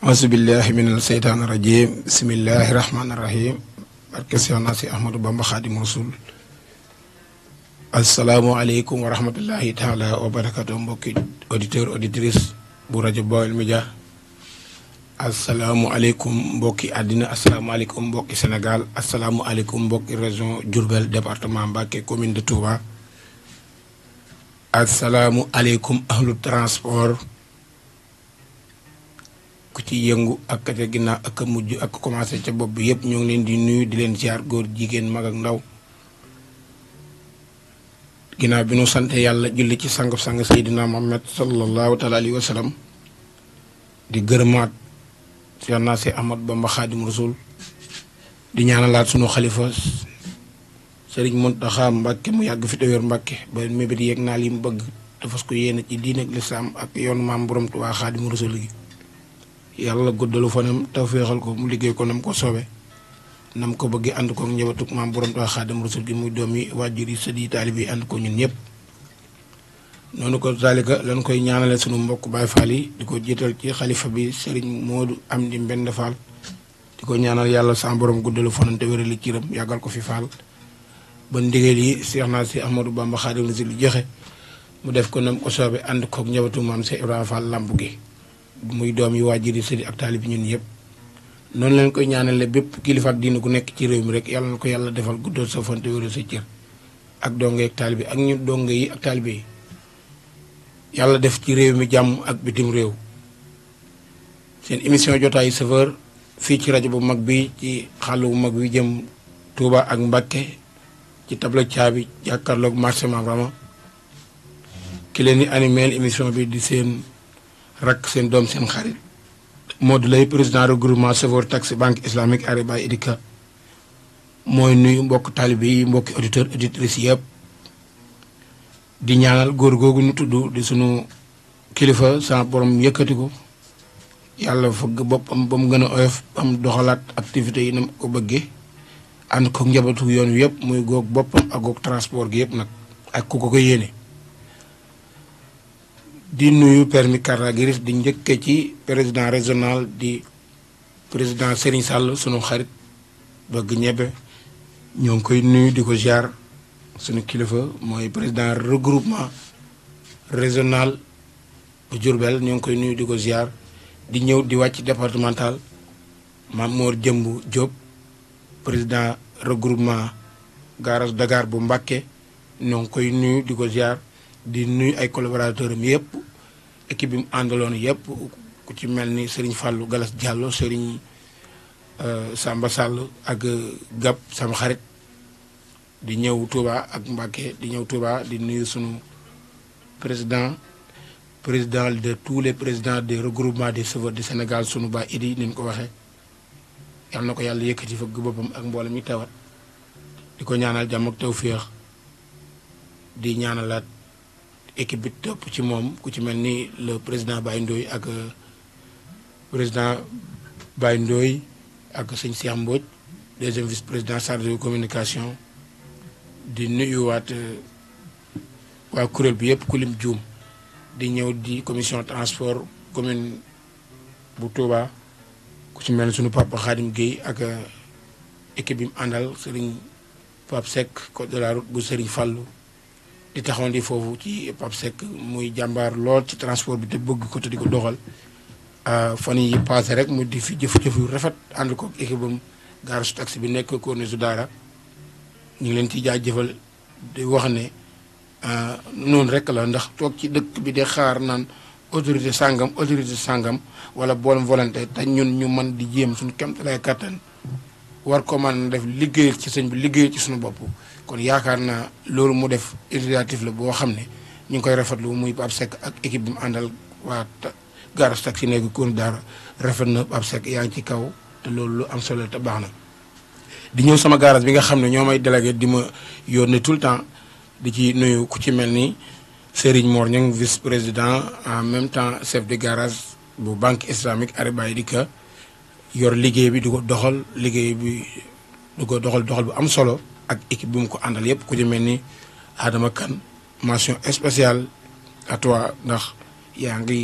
asubillahi min alseytaan irajim bisimillahi rahmaani rahim barke Seexna si Ahmadou Bamba Xaadimu Rasuul asalaamualeykum wa rahmatullahi taala wa mbokki auditeur auditrice bu rajo Baol Média asalaamualeykum mbokki àddina asalaamualeykum mbokki Sénégal asalaamualeykum mbokki région Diourbel département Mbacké commune de Touba asalaamualeykum ahlu transport ku ci yëngu ak ca ginnaaw ak a mujj ak commencé ca bopp bi yëpp ñoo ngi leen di nuyu di leen ziar góor jigéen mag ak ndaw ginnaaw bi nu sante yàlla julli ci sang-sang Seydina Muhammad sallallahu taala alayhi di gërëmaat Cheikh naa si Ahmad Bamba Xaadim Rasul di ñaanalaat sunu xalifa Sëriñ Muntaxa Mbàkke mu yàgg fi te wér Mbàkke ba mébét yeeg naa li mu bëgg dafas ko yéene ci diin ak lislaam ak yoon maam borom Tuubaa Xaadimu Rasul gi yàlla guddalu fanam taw féexal ko mu liggéey ko nam ko soobee nam ko bëggee ànd ko ak njabootu maam borom Tuubaa Xaadimu Rasuul gi muy doom yi waajur yi sët yi ànd ko ñun ñëpp. noonu ko koy ñaanale sunu mbokk Baay di ko jiital ci xalifa bi sëriñ Moodu Amdi ko ñaanal yàlla sa borom guddalu fanam te wérali ko fi faal ba yi seex naa si Ahmadou Bamba Xaadimu Rasuul joxe mu def ko nam ko soobee ànd ko ak maam Seex Ibrahima Faal lamb gi. muy doom yi waajur yi sëriñ ak taalib ñun yëpp noonu leen koy ñaanale bépp kilifa ak diine ku nekk ci réew mi rek yàlla na ko yàlla defal guddal sa fante wéru sa cër ak donge ak taalibe ak ñu donge yi ak taalibe yàlla def ci réew mi jàmm ak bitim réew seen émission jotaayu chauffeur fii ci rajo bu mag bi ci xàll bu mag bi jëm tuuba ak Mbakke ci tabla caabi jàkkaarloog marché Maam Rama ki leen di animé bi di seen rakk seen doom seen xarit di Lay président regroupement chauffeur taxi banque islamique Ariba Edika mooy nuyu mbokk taalibe yi mbokki auditeur auditrice yëpp di ñaanal góor googu ñu tudd di suñu kilifa sa borom yëkkati ko yàlla fëgg boppam ba mu gën a oyof am doxalaat activités yi na ko bëggee ànd ko njabootu yoon wi yëpp muy goog boppam ak goog transport gi yëpp nag ak ku ko ko yéene di nuyu permis Caragris di njëkke ci président régional di président Serigne Sall sunu xarit bëgg ñebe ñoo ngi koy nuyu di ko ziar sunu kilifa mooy président regroupement régional bu Diourbel ñoo ngi koy nuyu di ko ziar di ñëw di wàcc départemental Mamour Jëmb Diop président regroupement garage Dakar bu Mbàkke ñoo ngi koy nuyu di ko ziar di nuyu ay collaborateurs am yëpp équipe bi mu àndaloon yëpp ku ci mel ni Serigne Fallou Galas Diallo Serigne euh, Samba Sall ak euh, gàpp sama xarit di ñëw Touba ak Mbacké di ñëw Touba di nuyu sunu président président de tous les présidents des regroupements des chauffeurs du Sénégal sunu ba idi ni mu ko waxee yal na ko yàlla yëkkati fëgg boppam ak mboolem yi tawat di ko ñaanal jàmm ak tawféex di ñaanalaat. équipe bi topp ci moom ku ci mel ni le président Baye Ndoye ak euh, président Baye Ndoye ak sëñ Cheikh mbooj deuxième vice président chargé de communication di nuyuwaat euh, waa kuréel bi yëpp kulim juum di ñëw di commission transport commune bu Touba ku ci mel ni sunu papa Khadim Gueye ak euh, équipe bi àndal Serigne Pape Seck code de la route bu Serigne Fallou. di di foofu ci Pape Seck muy jàmbaar lool ci transport bi te bëgg ko te di ko doxal ah, fan yi passé rek mu di fi jëf-jëf yu rafet ànd ko équipe bam gaar su taxi bi nekk corne su daara ñu ngi leen ciy jaajëfal di wax ne ah, noonu rek la ndax toog ci dëkk bi di xaar naan autorité sàngam autorité sàngam wala bool volonté te ñun ñu mën di jéem suñu kéemtalaay kattan war ko mën def liggéey ci sëñ bi liggéey ci suñu bopp kon yaakaar naa loolu mu def initiative la boo xam ne ñu ngi koy rafetlu muy Pape Seck ak équipe bi mu àndal waa garage taxi nekk Koungheul daara rafet na Pape Seck yaa ngi ci kaw te loolu lu am solo te baax na. di ñëw sama garage bi nga xam ne ñoo may délégué di ma yónnee tout le temps di ci nuyu ku ci mel ni Serigne Mor Niang vice président en même temps chef de garage bu banque islamique Aribay di ka yor liggéey bi di ko doxal liggéey bi du ko doxal doxal bu am solo. ak équipe bi mu ko àndal yëpp ku ci mel ni Adama Kane mention spéciale à ndax yaa ngi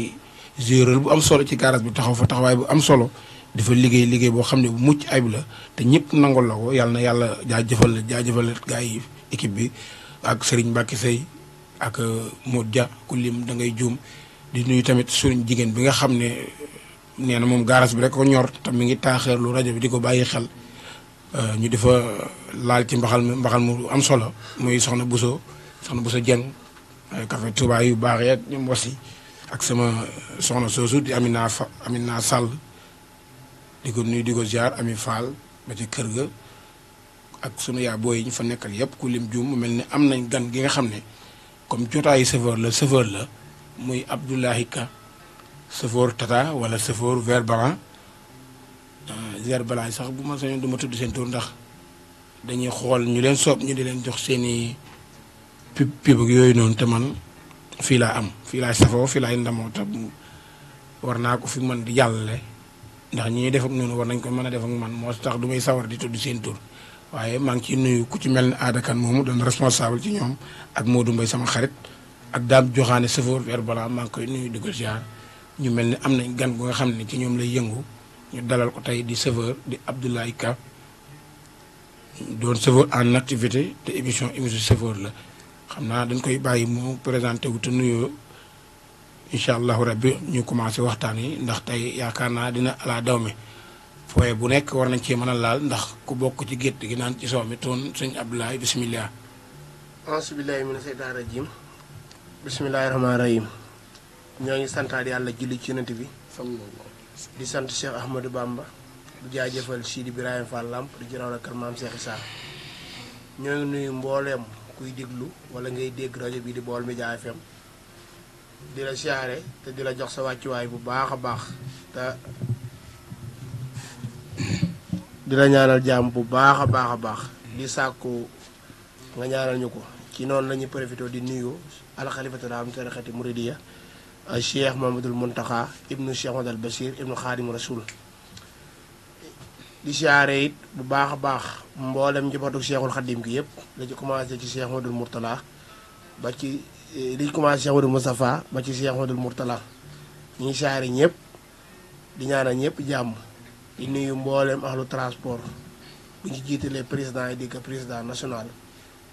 gérer bu am solo ci garage bi taxaw fa taxawaay bu am solo dafa liggéey liggéey boo xam ne bu mucc ayib la te ñëpp nangol la ko yàlla na yàlla jaajëfal la jaajëfal gaa yi équipe bi ak Serigne Mbacke Seye ak euh, Modou Dia ku lim da ngay juum di nuyu tamit suñu jigéen bi nga xam ne nee na moom garage bi rek ko ñor te mi ngi taaxeerlu rajo bi di ko bàyyi xel. Euh, ñu difa laal ci mbaxal mbaxal mu am solo muy soxna Bousso soxna Bousso Dieng café Touba yu baax yeeg ñoom wasi ak sama soxna soosu di Amina Fa naa sal di ko nuyu di ko ziar Ami Fall ba ci kër ga ak sunu yaa yi ñu fa nekkal yëpp ku lim juum mu mel ni am nañ gan gi nga xam ne comme jotaayu chauffeur la chauffeur la muy Abdoulahi Ka chauffeur Tata wala chauffeur Vert Baran Ah, ziar balaa sax bu ma sañoon du ma tudd seen tur ndax dañuy xool ñu leen soob ñu di leen jox seeni i pub pub yooyu noonu te man fii laa am fii laay safoo fii laay ndamoo naa ko fi man di jàllale ndax ñi ñuy def ak noonu war nañ ko mën a def ak man moo tax du may sawar di tudd seen tur waaye maa ngi ciy nuyu ku ci mel ne aada kan moomu doon responsable ci ñoom ak Modou Mbaye sama xarit ak daam joxaane safoor weer balaa maa ngi koy nuyu di ko ziar ñu mel ni am nañ gan bu nga xam ne ci ñoom lay yëngu. ñu dalal ko tey di chauffeur di Abdoulaye Ka doon chauffeur en activité te émission émission sever la xam naa dañ koy bàyyi mu présenté wu te nuyoo incha allahu rabbi ñu commencé waxtaan yi ndax tey yaakaar naa dina ala daw mi fooye bu nekk war nañ cee mën a laal ndax ku bokk ci gétt gi naan ci soow mi toon sëñ Abdoulaye bisimilah. asubilahi mina seytaan rajim bisimilahi rahim ñoo ngi santaat yàlla julli ci yonent bi. di sant Cheikh Ahmadou Bamba di jaajëfal Sidi Ibrahima Fall Lamp di ci raw la kër maam Cheikh Issa ñoo ngi nuyu mbooleem kuy diglu wala ngay dégg rajo bi di Baol Média FM di la siyaare te di la jox sa wàccuwaay bu baax a baax te di la ñaanal jàmm bu baax a baax a baax di sàkku nga ñaanal ñu ko ci noonu la ñuy profité di nuyoo alxalifatul am tarixati muridiya ay Cheikh Mouhamadoul Mountakha ibnu Cheikh Mouhamadoul Bachir ibnu Xaadim Rasul di siyaare it bu baax a baax mboolem njabootu Cheikhul Xadim gi yëpp la ci commencé ci Cheikh Mouhamadoul Mourtala ba ci eh, li commencé Cheikh Mouhamadoul Moustapha ba ci Cheikh Mouhamadoul Mourtala ñi siyaare ñëpp di ñaanal ñëpp jàmm di nuyu mboolem ahlu transport bu ñu jiitalee président yi di ko président national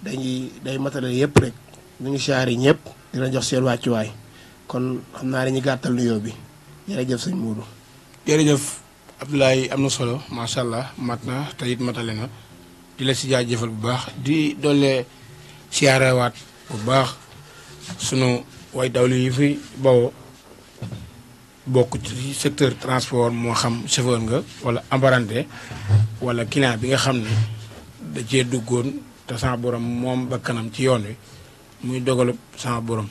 dañuy day matale yëpp rek ñu ngi siyaare ñëpp dina jox seen wàccuwaay. kon xam naa dañuy gàttal nuyoo bi jërëjëf sëñ Moodu. jërëjëf Abdoulaye am na solo macha allah mat na te it matale na di la si jëfal bu baax di doole siyaarewaat bu baax sunu way dawlu yu fi bawoo bokk ci secteur transport moo xam chauffeur nga wala apprenti wala client bi nga xam ne da cee duggoon te sama borom moom ba kanam ci yoon wi muy dogalu sama borom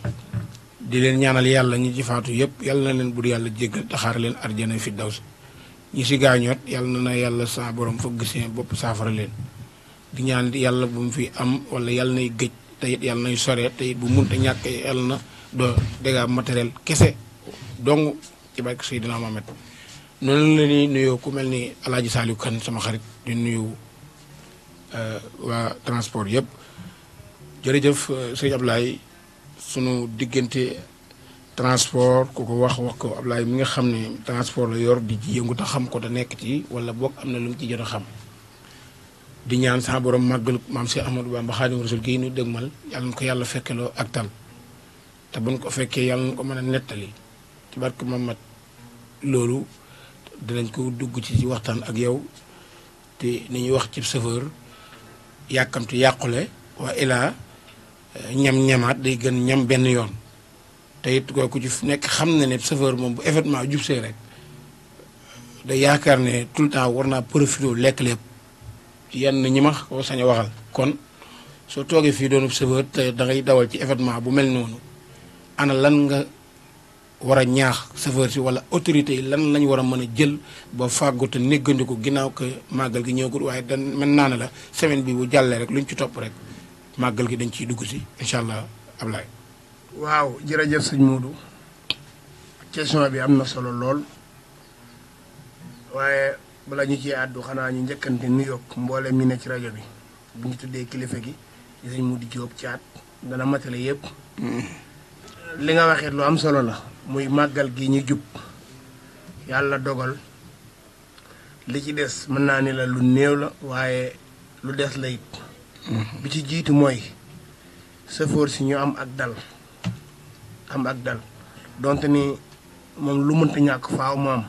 di leen ñaanal yàlla ñi ci faatu yëpp yàlla na leen bu bur yàlla jéggal taxaar leen arjana fi daws ñi si gaañoot yàlla na na yàlla sa borom fëgg seen bopp saafara leen di ñaan yàlla bu mu fi am wala yàlla nay gëj tey it yàlla nay sore tey bu bu munta ñàkk yàlla na doo dégâts matériel kese dong ci barke Seydina Mohamed noonu la ñuy nuyoo ku mel ni alaaji Saliou Kane sama xarit di nuyu euh, waa transport yëpp jërëjëf euh, sëñ Ablaye sunu diggante transport ku ko wax wax ko ab laay mi nga xam ne transport la yor di ci yëngu te xam ko te nekk ci wala boog am na lu mu ci jot a xam di ñaan sa borom màggal maam si Ahmadou Bamba Xaadimu Rasuul gii nu dëgmal mal na ko yàlla fekkeloo ak tal te buñ ko fekkee yàlla na ko mën a nettali ci barke Mamat loolu dinañ ko dugg ci waxtaan ak yow te ni ñuy wax ci chauffeur yàkkamti yàqule waa ilaa ñam-ñamaat day gën ñam benn yoon te it kooku ci nekk xam na ne chauffeur moom bu événement jub see rek da yaakaar ne tout le temps war naa profité lekk lépp ci na ñi max ko sañ waxal. kon soo toogee fii doonu chauffeur te da dawal ci événement bu mel noonu ana lan nga war a ñaax chauffeur si wala autorité yi lan lañ war a mën a jël ba fàggu te néggandiku ginnaaw ko màggal gi ñëwagul waaye dan mën naa la semaine bi bu jàllee rek luñ ci topp rek. màggal gi dañ ciy dugg si incha allah Ablaye. waaw jërëjëf sëñ Modou question bi am na solo lool waaye bala ñu ciy àddu xanaa ñu njëkkante nuyoo mboolem ñu ne ci rajo bi bu ñu tuddee kilifa gi di sëñ Modou Diop caat dana matale yépp mm. li nga waxee lu am solo la. muy màggal gi ñu jub yàlla dogal li ci des mën naa ni la lu néew la waaye lu des la bi ci jiitu mooy sëfoor si ñu am ak dal am ak dal dont ni moom lu mënta ñàkk faaw mu am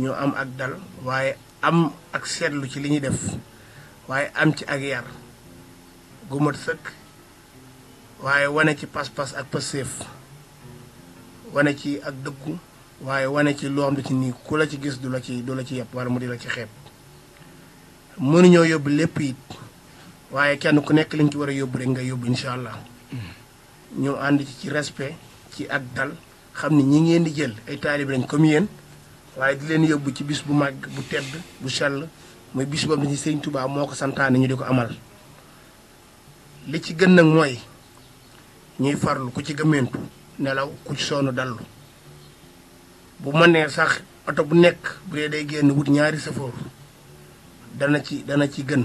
ñu am ak dal waaye am ak seetlu ci li ñuy def waaye am ci ak yar gu mat sëkk waaye wane ci pas-pas ak passeef wane ci ak dëggu waaye wane ci loo xam ne ci nii ku la ci gis du la ci du la ci yàpp wala mu di la ci xeeb mënuñoo yóbbu lépp it waaye kenn ku nekk liñ ci war a yóbbu rek nga yóbbu incha allah ñu ànd ci ci respe ci ak dal xam ni ñi ngeen di jël ay taalib lañ comme yéen waaye di leen yóbbu ci bis bu màgg bu tedd bu sell mooy bis boobu ni sëñ Touba moo ko santaane ñu di ko amal li ci gën nag mooy ñuy farlu ku ci gëmmentu nelaw ku ci soonu dallu bu mënee sax oto bu nekk bu dee day génn wut ñaari safoor dana ci dana ci gën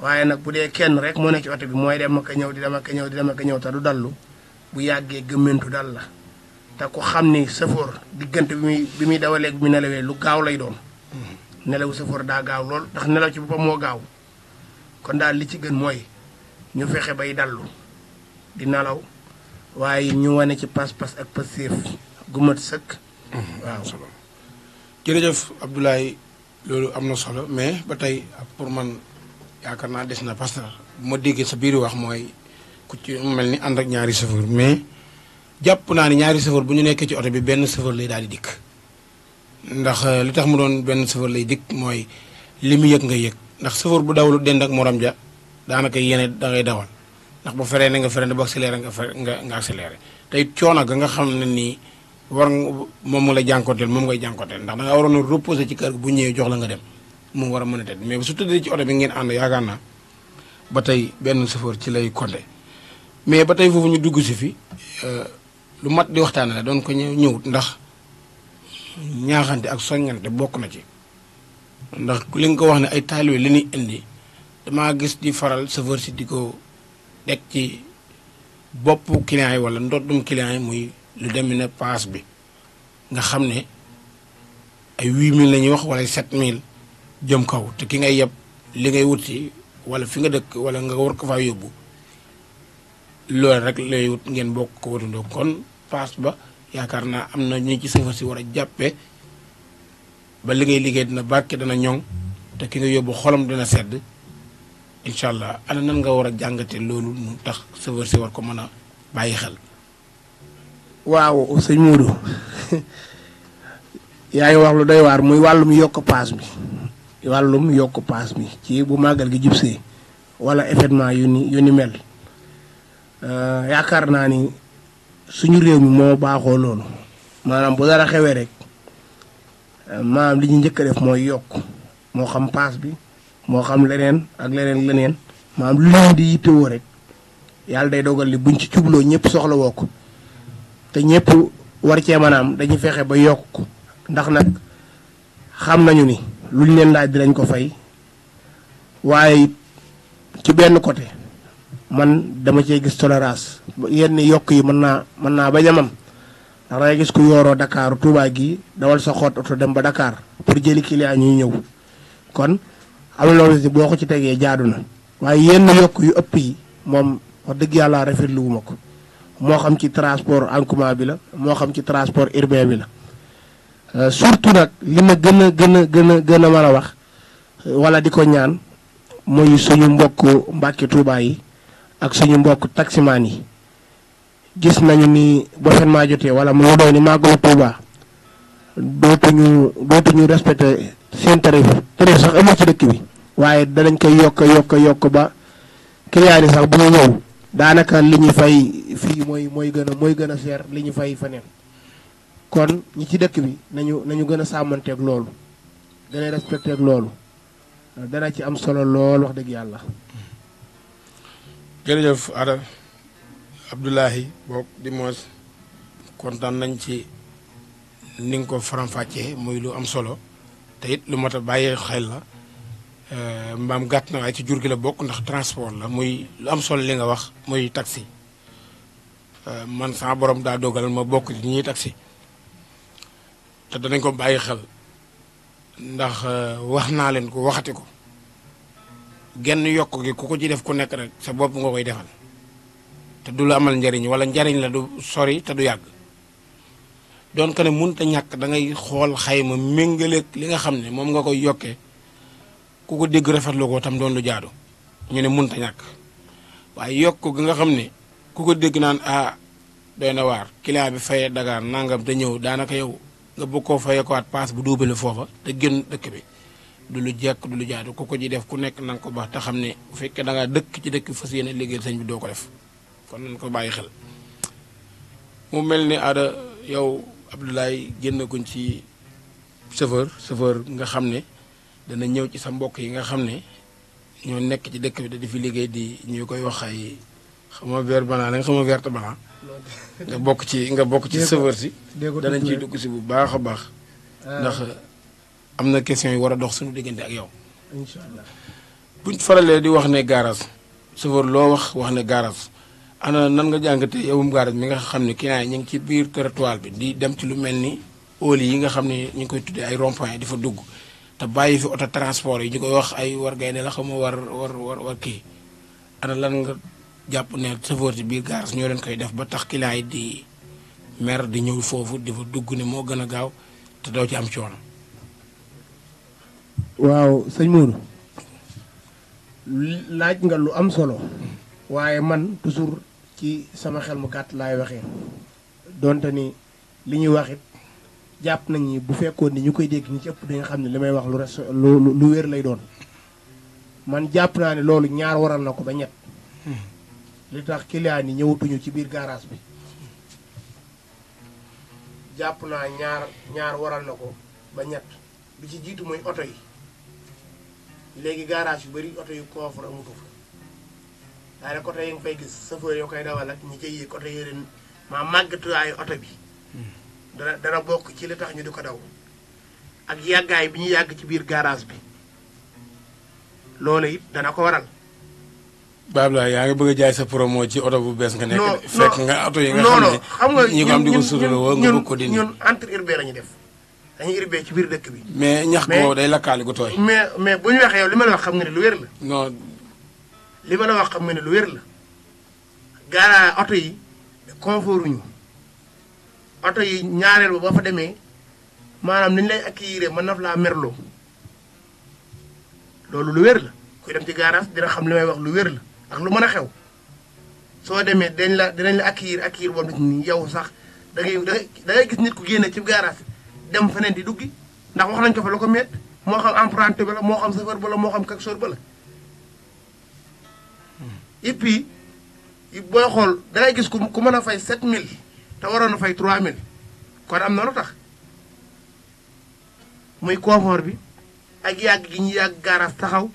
waaye nag bu dee kenn rek moo nekk ci oto bi mooy dem ak ñëw di dem ak ñëw di dem ak ñëw te du dallu bu yàggee gëmmentu dal la te ku xam ni safoor diggante bi muy bi muy dawaleeg bi nelawee lu gaaw lay doon mm-hmm. nelaw safoor daa gaaw lool ndax nelaw ci boppam moo gaaw kon daal li ci gën mooy ñu fexe bay dallu di nelaw waaye ñu wane ci pas-pas ak passéef gu mat sëkk. Mm-hmm. waaw jërëjëf Abdoulaye loolu am na solo mais ba tey pour man. yaakaar naa des na parce que bu ma déggee sa biir wax mooy ku ci mel ni ànd ak ñaari chauffeur mais jàpp naa ni ñaari chauffeur bu ñu nekkee ci oto bi benn chauffeur lay daal di dikk ndax euh, li tax mu doon benn chauffeur lay dikk mooy li mu yëg nga yëg ndax chauffeur bu dawlu dend ak morom ja daanaka yeneen da ngay dawal ndax bu feree ne nga feree ne bu accéléré nga nga nga accéléré tey coono ga nga xam ne nii war moom nga la jànkonteel moom ngay jànkonteel ndax da nga waroon a reposer ci kër bu ñëwee jox la nga dem moom war a mën a tedd mais su tëddee ci oto bi ngeen ànd yaakaar naa ba tey benn chauffeur ci lay compter mais ba tey foofu ñu dugg si fi euh, lu mat di waxtaane la doon ko ñëwut ndax ñaaxante ak soññante bokk na ci ndax li nga ko wax ne ay taalibe li ñuy indi damaa gis di faral chauffeur si di ko teg ci bopp client yi wala ndoddum client yi muy lu dem ne paas bi nga xam ne ay huit mille la ñuy wax wala sept mille jëm kaw te ki ngay yeb li ngay wuti si wala fi nga dëkk wala nga war ko faa yóbbu loolu rek lay wut ngeen bokk ko watandoo kon paas ba yaakaar naa am na ñu ci sëfa si war a jàppee ba li ngay liggéey dina barke dana ñoŋ te ki nga yóbbu xolom dina sedd incha allah ana nan nga war a jàngate loolu mu tax sëfër si war ko mën a bàyyi xel waaw sëñ Modou yaa ngi wax lu doy waar muy wàllum yokk paas bi wàllum yokk paas bi ci bu màggal gi jubsee wala événement yu ni yu ni mel euh, yaakaar naa ni suñu réew mi moo baaxoo loolu maanaam bu dara xewee rek euh, maanaam li ñu njëkk a def mooy yokk moo xam paas bi moo xam leneen ak leneen leneen maanaam lu leen di yittewoo rek yàlla day dogal li buñ ci cubloo ñëpp soxla woo ko te ñëpp war cee manaam dañuy fexe ba yokk ndax nag xam nañu ni lu ñu leen laaj dinañ ko fay waaye ci benn côté man dama cee gis tolérance yenn yokk yi mën naa mën naa bañ a mam ndax dangay gis ku yooroo dakaaru Touba gi dawal sa xoot oto dem ba dakaar pour jëli client ñuy ñëw kon am na boo ko ci tegee jaadu na waaye yenn yokk yu ëpp yi moom wax dëgg yàlla rafetlu wu ko moo xam ci transport en commun bi la moo xam ci transport urbain bi la Euh, surtout nag li ma gën a gën a gën a gën a mën a wax euh, wala di ko ñaan mooy suñu mbokk mbàkki Touba yi ak suñu mbokk taximaan yi gis nañu ni ba fen maa jotee wala mu doy ni màggalu Touba dootuñu dootuñu respecté seen tarif tarif sax amul ci dëkk bi waaye danañ koy yokk yokk yokk ba client yi sax bu ñu ñëw daanaka li ñu fay fii mooy mooy gën a mooy gën a seer li ñu fay feneen kon ñi ci dëkk bi nañu nañu gën a sàmmanteeg loolu gën a respecté loolu dana ci am solo lool wax dëgg yàlla. jërëjëf Ada Abdoulahi boog di moos kontaan nañ ci ning ko faram-fàccee muy lu am solo te it lu mat a bàyyee xel la euh, mbaam gàtt na waaye ci jur gi la bokk ndax transport la muy lu am solo li nga wax muy taxi euh, man sama borom daa dogal ma bokk ci ñuy taxi. te danañ ko bàyyi xel ndax euh, wax naa leen ko waxati ko genn yokk gi ku ko ci def ku nekk rek sa bopp nga koy defal te du la amal njariñ wala njariñ la du sori te du yàgg doon ko ne mënta ñàkk da ngay xool xayma méngaleeg li nga xam ne moom nga koy yokke ku ko dégg rafetlu ko tam doon lu jaadu ñu ne mënta ñàkk waaye yokk gi nga xam ne ku ko dégg naan ah doy na waar client bi fayee dagaan nangam te ñëw daanaka yow nga bëgg koo fayee ko at paas bu duubale foofa te génn dëkk bi du lu jekk du lu jaadu ku ko ji def ku nekk na ko baax te xam ne bu fekkee dangaa dëkk ci dëkk fas yéene liggéeyal sëñ bi doo ko def kon nañ ko bàyyi xel mu mel ni aada yow Abdoulaye génn kuñ ci chauffeur chauffeur nga xam ne dana ñëw ci sa mbokk yi nga xam ne ñoo nekk ci dëkk bi da liggéey di ñu koy wax xam nga vert blanc la nga xam nga vert blanc nga bokk ci nga bokk ci sëfër si danañ ciy dugg si bu baax a baax ah. ndax am na question yu war a dox suñu diggante ak yow buñ faralee di wax ne garage sëfër loo wax wax ne garage ana nan nga jàngate yowum garage mi nga xam ne client yi ñu ngi ci biir territoire bi di dem ci lu mel ni oli yi nga xam ne ñu ngi koy tuddee ay rond-point di fa dugg te bàyyi fi oto transport yi ñu koy wax ay war gaynde la xam war war war war kii ana lan nga jàpp ne chauffeur ci biir gaar ñoo leen koy def ba tax client yi di mer di ñëw foofu di fa moo gën a gaaw te doo ci am coono. waaw sëñ laaj nga lu am solo waaye man toujours ci sama xel mu gàtt laay waxee donte ni li ñuy wax it jàpp nañ ni bu fekkoon ni ñu koy dégg ñi ci dañu xam ne li may wax lu res lu lu wér lay doon man jàpp naa ne loolu ñaar waral na ko ba ñett. li tax client yi ñëwatuñu ci biir garage bi jàpp naa ñaar ñaar waral na ko ba ñett bi ci jiitu mooy oto yi léegi garage yu bari oto yu coffre amutu fa daanaka côté yi nga fay gis chauffeur yoo koy dawal ak ñi cay yéeg côté yi ren maa màggatuwaayu oto bi. dana dana bokk ci li tax ñu di ko daw. ak yàggaay bi ñu yàgg ci biir garage bi loolu it dana ko waral. Babla yaa ngi bëgg a jaay sa moo ci oto bu bees nga nekk. non fekk nga oto yi nga. xam xam nga ñi ko am di ko suturoo nga bëgg ko dindi. ñun entre urbain la ñu def dañuy urbain ci biir dëkk bi. mais ñax boobu day lakkaale gu tooy. mais mais bu ñu waxee yow li ma la xam nga ne lu wér la. non. li ma la wax xam nga ne lu wér la. gaara oto yi confort ñu oto yi ñaareel ba boo fa demee maanaam ni ñu ak accueillir mën na fa laa merloo loolu lu wér la kuy dem ci garage dina xam li may wax lu wér la. ak lu mën a xew soo demee dañ la dinañ la ak accueillir ak boobu nit ñi yow sax da ngay da ngay gis nit ku génne ci garage dem feneen di duggi ndax wax nañ ko fa la ko met moo xam emprunté ba la moo xam chauffeur ba la moo xam coxeur ba la et puis booy xool da ngay gis ku mën a fay 7000 te waroon a fay 3000 kon am na lu tax muy confort bi ak yàgg gi ñu yàgg gaaraas taxaw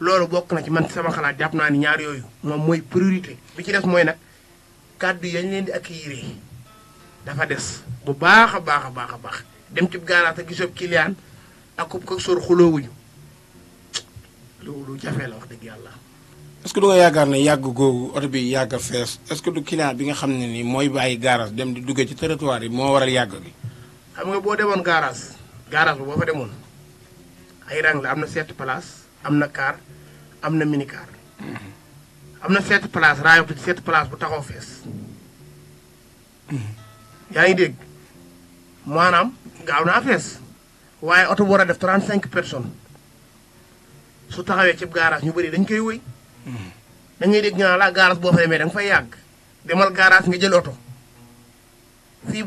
loolu bokk na ci man sama xalaat jàpp naa ni ñaar yooyu moom mooy priorité bi ci des mooy nag kàddu yañ leen di ak accueillir dafa des bu baax a baax a baax a baax dem ci gaaraas ak gisoob kiliyaan ak kub ko sor xuloowuñu loolu jafe la wax dëgg yàlla. est que du nga yaakaar ne yàgg googu oto bi yàgg a fees est que du client bi nga xam ne ni mooy bàyyi gaaraas dem di duggee ci territoire yi moo a yàgg gi. xam nga boo demoon gaaraas garage bi boo fa demoon ay rang am na sept place am na kaar am na mini car. am na set place raayof ci sept place bu taxaw fees. yaa ngi dégg maanaam gaaw naa fees waaye oto bu war a def trente cinq personnes su taxawee cib garage ñu bari dañ koy wëy. da ngay dégg ñu naan la garage boo fa demee da fay yàgg demal garage nga jël oto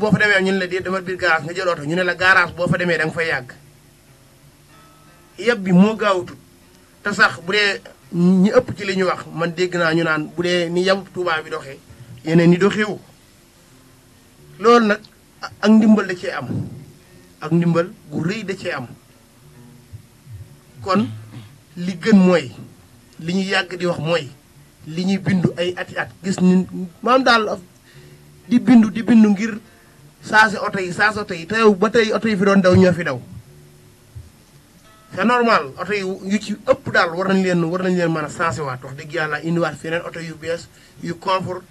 boo fa demee ñu ne la dee demal biir nga jël ñu ne la garage boo fa demee da nga fay yàgg yab bi moo gaawutut te sax bu dee ñu ëpp ci li ñu wax man dégg naa ñu naan bu dee ni yamub Tuubaa bi doxee yeneen ni doxewu loolu nag ak ndimbal da cee am ak ndimbal gu rëy da cee am kon li gën mooy li ñu yàgg di wax mooy li ñuy bindu ay ati at gis ni maam daal di bindu di bindu ngir saase oto yi saase oto yi te yow ba tey oto yi fi doon daw ñoo fi daw c'est normal oto yu yu ci ëpp daal war nañ leen war nañ leen mën a sensé waat wax dëgg yàlla indiwaat feneen oto yu bees yu confort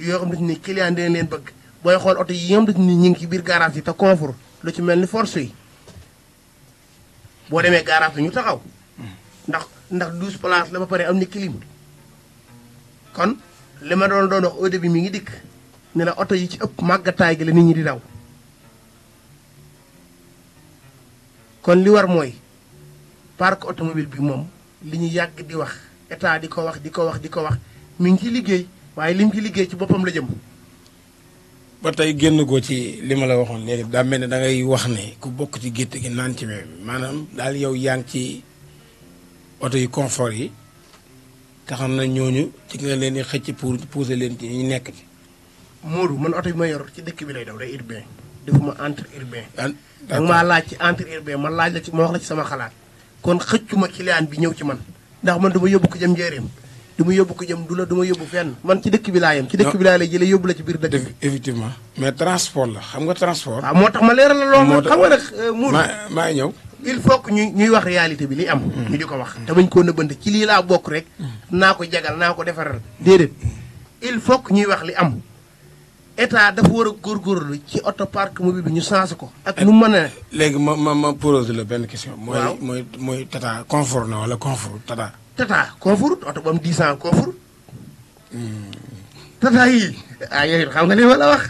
yoo xam ne ni client dinañ leen bëgg booy xool oto yi nga xam ne ni ñu ngi ci biir garage yi te confort lu ci mel ni force yi boo demee garage bi ñu taxaw ndax ndax douze places la ba pare am na kilim kon li ma doon doo wax au début mi ngi dikk ne la oto yu ci ëpp màggataay gi la nit ñi di daw kon li war mooy. parc automobile bi moom li ñu yàgg di wax état di ko wax di ko wax di ko wax mu ngi ciy liggéey waaye li mu ci liggéey ci boppam la jëm. ba tey génn ko ci li ma la waxoon léegi daa mel ne da ngay wax ne ku bokk ci gétt gi naan ci meew maanaam daal yow yaa ngi ci oto yi confort yi taxam na ñooñu ci nga leen di xëcc pour pousser leen ci ñu nekk ci. Modou man oto bi ma yor ci dëkk bi lay daw day urbain defuma entre urbain. Ah, danga maa laaj ci entre urbain man laaj la ci ma wax la ci sama xalaat. kon xëccuma client bi ñëw ci man ndax man du ma yóbbu ko jëm njéeréem du ma yóbbu ko jëm du la du ma yóbbu fenn man ci dëkk bi laa yem ci dëkk bi laa lay jëlee yóbbu la ci biir dëkk bi effectivement mais transport la xam nga transport moo tax ma leeral la loolu xam nga nag euh, muur maa ngi ñëw il faut que ñuy ñuy wax réalité bi li am mm. ñu di ko wax te bañ koo nëbbante ci lii laa bokk rek mm. naa ko jagal naa ko defaral déedéet il faut que ñuy wax li am état dafa war a góorgóorlu ci oto parc mobile bi ñu changé ko. ak nu mu mën léegi ma ma ma posé la benn question. mooy mooy mooy tata confort na wala confort tata. tata confort oto ba mu 10 ans confort. Hmm. yi ah yooyu xam nga li ma la wax.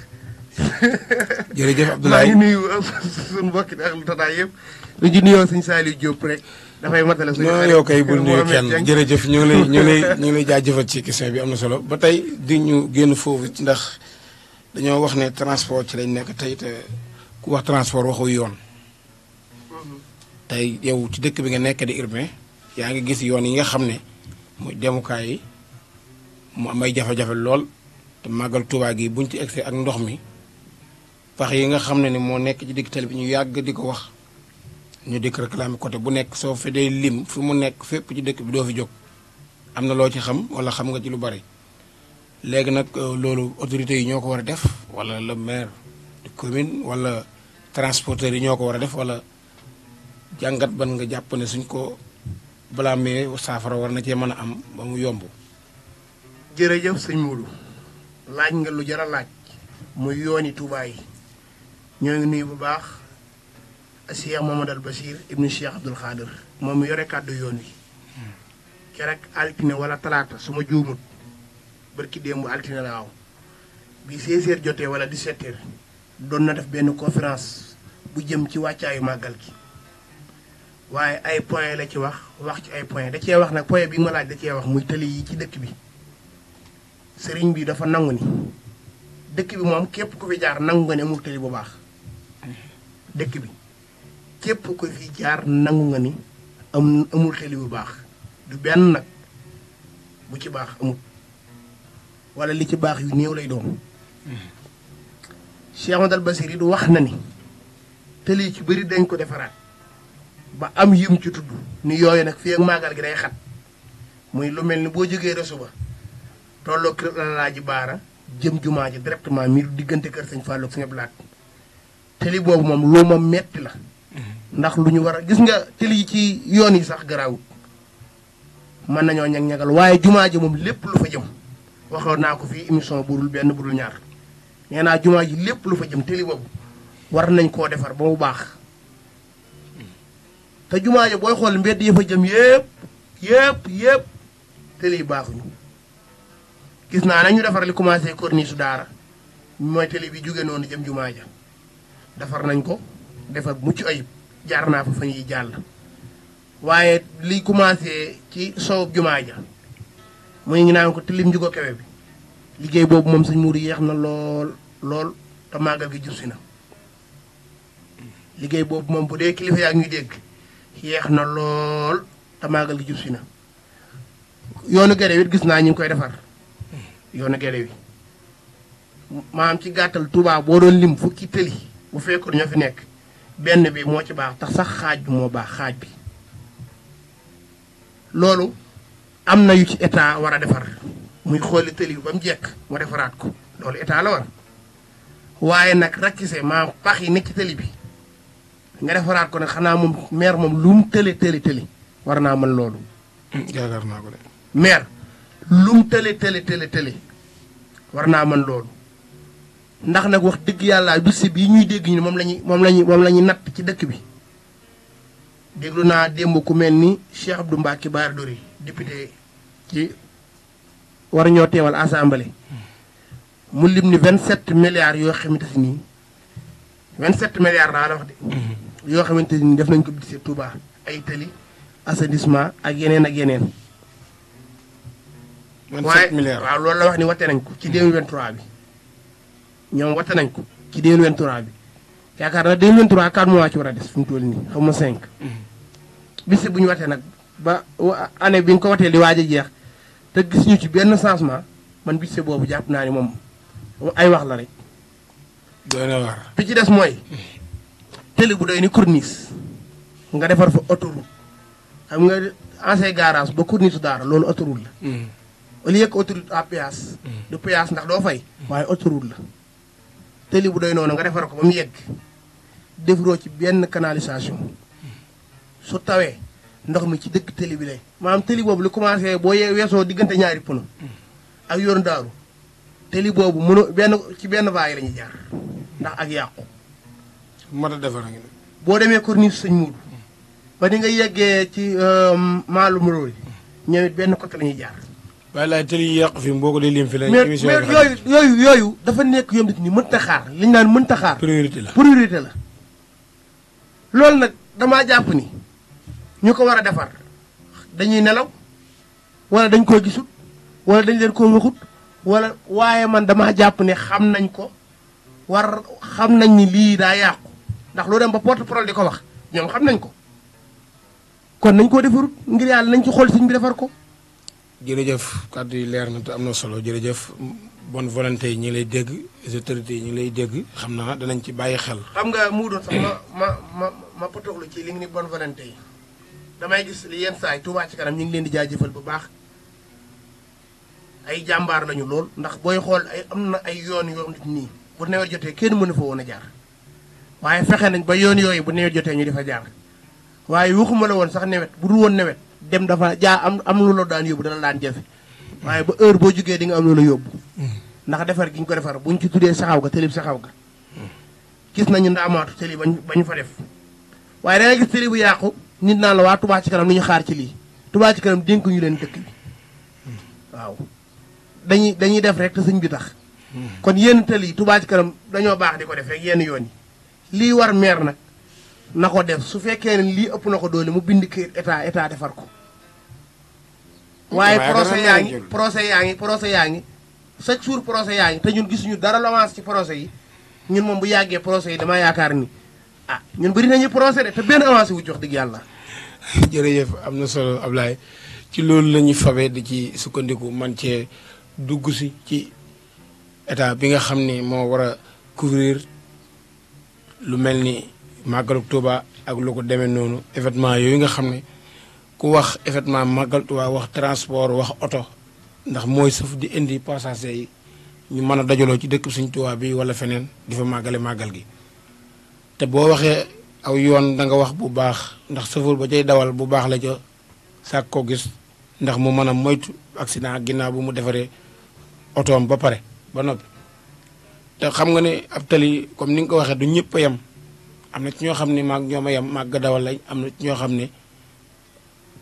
jërëjëf Abdoulaye maa mbokk yi ak tata yëpp. lu ci nuyoo suñu Saliou Diop rek. dafay matale suñu xarit yow jërëjëf ñu ngi ñu ngi ñu ngi lay jaajëfal ci question bi am na solo ba tey di ñu génn foofu ndax. dañoo wax ne transport ci lañ nekk tey te ku wax transport waxu yoon tey yow ci dëkk bi nga nekk di urbain yaa ngi gis yoon yi nga xam ne muy demukaay yi mu am jafe-jafe lool te màggal Tuubaa gi buñ ci egsee ak ndox mi pax yi nga xam ne ni moo nekk ci digg tali bi ñu yàgg di ko wax ñu dikk réclamer côté bu nekk soo fedee lim fi mu nekk fépp ci dëkk bi doo fi jóg am na loo ci xam wala xam nga ci lu bari léegi nag euh, loolu autorités yi ñoo ko war a def wala le maire de commune wala transporteurs yi ñoo ko war a def wala jàngat ban nga jàpp ne suñ ko balaa mee saafara war na cee mën a am ba mu yomb. jërëjëf sëñ Mourou laaj nga lu jar a laaj. muy yooni Touba yi ñoo ngi nuyu bu baax moom Cheikh Mamadou Bachir ibnu Cheikh Abdoul Khader moom mu yore kàddu yoon wi. Hmm. keroog altine wala talaata su ma juumut. barki démb altine la waaw bi 16h jotee wala 17h doon na def benn conférence bu jëm ci wàccaayu màggal gi waaye ay point la ci wax wax ci ay point da cee wax nag point bi ma laaj da cee wax muy tëli yi ci dëkk bi sëriñ bi dafa nangu ni dëkk bi moom képp ko fi jaar nangu nga ne mu bu baax bi képp ku nangu nga ni amul tëli bu baax du benn nag bu ci baax amul wala li ci baax yu néew lay doon Cheikh Amadou yi du wax na ni tëli ci bëri dañ ko defaraat ba am yim ci tudd ni yooyu nag fii ak màggal gi day xat muy lu mel ni boo jógee resu ba tolloo kër Alaaji Baara jëm jumaa ji directement mi diggante kër sañ Sëñ Fallou ak Sëñ Blaat tëli boobu moom lu ma metti la ndax lu ñu war a gis nga tëli ci yoon yi sax garaawut mën nañoo ñag-ñagal waaye jumaa ji moom lépp lu fa jëm waxoon naa ko fii émission budul benn bu dul ñaar nee naa jumaa ji lépp lu fa jëm tëli boobu war nañ koo defar ba mu baax te jumaa ji booy xool mbedd yi fa jëm yépp yépp yépp tëli baaxuñu gis naa nañu defar li commencé corniche su daara mooy tëli bi jóge noonu jëm jumaa ja defar nañ ko defar mucc ayib jaar naa fa fa ñuy jàll waaye li commencé ci soow jumaa ja muy ngi naan ko lim njugo kewe bi liggéey boobu moom sëñ Mourou yéex na lool lool te màggal gi jub na liggéey boobu moom bu dee kilifa yaa ngi dégg yéex na lool te gi jub si na yoonu gere wit gis naa ñu ngi koy defar yoonu gere maa maam ci gàttal Touba boo doon lim fukki tëli bu fekkoon ñoo fi nekk benn bi moo ci baax tax sax xaaj bi moo baax xaaj bi loolu am na yu ci état war a defar muy xooli tëli ba mu jekk mu defaraat ko loolu état la war waaye nag rakkise maa pax yi nekk ci tëli bi nga defaraat ko nag xanaa moom maire moom lu mu tële tëli war naa mën loolu. Hmm, yaakaar naa ko de. lu mu tële tële tële tëli war naa mën loolu ndax nag wax dëgg yàlla bés bii ñuy dégg ñu moom la moom la ñuy moom la ñuy natt ci dëkk bi déglu naa démb ku mel ni Cheikh Abdou Mbacke Bara Dori député ci war ñoo teewal assemblée mu lim ni 27 milliards yoo xamante si nii 27 milliards daa la wax de. Mm-hmm. yoo xamante ni def nañ ko budget Touba ay tali ak yeneen ak yeneen. 27 milliards waaye waaw loolu nañ ko ci 2023 bi ñoom wate nañ ko ci 2023 bi yaakaar na 2023 4 mois ci war a des fi nii xam mm-hmm. nga bu ñu watee nag. ba année bi nga ko watee li waaj a jeex te gis ñu ci benn changement man budget boobu jàpp naa ni moom ay wax la rek. doy bi ci des mooy. télé bu doy ni corniche nga defar fa autoroute xam nga ancien garage ba corniche daar loolu autoroute la. Mm. au lieu que autoroute à péage. Mm. du péage ndax doo fay. Mm. waaye autoroute la. télé bu doy noonu nga defar ko ba mu yegg ci benn canalisation su tawee. ndox mi ci dëkk tëli bi lay maanaam tëli boobu lu commencé boo weesoo diggante ñaari pono ak yoonu daaru tëli boobu benn ci benn vague la ñuy ndax ak yàqu mat a boo demee corniche sëñ Muudu nga yeggee ci euh, maalum rool yi ñoom it benn côté la ñuy jaar waaye laay tëli yi yàqu fi boo ko dee lim fi yooyu yooyu dafa nekk yom nit ñi mënta xaar liñ naan mënta xaar priorité la priorité la loolu nag damaa jàpp ni ñu ko war a defar dañuy nelaw wala dañ koo gisut wala dañ leen koo waxut wala waaye man dama jàpp ne xam nañ ko war xam nañ ni lii daa yàqu ndax loo dem ba porte parole di ko wax ñoom xam nañ ko kon nañ koo defarut ngir yàlla nañ ci xool suñ bi defar ko. jërëjëf kàddu yi leer na te am na solo jërëjëf bon volonté yi ñu ngi lay dégg les autorités yi ñu ngi lay dégg xam naa danañ ci bàyyi xel. xam nga mu doon sax ma ma ma ma potoxlu ci li nga ni bonne volonté yi. damay gis li yenn saa yi Touba ci kanam ñu ngi leen di jaajëfal bu baax ay jàmbaar lañu lool ndax booy xool ay am na ay yoon yoo nii bu nawet jotee kenn mënu fa woon a jaar waaye fexe nañ ba yoon yooyu bu nawet jotee ñu di jaar waaye waxuma la woon sax nawet bu woon nawet dem dafa jaa am am lu la daan yóbbu dana daan jafe waaye ba heure boo jugee di nga am lu la yóbbu ndax defar gi ko defar buñ ci tuddee saxaw ga télib saxaw ga gis nañu ndaamaatu télib bañ bañ fa def waaye dana gis télib yàqu nit naa la waa Touba ci kanam lu ñu xaar ci lii Touba ci kanam dénk ñu leen dëkk bi waaw dañuy dañuy def rek te sëñ bi tax kon yenn tël yi Touba ci kanam dañoo baax di ko def rek yenn yoon yi lii war meer nag na ko def su fekkee ne lii ëpp na ko doole mu bind kayit état état defar ko waaye procès yaa ngi procès yaa ngi procès yaa ngi chaque jour procès yaa ngi te ñun gisuñu dara l'avance ci procès yi ñun moom bu yàggee procès yi dama yaakaar ni ah ñun bëri nañu procès de te benn avancé wu jox dëgg yàlla. jërëjëf am na solo Ablaye ci loolu la ñuy fabee di ci sukkandiku man cee dugg si ci état bi nga xam ni moo war a couvrir lu mel ni màggalu Touba ak lu ko demee noonu évétement yooyu nga xam ne ku wax événement màggal Touba wax transport wax oto ndax mooy sëf di indi passager yi ñu mën a dajaloo ci dëkk suñ Touba bi wala feneen di fa màggale màggal gi. te boo waxee aw yoon danga wax bu baax ndax sëfoor ba cay dawal bu baax la ca sàkk koo gis ndax mu mën a moytu si naa ginnaaw bu mu defaree otoom ba pare ba noppi te xam nga ne ab tali comme ni nga ko waxee du ñëpp yem am na ci ñoo xam ne maag ñoom a yem maag ga am na ñoo xam ne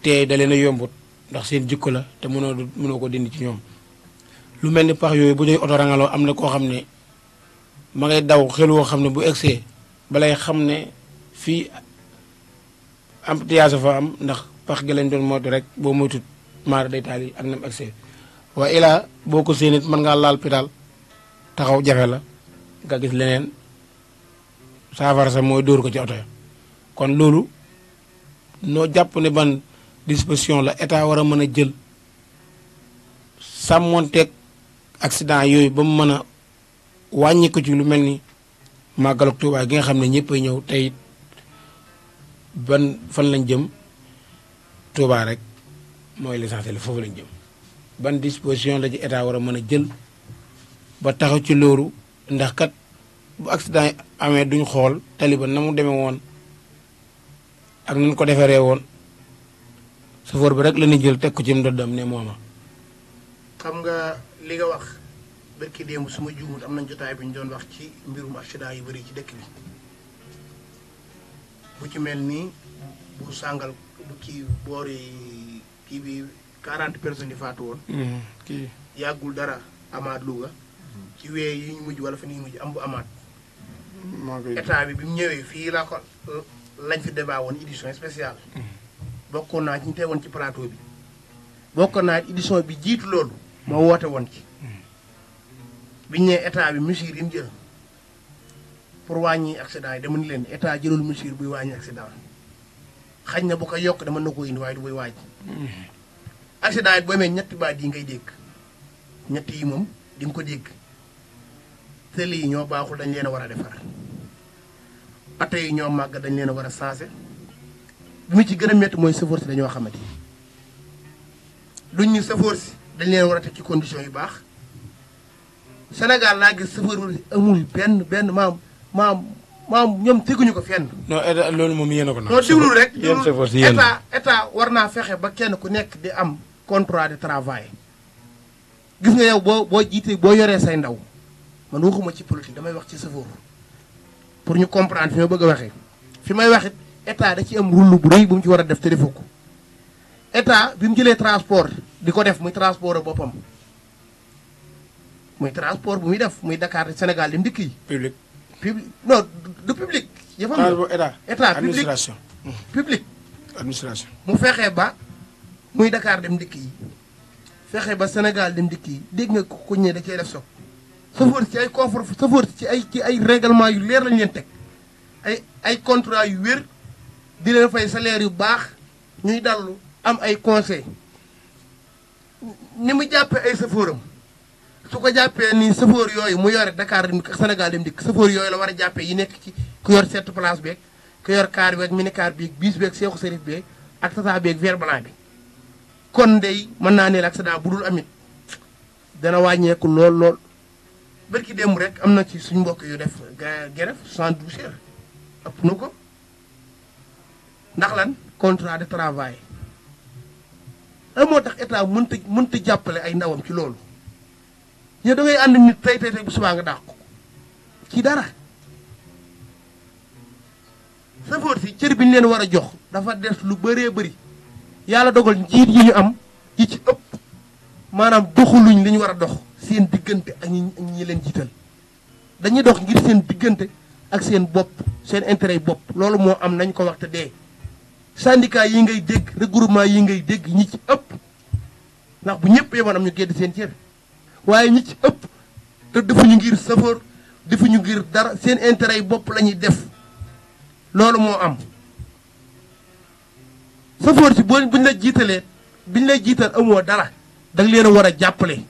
teey da leen a yombut ndax seen jikko la te mënoo mënoo ko dindi ci ñoom lu mel ni pax yooyu bu ñuy oto rangaloo am na koo xam ne ma ngay daw xel woo xam ne bu egsee balay xam ne fii embouteillage fa am ndax pax gi lañ doon moytu rek boo moytut maar day taal yi ak nam accès waaye ilaa boo ko séenit mën ngaa laal pédal taxaw jafe la nga gis leneen saafara sa mooy dóor ko ci oto ya kon loolu noo jàpp ne ban disposition la état war a mën a jël sàmmoonteeg accident yooyu ba mu mën a wàññi ko ci lu mel nii màggal ak Tuubaa gi nga xam ne ñëpp a ñëw tey ban fan lañ jëm Tuubaa rek mooy l'essentiel foofu lañ jëm ban disposition la ji état war a mën a jël ba taxaw ci lóoru ndax kat bu accident amee duñ xool taliba na mu demee woon ak nañ ko defaree woon safoor bi rek la jël teg ko ci mu doddam ne mooma xam nga li nga wax bërki démb su ma juumut am nañ jotaay bi ñu doon wax ci mbirum accident yu bëri ci dëkk bi bu ci mel nii bu sàngal bu kii boori kii bi quarante personnes yi faatu woon hmm, kii yàggul dara amaat Louga ci wee yi ñu mujj wala fa nii mujj am bu amaat état bi bi mu ñëwee fii laa ko lañ fi débat woon édition spéciale hmm. bokkoon naa ci ñu teewoon ci plateau bi bokkoon naa édition bi jiitu loolu moo woote woon ci biñ nee état bi mesures yi ñu jël pour wàññi accident yi dama ni leen état jëlul mesure buy wàññi accident xañ na bu ko yokk dama na ko indi waaye du buy wàññi. Mm-hmm. accident yi amee ñetti baat yi ngay dégg ñetti yi moom di ko dégg tëli yi ñoo baaxul dañ leen a war a defar oto yi ñoo màgg dañ leen a war a changé bu mu ci gën a métti mooy sëfoor si dañoo xamante ni duñ ñu sëfoor si dañ leen war a teg ci condition yu baax. Sénégal laa gis chauffeur bu amul benn benn maam maam maam ñoom teguñu ko fenn. non état loolu moom yéen a ko. non rek yéen chauffeur si yéen état état war naa fexe ba kenn ku nekk di am contrat de travail. gis nga yow boo boo jiitee boo yoree say ndaw man waxuma ci politique damay wax ci chauffeur pour ñu comprendre fi ma bëgg a waxee fi may wax it état da ci am rôle bu rëy bu mu ci war a def te defu ko état bi mu jëlee transport di ko def muy transport boppam. muy transport bu muy def muy Dakar Sénégal lim dikk yi. public public non du public. yëfam état état administration mu fexe ba muy Dakar dem dikk yi fexe ba Sénégal dem dikk yi dégg nga ko ñëwee da cee def soog. sëfoor ci ay confort sëfoor ci ay ci ay yu leer lañu leen teg ay ay contrat yu wér di leen fay salaire yu baax ñuy dallu am ay conseil ni mu jàppee ay sëfooram su ko jàppee ni sëfoor yooyu mu yore Dakar dem dikk Sénégal dem dikk sëfoor yooyu la war a jàppee yi nekk ci ku yor sept place beeg ku yor kaar beeg mini kaar beeg bis beeg seexu sérif beeg ak tata beeg vert blanc bi kon day mën naa ne accident bu dul amit dana wàññeeku lool lool bërki démb rek am na ci suñ mbokk yu def grève soixante-douze heures ëpp ko ndax lan contrat de travail moo tax état mënta mënta jàppale ay ndawam ci loolu yow da ngay ànd nit tey tey tey bu subaa nga dàq ci dara safoor si cër bi ñu leen war a jox dafa des lu bëree bëri yàlla dogal njiit yi ñu am yi ci ëpp maanaam doxuluñ li ñu war a dox seen diggante ak ñi leen jiital dañuy dox ngir seen diggante ak seen bopp seen intérêt yi bopp loolu moo am nañ ko waxte dee syndicat yi ngay dégg regroupement yi ngay dégg ñi ci ëpp ndax bu ñëpp yemoon am ñu gedd seen cër waaye ñi ci ëpp te defuñu ngir safoor defuñu ngir dara seen intérêt yi bopp lañuy def loolu moo am safoor si boo buñ la jiitalee biñ la jiital amoo dara danga leen a war a jàppale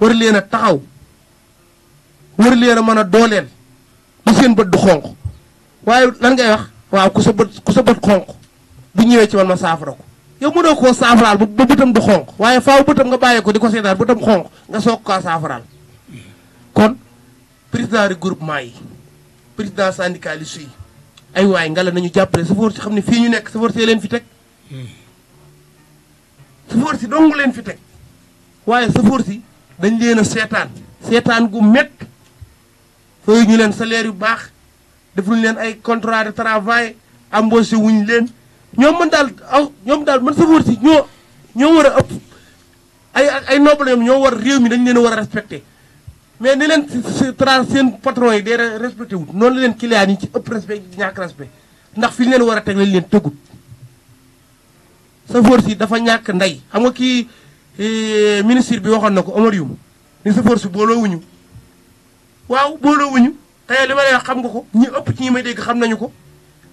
war leen a taxaw war leen a mën a dooleel bu seen bët du xonq waaye lan ngay wax waaw ku sa bët ku sa bët xonq bu ñëwee ci man ma saafara ko yow ma mënoo koo saafaraal ba bëtam du xonq waaye faaw bëtam nga bàyyee ko di ko seetaan bëtam xonq nga soog kaa saafaraal kon président groupement yi président syndicaliste yi ay waay nga la nañu jàppale safoor si xam ne fii ñu nekk safoor si leen fi teg si dong leen fi teg waaye safoor si dañ leen a seetaan seetaan gu mett fooyu ñu leen salaire yu baax defuñu leen ay contrat de travail embauché wuñ leen ñoom mën daal aw ñoom daal man sofóor si ñoo ñoo war a ëpp ay ay ñoom ñoo war réew mi dañ leen war a respecté mais ni leen tra seen patron yi dee respecté wut noonu la leen client yi ci ëpp respect ñàkk respect ndax fi leen war a teg lañ leen tëggut sofóor si dafa ñàkk ndey xam nga kii eh, ministre bi waxoon na ko Omar Youm ni sofóor si booloo wuñu waaw booloo wuñu tey li ma lay wax xam nga ko ñi ëpp ci ñi may dégg xam nañu ko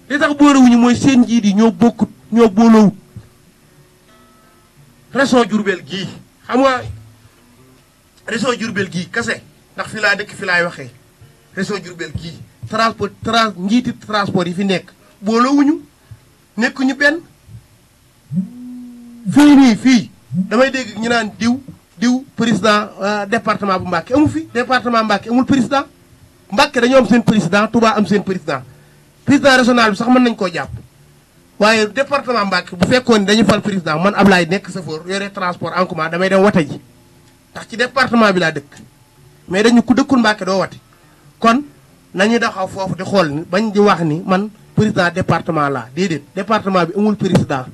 li tax boolewuñu mooy seen njiit yi ñoo bokkut ñoo boolewut région Diourbel gii xam nga région Diourbel gii kase ndax fi laa dëkk fi laay waxee région Diourbel gii transport trans njiiti transport yi fi nekk boolewuñu nekkuñu benn fii nii fii damay dégg ñu naan diw diw président euh, département bu Mbàkke amu fi département Mbàkke amul président Mbàkke dañoo am seen président Touba am seen président président régional bi sax mën nañ koo jàpp waaye département Mbacké bu fekkoon dañu fal président man ab Ablaye nekk chauffeur yore transport en commun damay dem wate ji ndax ci département bi laa dëkk mais dañu ko dëkkul Mbacké doo wate kon nañu doxaw foofu di xool ni bañ di wax ni man président département laa déedéet département bi amul président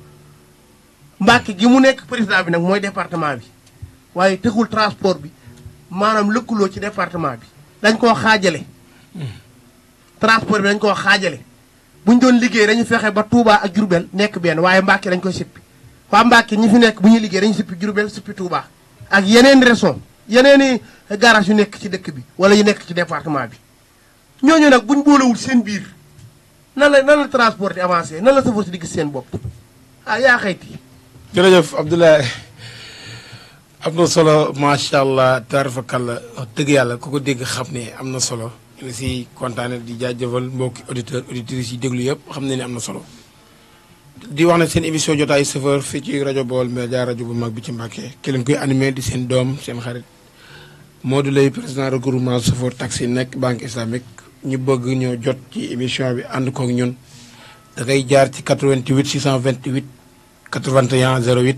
Mbacké gi mu nekk président bi nag mooy département bi waaye tëxul transport bi maanaam lëkkaloo ci département bi dañ koo xaajale hmm. transport bi dañ koo xaajale buñ doon liggéey dañu fexe ba Touba ak Diourbel nekk benn waaye Mbacke dañ koy sippi waa Mbacke ñi fi nekk bu ñu liggéey dañu sippi Diourbel sippi Touba ak yeneen région yeneen i garage yu nekk ci dëkk bi wala yu nekk ci département bi ñoo ñooñu nag buñ boolewul seen biir nan la nan la transport di avancé nan la safar si di gis seen bopp ah yaa xayti jërëjëf Abdoulaye am na solo macha allah taarifakàlla wax dëgg yàlla ku ko dégg xam ne am na solo ñu ngi siy kontaane di jaajëfal mbokki auditeurs auditrices yi déglu yëpp xam ne ni am na solo di wax ne seen émission jotaayu chauffeur fii ci rajo Baol Média rajo bu mag bi ci Mbàkke ki leen koy anime di seen doom seen xarit Modou Lay président regroupement chauffeur taxi nekk banque islamique ñu bëgg ñoo jot ci émission bi ànd kook ñun da ngay jaar ci 88 628 81 08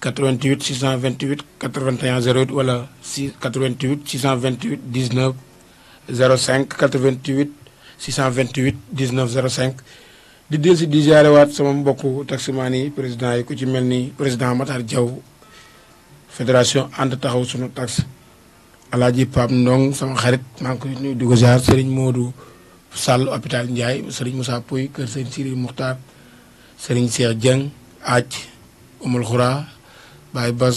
88 628 81 08 wala 6 88 628 19 cinq 05 88 628 19 05 di del si di jaarewaat sama mbokku taximaan yi président yi ku ci mel nii président Matar jaw fédération ànd taxaw sunu tax alaaji Pape Ndong sama xarit maa ngi koy jaar sëriñ Modou Sall hôpital Ndiaye sëriñ Moussa Pouy kër sëriñ Siri Muxtaar sëriñ Cheikh Dieng aaj Umul Xura Baye Bas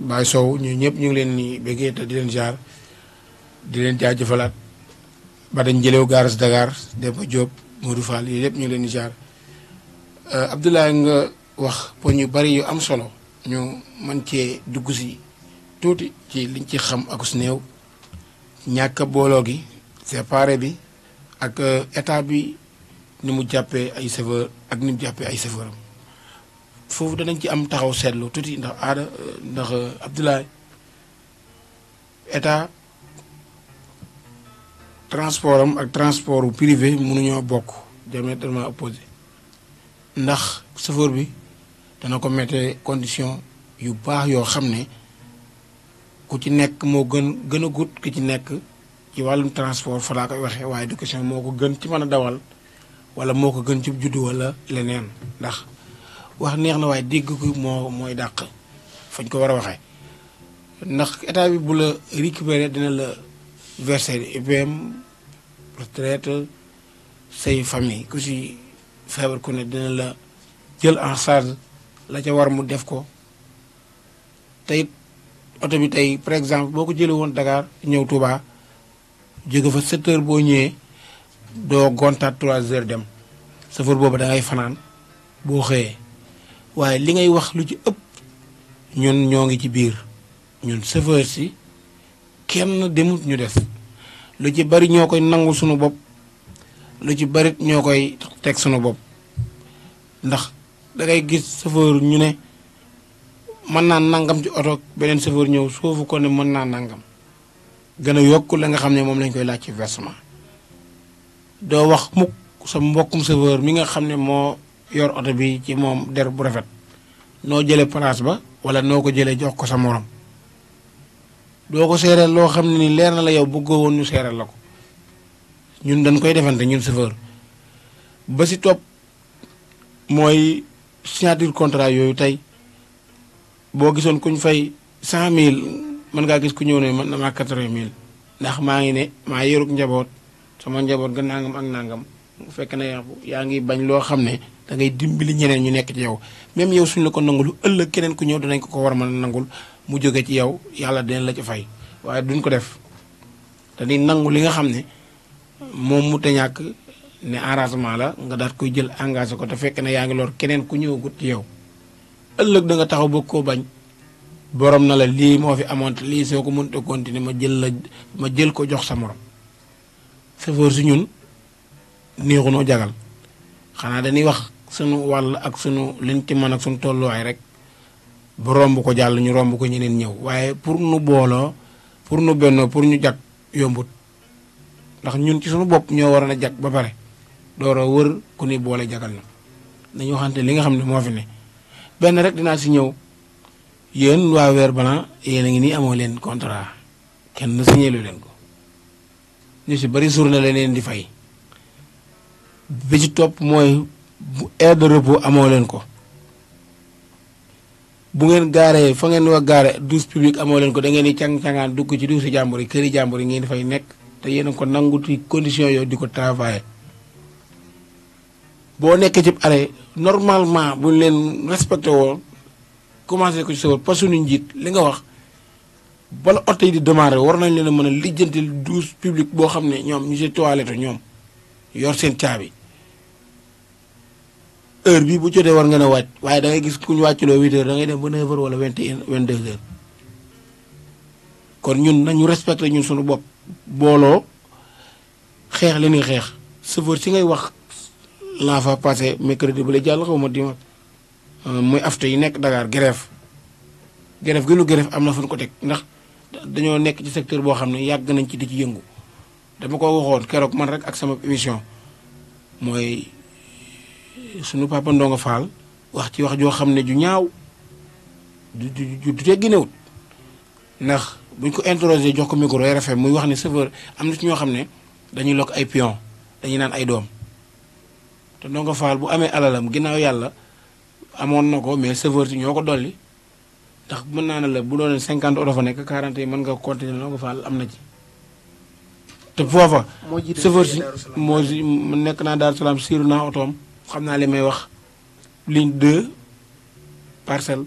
Baye soow ñooñu ñëpp ñu ngi leen ni béggee di leen jaar di leen jaajëfalaat ba dañ jëlew gaaras Dakar Demba Diop Modou Fall yooyu yëpp ñu leen di jaar euh, Abdoulaye nga wax pour ñu bari yu am solo ñu man cee dugg si tuuti ci liñ ci xam ak su néew ñàkk booloo gi séparé bi ak euh, état bi ni mu jàppee ay chauffeur ak ni mu jàppee ay chauffeur foofu danañ ci am taxaw seetlu tuuti ndax aada euh, ndax Abdoulaye état. transport am ak transport privé mënuñoo bokk diamétralement opposé ndax chauffeur bi dana ko mettee condition yu baax yoo xam ne ku ci nekk moo gën gën a gut ki ci nekk ci wàllum transport fa laa koy waxee waaye du question moo ko gën ci mën a dawal wala moo ko gën ci juddu wala leneen ndax wax neex na waaye dégg ko mooy dàq fañ ko war a waxee ndax état bi bu la récupéré dina la verser IPM retraite say famille ku si feebar ku ne dina la jël en charge la ca war mu def ko tey oto bi tey par exemple boo ko jëlee woon Dakar ñëw Touba jóge fa 7 boo ñëwee doo gontaat 3 heures dem safar boobu da ngay fanaan boo xëyee waaye li ngay wax lu ci ëpp ñun ñoo ngi ci biir ñun chauffeur si kenn demut ñu des lu ci bari ñoo koy nangu sunu bopp lu ci bari ñoo koy teg sunu bopp ndax dangay gis chauffeur ñu ne mën naa nangam ci oto beneen chauffeur ñëw soofu ko ne mën naa nangam gën a yokk la nga xam ne moom lañ koy laaj ci versement doo wax mukk sa mbokkum chauffeur mi nga xam ne moo yor oto bi ci moom der bu rafet noo jëlee place ba wala noo ko jëlee jox ko sa morom doo ko seereel loo xam ne ni leer na la yow bëggoo woon ñu seereel la ko ñun dañ koy defante ñun chauffeur ba si topp mooy signature contrat yooyu tey boo gisoon kuñ fay cent mille mën ngaa gis ku ñëw ne man damaa quatre-vingt mille ndax maa ngi ne maa yorug njaboot sama njaboot ga nangam ak nangam fekk na yaa ngi bañ loo xam ne da ngay dimbali ñeneen ñu nekk ci yow même yow suñ la ko nangul ëllëg keneen ku ñëw danañ ko ko war a mën a nangul mu jóge ci yow yàlla dina la ci fay waaye duñ ko def dañuy nangu li nga xam ne moom mu te ñàkk ne arrangement la nga daat koy jël engagé ko te fekk ne yaa ngi lor keneen ku ñëw ñëwagut ci yow ëllëg danga taxaw bëgg koo bañ borom na la lii moo fi amoon lii soo ko mënut a ma jël la ma jël ko jox sa morom chauffeur si ñun neexunoo jagal xanaa dañuy wax sunu wàll ak sunu liñ ci mën ak sunu tolluwaay rek ba romb ko jàll ñu romb ko ñeneen ñëw waaye pour nu booloo pour nu bennoo pour ñu jag yombut ndax ñun ci suñu bopp ñoo waroon a jag ba pare dooroo wër ku ni boole jagal na dañu waxante li nga xam ne moo fi ne benn rek dinaa si ñëw yéen waaweer weer blanc yéen a ngi nii amoon leen contrat kenn signé lu leen ko ñu si bari journée la leen di fay bi ci topp mooy bu aide de repos amoo leen ko bu ngeen gaaree fa ngeen wax gaare douche publique amoo leen ko da ngeen di càng-cangaan dugg ci duusi jàmbur yi këri jàmbur yi ngeen di fay nekk te yéen a ko nanguti condition yooyu di ko travailler boo nekkee ci arrêt normalement buñ leen respecté woon commencé ko ci sawar parce que suñu njiit li nga wax bala oto yi di démarrer war nañ leen a mën a lijjanti douse publique boo xam ne ñoom ñu si toilette ñoom yor seen caabi heure bi bu jotee war nga ne wàcc waaye da ngay gis ku ñu wàcculoo huit heures da ngay dem ba neuf heures wala vingt et un vingt deux heures kon ñun nañu respecté ñun suñu bopp booloo xeex li ñuy xeex chauffeur si ngay wax laa fa passé mercredi ba la jàll xaw ma dimanche euh, muy afte yi nekk Dakar grève grève gi lu grève am na fu ko teg ndax dañoo nekk ci secteur boo xam ne yàgg nañ ci di ci yëngu dama ko waxoon keroog man rek ak sama émission mooy suñu papa Ndongo Fall wax ci wax joo xam ne ju ñaaw du du du tegginewut ndax buñ ko interroger jox ko micro RFM muy wax ne chauffeur am na ci ñoo xam ne dañuy lokk ay pion dañuy naan ay doom te Ndongo faal bu amee alalam ginnaaw yàlla amoon na ko mais chauffeur si ñoo ko dolli ndax mën naa ne la bu doon cinquante oto fa nekk quarante yi mën nga continuer Ndongo Fall am na ci. te foofa. moo jiite chauffeur si moo nekk naa daal Salaam siiru naa otoom. xam naa li may wax ligne 2 parcelle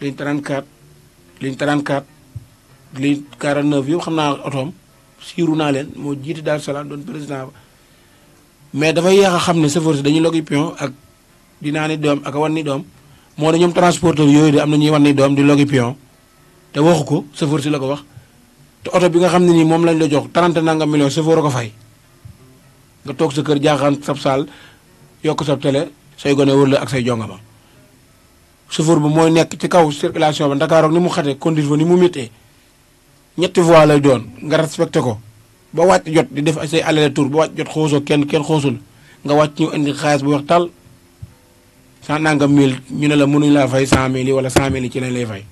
ligne 34 ligne 34 ligne 49 yëpp xam naa otoom siiru naa leen moo jiite daal salaam doon président ba mais dafa yéex a xam ne chauffeur si dañuy loggi pion ak dinaa ni doom ak a wan ni doom moo ne ñoom transporteur yooyu de am na ñuy wan ni doom di loggi pion te waxu ko chauffeur si la ko wax te oto bi nga xam ne nii moom lañ la jox 30 nangam million chauffeur a ko fay nga toog sa kër jaaxaan sab saal yokk sa télé say gone wër la ak say jongama chauffeur bi mooy nekk ci kaw circulation ba Dakar ni mu xate conduite fa ni mu méttee ñetti voie lay doon nga respecté ko ba wàcc jot di def say aller-retour ba wàcc jot xoosoo kenn kenn xoosul nga wàcc ñu indi xaalis bu wax tal sa nangam mille ñu ne la mënuñ laa fay cent mille yi wala cent mille yi ci lañ lay fay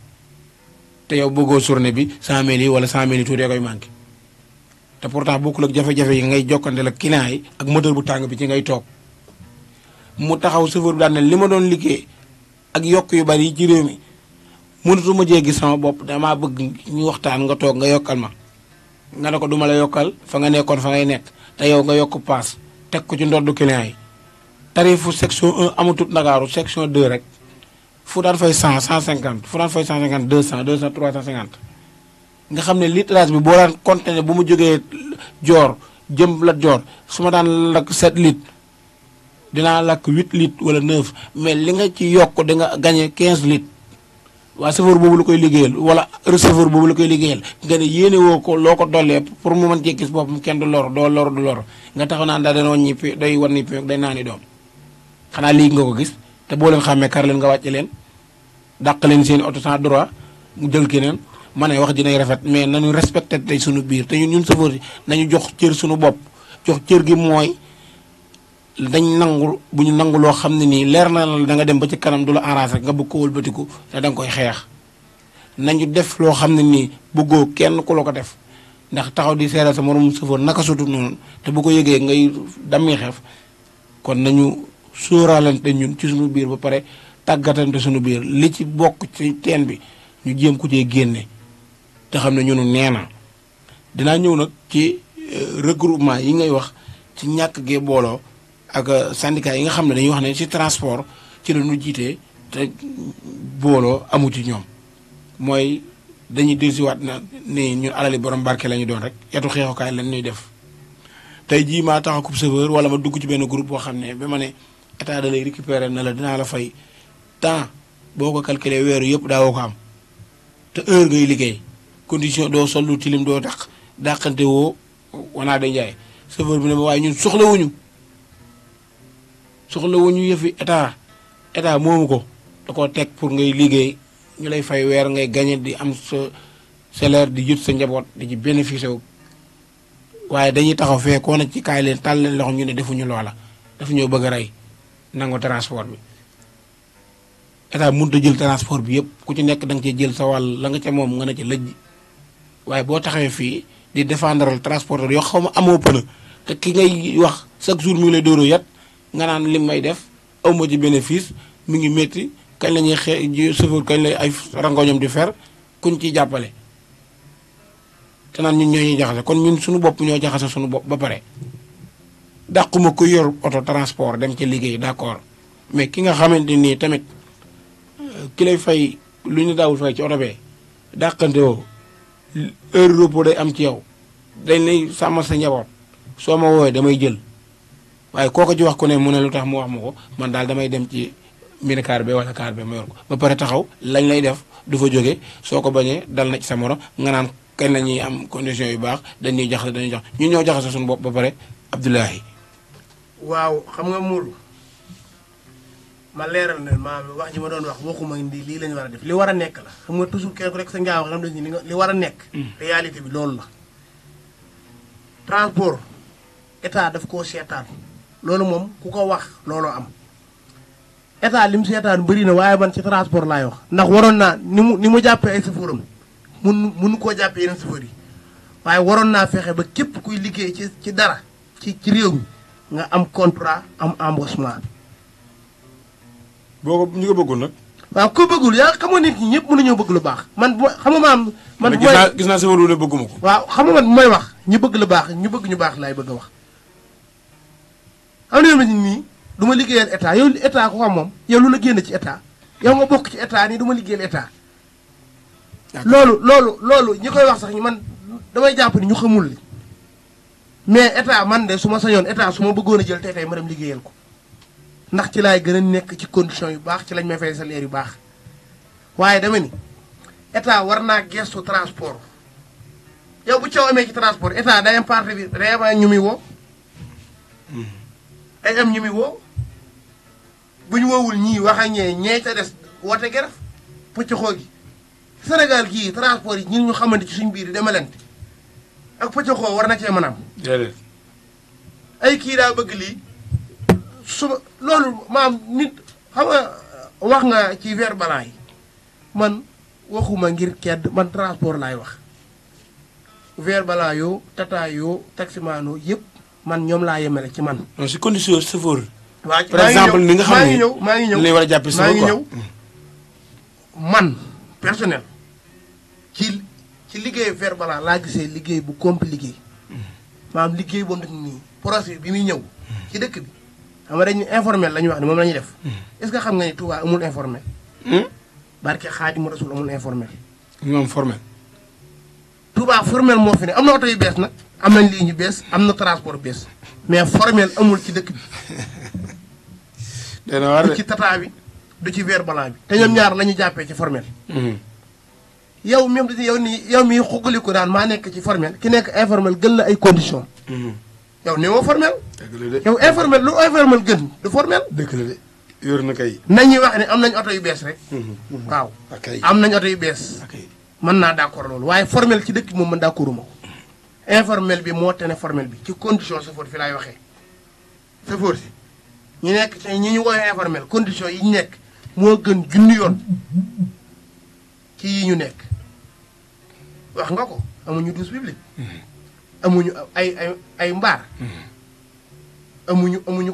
te yow bëggoo surne bi cent mille yi wala cent mille yi tuutee koy manqué te pourtant bokkul ak jafe yi ngay jokkandeel ak client yi ak moteur bu tàng bi ci ngay toog. mu taxaw chauffeur bi daan li ma doon liggéey ak yokk yu bari ci réew mi mënatuma jee gis sama bopp damaa bëgg ñu waxtaan nga toog nga yokkal ma nga ne ko duma la yokkal fa nga nekkoon fa ngay nekk te yow nga yokk paas teg ko ci ndoddu client yi tarifu section 1 amatut Ndakaaru section 2 rek fu daan fay 100 150 cent daan fay 150 200 200 350 nga xam ne litrage bi boo daan contené bu mu jógee joor jëm la joor su ma daan lakk 7 litres dinaa lakk huit litres wala neuf mais li nga ci yokk da nga gagné quinze litres waa chauffeur boobu la koy liggéeyal wala receveur boobu la koy liggéeyal nga ne yéene woo ko loo ko dollee pour mu mën cee gis mu kenn du lor doo lor du lor nga taxaw naan daa dana ñi day wan ni day naan doom xanaa lii nga ko gis te boo leen xàmmee kar leen nga wàcce leen dàq leen seen oto sans droit jël keneen ma ne wax dinay rafet mais nañu respecté tey suñu biir te ñun ñun chauffeur jox cër suñu bopp jox cër gi mooy. dañ nangu bu ñu nangu loo xam ne nii leer na la da nga dem ba ci kanam du la arrangé rek nga bëgg ko wëlbatiku te danga koy xeex nañu def loo xam ne nii bëggoo kenn ku la ko def ndax taxaw di seere sa moroom sëfoor naka sutu noonu te bu ko yëgee ngay dammi xeef kon nañu sóoraalante ñun ci suñu biir ba pare tàggatante suñu biir li ci bokk ci teen bi ñu jéem ku cee génne te xam ne ñunu nee na dinaa ñëw nag ci euh, regroupement yi ngay wax ci ñàkk gee booloo ak euh, syndicat yi nga xam ne dañuy wax ne ci transport ci la ñu jiite te booloo amu ñoom mooy dañuy desiwaat na ni ñun alali borom barke la ñu doon rek yatu xeexukaay lan ñuy def tey jii maa tax a coupe serveur wala ma dugg ci benn groupe boo xam ne ba ma ne état da lay récupérer na la dinaa la fay temps boo ko calculer weeru yëpp daawoo ko am te heure ngay liggéey condition doo sollu tilim doo tax dàqante woo wanaa da njaay serveur bi ne ma waaye ñun soxlawuñu soxla wu ñu yëfi état état moomu ko da koo teg pour ngay liggéey ñu lay fay weer ngay gañe di am sa salaire di jut sa njaboot di ci bénéficié wu waaye dañuy taxaw fee koo na ci kaay leen tàll loxo ñu ne defuñu loola dafa ñoo bëgg rey nangu transport bi état mun a jël transport bi yëpp ku ci nekk da nga cee jël sa wàll la nga ca moom nga ne ci lëj waaye boo taxee fii di défendre transporteur yoo xaw ma amoo pëna te ki ngay wax chaque jour mi ngi lay yat nga naan lim may def awma ci bénéfice mi ngi metti kañ la ñuy xee sëfoor kañ lay ay rangoñam di fer kuñ ciy jàppale te naan ñun ñoo ñuy jaxase kon ñun suñu bopp ñoo jaxase suñu bopp ba pare dàquma ku yor oto transport dem ci liggéey d'accord mais ki nga xamante nii tamit euh, ki fay lu ñu daawul fay ci oto bee dàqante woo heure repos day am ci yow dañ lay sàmmal sa njaboot soo ma woowee damay jël waaye kooku ji wax ku ne mu ne lu tax mu wax ma ko man daal damay dem ci minicar bi wala car bi ma yor ko ba pare taxaw lañ lay def du fa jóge soo ko bañee dal na ci sa morom nga naan kenn la ñuy am condition yu baax dañuy jaxase dañuy jax ñun ñoo jaxase suñu bopp ba pare Abdoulahi. waaw xam nga Mourou ma leeral na ma wax ji ma doon wax waxuma ni lii lañ war a def li war a nekk la xam nga toujours kenn ku nekk sa njaaw xam dañ ni li war a nekk. Mm. réalité bi loolu la. transport état daf koo seetaan. loolu moom ku ko wax looloo am état li mu seetaan bëri na waaye man ci transport laay wax ndax waroon naa ni mu ni mu jàppee ay sëfóoram mun munu koo jàppee yeneen sëfóor yi waaye waroon naa fexe ba képp kuy liggéey ci ci dara ci ci réew mi nga am contrat am embauchement. boo ko ñu ko bëggul nag. waaw ko bëggul yaa xam nga nit ñi ñëpp mënuñoo bëgg lu baax man xam nga maam. man bu may gis naa gis naa sëfóor bëgguma ko. waaw xam nga man bu may wax ñu bëgg lu baax ñu bëgg ñu baax laay bëgg a wax. am na yoon nañu nii du ma liggéeyal état yow état ku xam moom yow lu la génn ci état yow nga bokk ci état nii du ma liggéeyal état. loolu loolu loolu ñi koy wax sax ñu man damay jàpp ni ñu xamul li mais état man de su ma sañoon état su ma bëggoon a jël tey ma dem liggéeyal ko ndax ci laay gën a nekk ci condition yu baax ci lañ may fay salaire yu baax waaye dama ni état war naa gestu transport yow bu coow amee ci transport état day am parti bi réellement ñu muy woo. Hmm. day am ñu muy bu ñu woowul ñii wax ak ñee ñee ca des woote geref pëcc xoo gi senegal gii transport yi ñu xamante ci suñu biir yi demalante ak pëcc xoo war na cee mën am. ay kii daa bëgg lii suba loolu maam nit xam nga wax nga ci vers balaa yi man waxuma ngir kedd man transport laay wax vers balaa yoo tataayoo taximaanoo yëpp. man ñoom laa yemale ci man. non si condition chauffeur. waa maa ngi ñëw war a jàppee maa ngi ñëw hmm. man personnel ci ci liggéey Verbaland laa gisee liggéey bu compliqué maanaam hmm. liggéey boobu nag nii projet bi muy ñëw hmm. ci dëkk bi xam informel la ñuy wax ne moom lañu def est-ce que xam nga ni Touba amul informel barke Xaadimu Rasuul amul informel ñoom formel Touba moo fi ne am na oto yu bees nag am nañ lii ñu bees am na transport bees mais formel amul ci dëkk bi. dana war du ci tata bi du ci weer balaa bi. te ñoom ñaar la ñu jàppee ci formel. Mm-hmm. yow même dañuy yow nii yow mii xugali ko daan maa nekk ci formel ki nekk informel gën la ay conditions. Mm-hmm. yow nee woo formel. yow informel lu informel gën du formel. dëgg la de yor na wax ne am nañ oto yu bees rek. Mm-hmm. waaw am nañ oto yu bees. mën naa d' accord loolu waaye formel ci dëkk bi moom man d' ko. informel bi moo tane formel bi ci condition safoor fi laay waxee safoor si ñu nekk te ñi ñu woowee informel condition yi ñu nekk moo gën junni yoon ci ñu nekk wax nga ko amuñu douche publique mm-hmm. amuñu ay ay ay mbaar mm-hmm. amuñu amuñu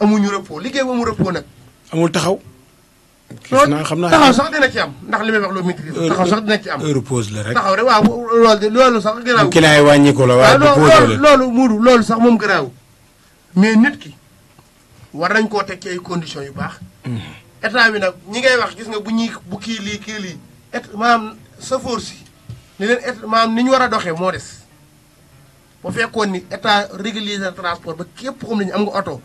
amuñu repos liggéey bu amul repos nag amul taxaw gis naa xam naa taxaw sax dina ci am ndax li may wax loolu maîtrise taxaw sax dina ci am heure pause la rek taxaw rek waaw loolu de loolu sax garaaw ki laay wàññi ko la waaye du pause la loolu muudu loolu sax moom garaaw mais nit ki war nañ koo teg conditions yu baax hmm. état bi nag ñi ngay wax gis nga bu ñuy bu kii lii kii lii maanaam sa force yi ni leen ni ñu war a doxee moo des boo fekkoon ni état régulise transport ba képp comme la ñu am nga oto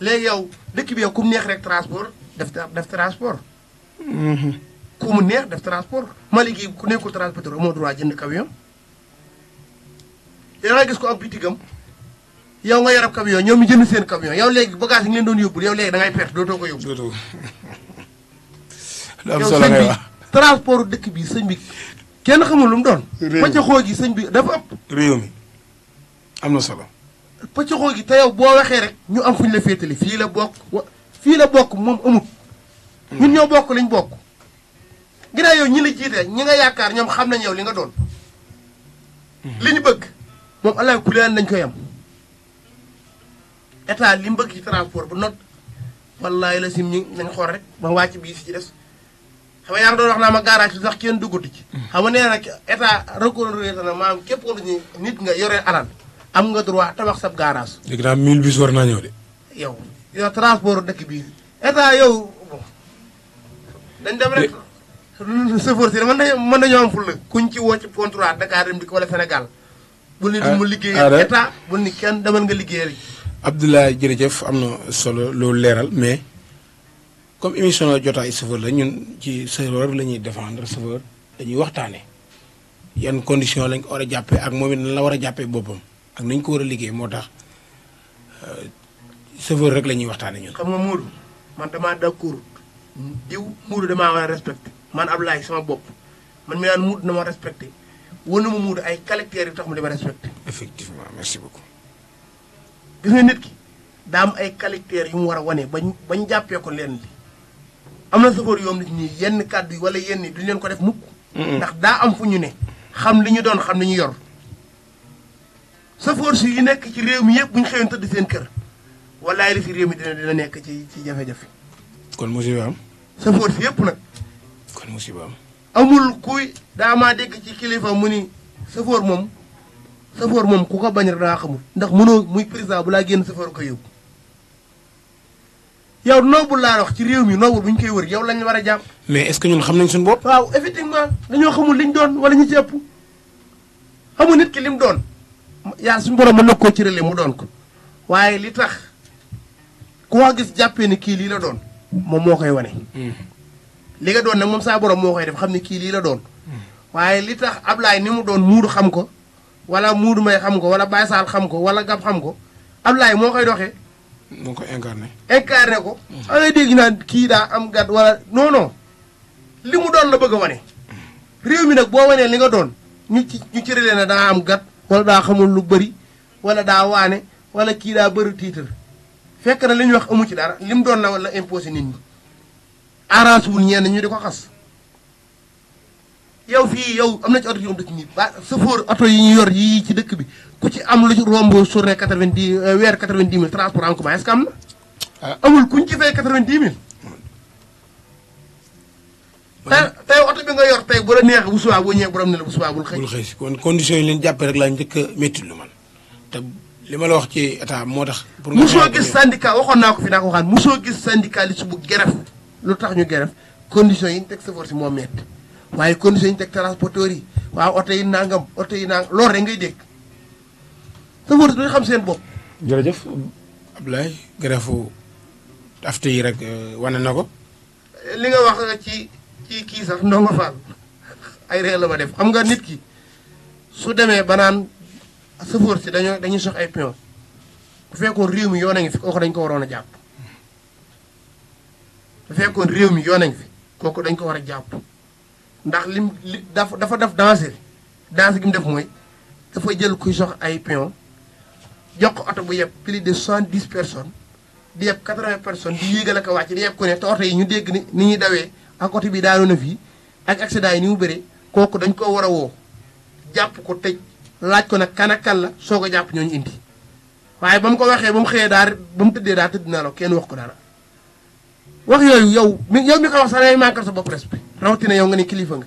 léegi yow dëkk bi yow ku neex rek transport def def transport. Mm-hmm. ku mu neex def transport. ma gi ku nekkul transporteur amoo jënd camion. gis ko am bitigam yow nga ñoom ñu jënd seen camion yow léegi bagage yi doon yóbbul yow da ngay perte dootoo ko yóbbu. solo ngay transport dëkk bi sëñ kenn xamul lu mu doon. pàccaxoo gi bi dafa am na solo. pàccaxoo gi te yow boo waxee rek ñu am fu ñu la féetale fii la bokk fii la bokk moom amut ñun ñoo bokk liñ bokk ginnaaw yow ñi la jiite ñi nga yaakaar ñoom xam nañ yow li nga doon li bëgg moom allah kuleen lañ koy am état li mu bëgg ci transport bu not wallaay la sim ñi nañ xool rek ba wàcc bii si nga yaa ngi doon wax naa ma garage sax kenn dugguti ci mm. xam nga nee nag état reconnaître na maanaam képp ko nit nga yore alal am nga droit tabax sab garage léegi daal mille bus war naa ñëw de yow yor transport dëkk bii état yow dañ dem rek chauffeur si mën nañu mën fulla kuñ ci woo ci contrat Dakar dem di ko wala Sénégal bul ni du ah, mu liggéeyal état bul ni kenn demal nga liggéeyal Abdoulaye jërëjëf am na solo loolu leeral mais comme émission la jotaay chauffeur la ñun ci chauffeur la ñuy défendre chauffeur dañuy waxtaane yan condition lañ ko war a jàppee ak moom it la war a jàppee boppam ak nañ ko war a liggéey moo tax euh, chauffeur rek la ñuy waxtaanee ñun. xam nga Moodu man damaa d'accord diw Moodu damaa war a respecté man Ablaye sama bopp man mi naan Moodu dama respecté wane ma Moodu ay caractères tax mu di ma respecté. effectivement merci beaucoup. gis nga nit ki daa am ay caractères yu mu war a wane bañ bañ jàppee ko leen li am na chauffeur yoo nit ñi yenn kàddu yi wala yenn yi duñ leen ko def mukk. ndax daa am fu ñu ne. xam li ñu doon xam li ñu yor. chauffeur si yi nekk ci réew mi yëpp bu ñu xëyoon tëdd seen kër. wallaay refi réew mi dina dina nekk ci ci jafe-jafe. kon musiba am. safoor si yëpp nag. kon musiba am. amul kuy daamaa dégg ci kilifa mu ni safoor moom safoor moom ku ko bañ rek daa xamul. ndax mënoo muy président bu laa génn safoor ko yóbbu yow noobul laa wax ci réew mi noobul bu ñu koy wër yow lañ war a jàpp. mais est-ce que ñun xam nañ suñu bopp. waaw effectivement dañoo xamul liñ doon wala ñu ci ëpp nit ki lim doon. yaa suñu borom mën na ci cëralee mu doon ko waaye li tax. ku wax gis jàppee ne kii lii la doon moom moo koy wane hmm. li nga doon nag moom saa borom moo koy def xam ne kii lii la doon hmm. waaye li tax Ablaay ni mu doon muudu xam ko wala muudu may xam ko wala Baye Sall xam ko wala gab xam ko Ablaay moo koy doxee moo koy incarné ko hmm. a kii daa am gat wala non li mu doon la bëgg a wane réew mi nag boo wanee li nga doon ñu ci ñu cëralee ne daa am gat wala daa xamul lu bëri wala daa waane wala kii daa bëri tiitar fekk na li ñu wax amu ci dara lim doon na wala imposé nit ñi arrange wul ñenn ñu di ko xas yow fii yow am na ci oto yi dëkk ñi ba sëfoor yi ñu yor yii ci dëkk bi ku ci am lu ci romb journée quatre-vingt-dix euh, weer quatre-vingt-dix mille transport en commun est-ce am na. Ah. amul kuñ ci fay quatre-vingt-dix mille. tey tey oto bi nga yor tey bu la neex bu subaa boo ñëwee borom ne la bu subaa bul bul xëy si kon conditions yi leen jàppee rek laa njëkk a lu man li ma la wax ci état moo tax. pour musoo gis syndicat waxoon naa ko fi naa ko waxaan musoo gis syndicaliste bu geref lu tax ñu geref conditions yi ñu teg chauffeur si moom met waaye conditions yi ñu teg transporteur yi waaw oto yi nangam oto yi nangam loolu rek ngay dégg chauffeur si duñu xam seen bopp. jërëjëf Abdoulaye gerefu afte yi rek euh, wane na ko. li nga wax ci ci kii sax ndongo faal ay réer la ma def xam nga nit ki su demee ba naan sëfoor si dañoo dañuy sox ay pion bu fekkoon réew mi yoon ngi fi kooku dañ ko waroon a jàpp bu mi yoon a fi kooku dañ ko war a jàpp ndax lim li dafa dafa def danse danse gi mu def mooy dafa jël kuy sox ay pion jox ko oto bu yeb plus de soixante-dix personnes di yeb quatre-vingts personnes di yéegal ak a wàcc di yeb ku ne te oto yi ñu dégg ni ni ñuy dawee ak oto bii daanoon na fii ak accident yi ni mu bëree kooku dañ koo war a woo jàpp ko tej laaj ko nag kanakan la soo ko jàpp ñooñu indi waaye ba mu ko waxee ba xëyee daar ba mu tëddee daal tëdd naa la kenn wax ko dara wax yooyu yow mi yow mi ko wax sax day manqué sa bopp respect rawatina yow nga ne kilifa nga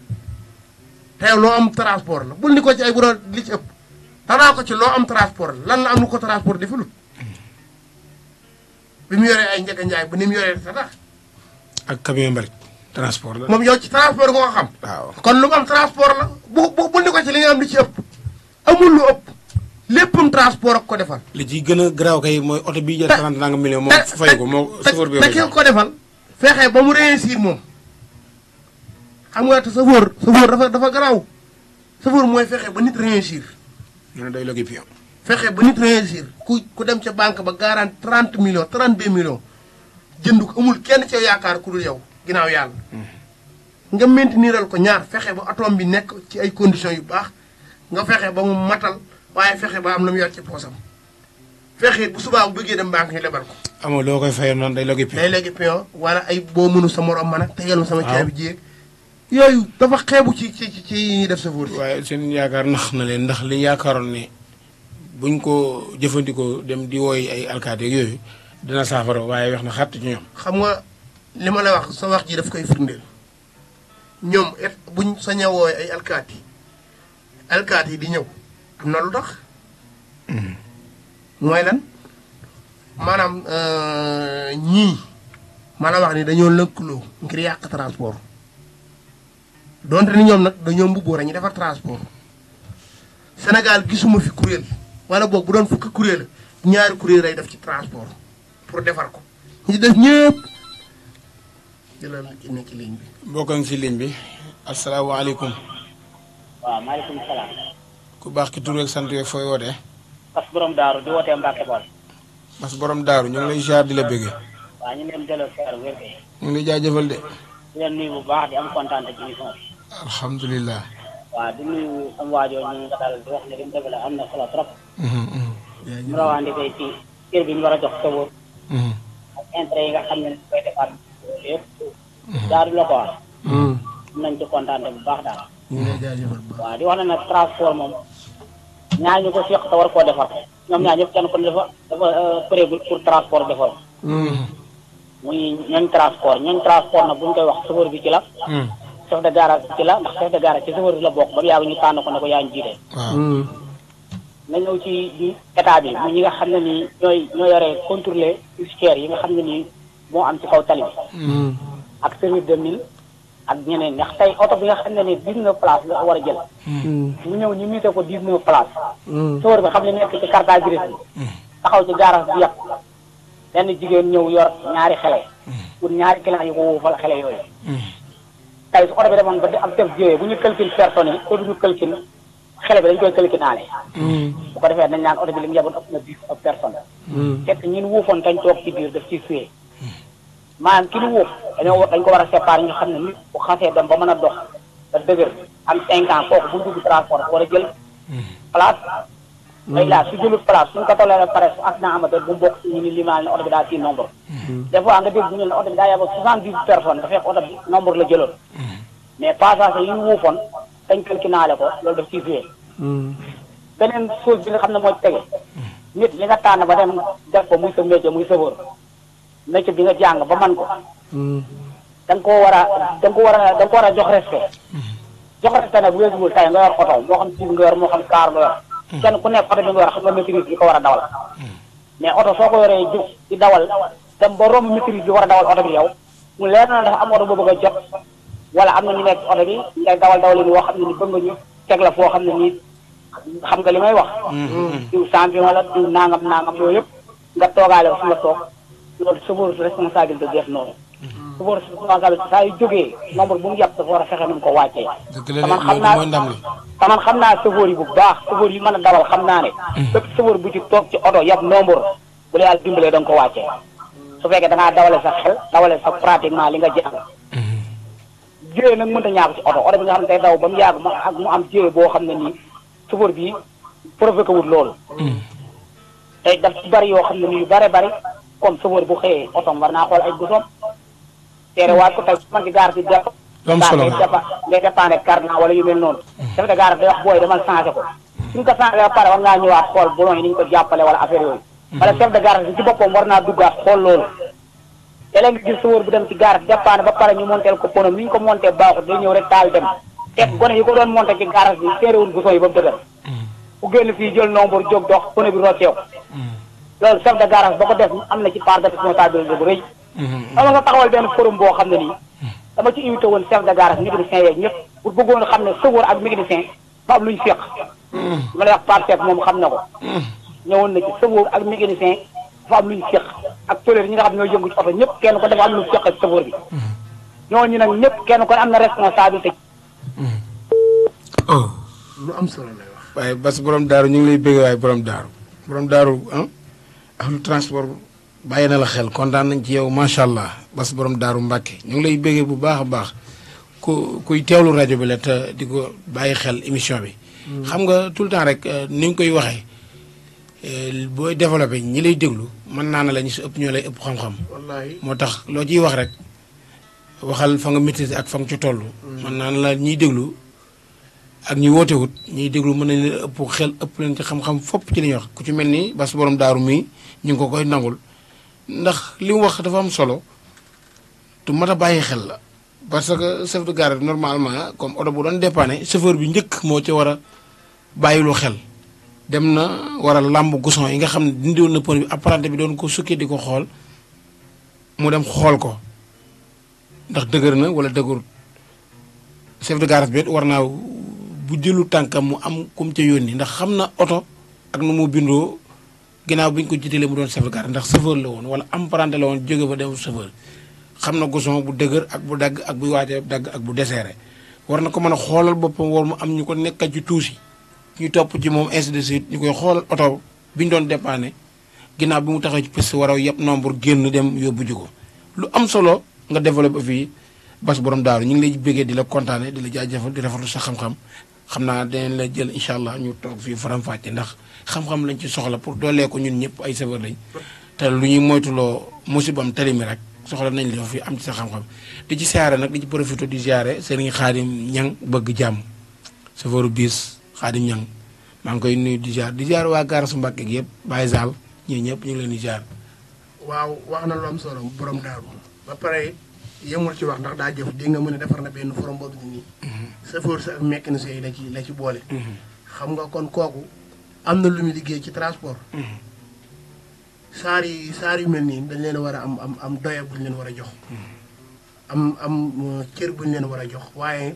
te loo am transport la bul ni ko ci li ci ëpp danaa loo am transport lan la am lu ko transport defulut ay njëkk njaay bu ni mu yoree moom yow ci transport nga ko lu mu am transport la bu ci li am ci ëpp. amul lu ëpp léppam transport ak ko defal. li ci gën a garaaw kay mooy oto bi jël 30 nanga million moom fay ko moo chauffeur bi te ko defal fexe ba mu réussir moom xam nga te chauffeur chauffeur dafa dafa garaaw chauffeur mooy fexe ba nit réussir. day logi fexe ba nit réussir ku ku dem ca banque ba garanti 30 millions 32 millions jënd ko amul kenn ca yaakaar ku dul yow ginnaaw yàlla. Hmm. nga niiral ko ñaar fexe ba atom bi nekk ci ay conditions yu baax. nga fexe ba mu matal waaye fexe ba am na mu yor ci poosam fexe bu subaa bu bëggee dem banque ñu lebal ko. amoo loo koy fayal noonu day léegi pion. day léegi pion wala ay boo munu sa morom man ak. te sama caabi jéeg. yooyu dafa xeebu ci ci ci def sa fóot. waaye seen yaakaar nax na leen ndax li yaakaaroon ne buñ ko jëfandikoo dem di wooy ay alkaati yooyu dina saafara waaye wax na xàtt ñoom. xam nga li ma la wax sa wax ji daf koy firndeel ñoom et buñ sañawoo ay alkaati alkaat yi di ñëw am na lu tax. mooy lan euh, ñii maanaam wax ni dañoo lëkkaloo ngir yàq transport donte ni ñoom nag dañoo mbubboo rek ñu defar transport Sénégal gisuma fi kuréel wala boog bu doon fukki kuréel ñaari kuréel lay def ci transport pour defar ko ñi def ñëpp jëlal na ci ligne bi. bokkoon ci waaw maaleykum salaam. ku baax ki tur ak sant yeeg fooy wootee. Bas borom daaru di wootee Mbacke Bol. Bas borom daaru ñu lay ziar di la bëggee. waaw ñu ngi leen de. ñu lay bu baax di am kontaan bi. alhamdulilah. waaw di nuyu sama am na solo trop. Mhm, mhm. mu rawandi ci bi ñu war jox sa wóor. Mhm. ak yi nga xam ne koy defaat bu baax daal. ñu ngi lay jaajëfal waaw di wax ne nag transport moom ñaar ñu ko seq te war koo defar ñoom ñaar ñëpp kenn ku ne dafa dafa euh, prégul pour transport defar mu ñooñ transport ñooñ transport na bu ñu koy wax chauffeur bi ci la chef de garage ci la ndax chef de garage ci chauffeur bi la bokk ba ñu tànn ko ne ko yaa ngi jiite ñëw ci di état bi mu ñi nga xam ne nii ñooy ñoo yore contrôler ustière yi nga xam ne nii moo am ci kaw tali bi mm. ak service de mille ak ñeneen ñax tey oto bi nga xam ne ne 19 places la war a jël. Hmm. mu ñëw ñi muté ko 19 places. Hmm. chauffeur bi xam ne nekk ci carte grise bi. Hmm. taxaw ci garage bi yàpp benn jigéen ñëw yor ñaari xele. pour ñaari client yi ko wóofal xele yooyu. tey su oto bi demoon ba am def bu ñu calcul personnes yi te du ñu calcul xele bi dañ koy calculaale. bu ko defee naan oto bi li mu yeboon ëpp na 10 personnes. fekk ñun toog ci biir def ciy suyee. maanaam ki lu wóob dañoo dañ ko war a séparer ñu xam ne nit bu xasee dem ba mën a dox te dëgër am 5 ans kooku bu dugg transport war a jël place. day mm-hmm. laaj su jëlul place suñ ko tollee pare su accident amatee bu mu ñu ni limaal ne oto bi daal ci nombre. Mm-hmm. des fois nga dégg ñu ne la oto bi daa yaboo 70 la jëloon. Mm-hmm. mais passagers yi ñu wuufoon dañ naa ko loolu daf ciy joué. beneen chose bi nga xam ne mooy tege. nit li nga tànn ba dem def ko muy sa métier muy sa métier bi nga jàng ba man ko. Mm-hmm. da nga koo war a da ko war a da war a jox respect. Mm-hmm. jox respect nag bu weesuwul tey nga yor oto moo xam jiw nga yor moo xam kaar nga yor. Mm-hmm. kenn oto bi nga war a dawal. mais oto soo ko yoree jóg dawal dem ba romb maîtrise bi war dawal oto bi yow mu leer na dafa am oto boo bëgg a wala am na ñu nekk oto bi dawal dawal yi woo xam ne ni bëgg nga ñu teg la foo xam ne nii xam nga li may wax. diw champion la diw nangam nangam yooyu yëpp nga toogaale ko fi nga toog. loolu chauffeur responsabilité def noonu. chauffeur responsabilité saa yu jógee nombre bu mu yàpp dafa war a fexe nu mu ko wàccee. dëgg man xam naa mooy ndam xam naa chauffeur yi bu baax chauffeur yi mën a dawal xam naa ne. Mm. bépp bu ci toog ci oto yàpp nombre bu la yàlla dimbalee da nga ko wàccee. su fekkee da dawale sa xel dawale sa pratiquement li nga jàng. Mm-hmm. jëye nag mënta ñaaku ci oto oto bi nga xam ne day daw ba mu yàgg mu ak mu am jëye boo xam ne nii chauffeur bi provoqué wul loolu. Mm. bari yoo xam ne nii yu bare bari comme chauffeur bu xëyee otom war naa xool ay gusoom teerewaat ko tey man ci gaar si def am solo ngay dépendre cardan wala yu mel noonu dafa de gaar day wax booy demal changé ko suñ ko changé ba pare war ngaa ñëwaat xool boulon yi jàppale wala affaire yooyu hmm. wala chef de war naa duggaat xool loolu te léegi gis sóor bu dem ci garage dépanne ba pare ñu monteel ko pono ni ñu ko monté baaxut day ñëw rek taal dem teg gone yi ko doon monté ci garage bi téerewul guson yi ba mu dëgër hmm. ku génn fii jël nombre jóg dox pono bi rocceeku hmm. loolu chef de garage ba ko def am na ci part de responsabilité bu rëy. Mhm. dama nga taxawal benn forum boo xam ne nii. dama ci invité woon chef de garage mécanicien yeeg ñëpp pour bëggoon xam ne chauffeur ak mécanicien ba am lu ñu féq. ma lay wax moom xam na ko. ñëwoon na ci ak mécanicien dafa am lu mhm. mhm. ak ñi nga xam ne ñoo yëngu ñëpp kenn ko dafa am lu ñu féq ak chauffeur bi. ñooñu nag ñëpp kenn ko am na responsabilité. oh lu am solo lay wax. waaye bas borom daaru ñu ngi lay bëgg waaye borom daaru borom daaru ahlu transport bàyyi na la xel kontaan nañ ci yow macha allah bas borom daaru Mbàkke ñu ngi lay béggee bu baax a baax ku kuy teewlu rajo bi la te di bàyyi xel émission bi. Mm. xam nga tout le temps rek euh, ni nga koy waxee euh, booy développé ñi lay déglu mën naa ne la ñu si ëpp ñoo lay ëpp xam-xam. moo tax loo ciy wax rek waxal fa nga ak fa ci toll. Mm. mën naa la ñiy déglu. ak ñuy woote wut ñuy déglu mën nañ leen ëpp xel ëpp leen ci xam-xam fopp ci li wax ku ci mel ni bas borom daaru mii ñu ngi ko koy nangul ndax li wax dafa am solo du mat a bàyyi xel la. parce que chef de gare normalement comme oto bu doon dépanné chauffeur bi njëkk moo ci war a bàyyilu xel dem na war a làmb goson yi nga xam ne dindi woon na pneu bi apprenti bi doon ko sukkee di ko xool mu dem xool ko ndax dëgër na wala dëgërut chef de gare bi war naa bu jëlu tànkam mu am kum ca yónni ndax xam na oto ak nu mu bindoo ginnaaw bi ñu ko jiitalee mu doon sauvegarde ndax chauffeur la woon wala apprenti la woon jóge fa dem chauffeur xam na goson bu dëgër ak bu dagg ak bu waajee dagg ak bu deseere war na ko mën a xoolal boppam war mu am ñu ko nekkat ci tuusi ñu topp ci moom ainsi de suite ñu koy xoolal oto bi ñu doon dépanné ginnaaw bi mu taxee ci piste waraw yëpp nombre génn dem yóbbu ji ko lu am solo nga développé fii Bass Borom Daaru ñu ngi lay bëggee di la kontaane di la jaajëfal di rafetlu sa xam xam naa danañ la jël incha allah ñu toog fii faram-fàcce ndax xam-xam lañ ci soxla pour doolee ko ñun ñëpp ay safar lañ te lu ñuy moytuloo musibam tali mi rek soxla nañ la fii am ci sa xam di ci siyaare nag di ci profité di siyaare Serigne Khadim Niang bëgg jàmm safaru biis Khadim Niang maa ngi koy nuyu di jaar di jaar waa gaara su Mbàkke gi yëpp Baye Sall ñii ñëpp ñu ngi leen di siyaare waaw wax na lu solo borom daaru ba pare yëmul ci wax ndax daa jëf di nga mën a defar na benn forom boobu nii. chauffeur mhm. sa ak mécanicien yi ci la ci boole. Mhm. xam nga kon kooku am na lu muy liggéey ci transport. Mhm. saar yi saar yu mel nii dañ leen war a am am am bu ñu leen war a jox. am am uh, cër leen war a jox waaye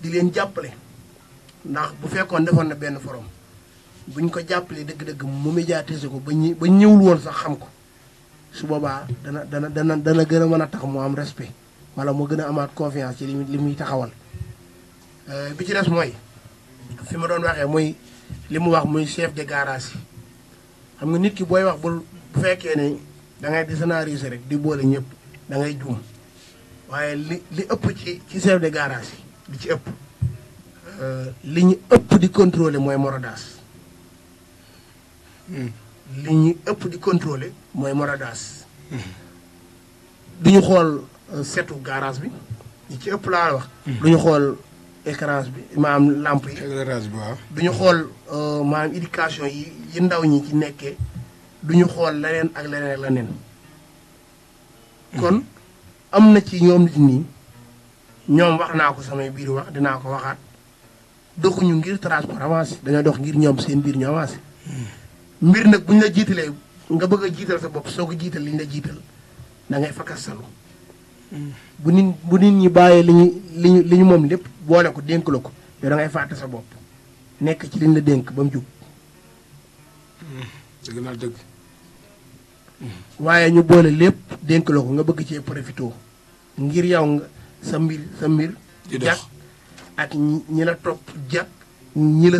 di leen jàppale ndax bu fekkoon defoon na benn forom buñ ko jàppalee dëgg-dëgg mu médiatiser ko ba ñi ba ñëwul woon sax xam ko. su boobaa dana dana dana dana gën a mën a tax mu am respe wala mu gën a amaat confiance ci li muy li muy taxawal euh, bi ci res mooy fi ma doon waxee muy li mu wax muy chef de garage yi xam nga nit ki booy wax bul bu fekkee ne da ngay di scénarise rek di boole ñëpp da ngay juum waaye li li ëpp ci ci chef de garage yi li ci ëpp euh, li ñu ëpp di contrôler mooy morodaas hmm. li ñu ëpp di contrôler mooy moradas duñu xool euh, setu garage bi ñi ci ëpp laa wax hmm. du ñu xool éclairage bi maanaam làmp yi éclairage ñu xool euh, maanaam éducation yi yi ndaw ñi ci nekkee du ñu xool leneen ak leneen ak leneen hmm. kon am na ci ñoom nit nii ñoom wax naa ko samay biir wax dinaa ko waxaat doxuñu ngir transport avancé dañoo dox ngir ñoom seen biir ñu avancé hmm. mbir nag bu ñu la jiitalee nga bëgg a jiital sa bopp soo ko jiital li ñu la jiital da ngay fakkastalu mm. bu bu nit ñi bàyyee li ñu li ñu moom lépp boole ko dénk la ko yow da ngay sa bopp nekk ci liñ la dénk ba mu jub. Mm. dëgg mm. waaye ñu boole lépp dénk la ko nga bëgg cee profité ngir yow sa mbir sa mbir. jàkk ak ñi la topp jàkk ñi la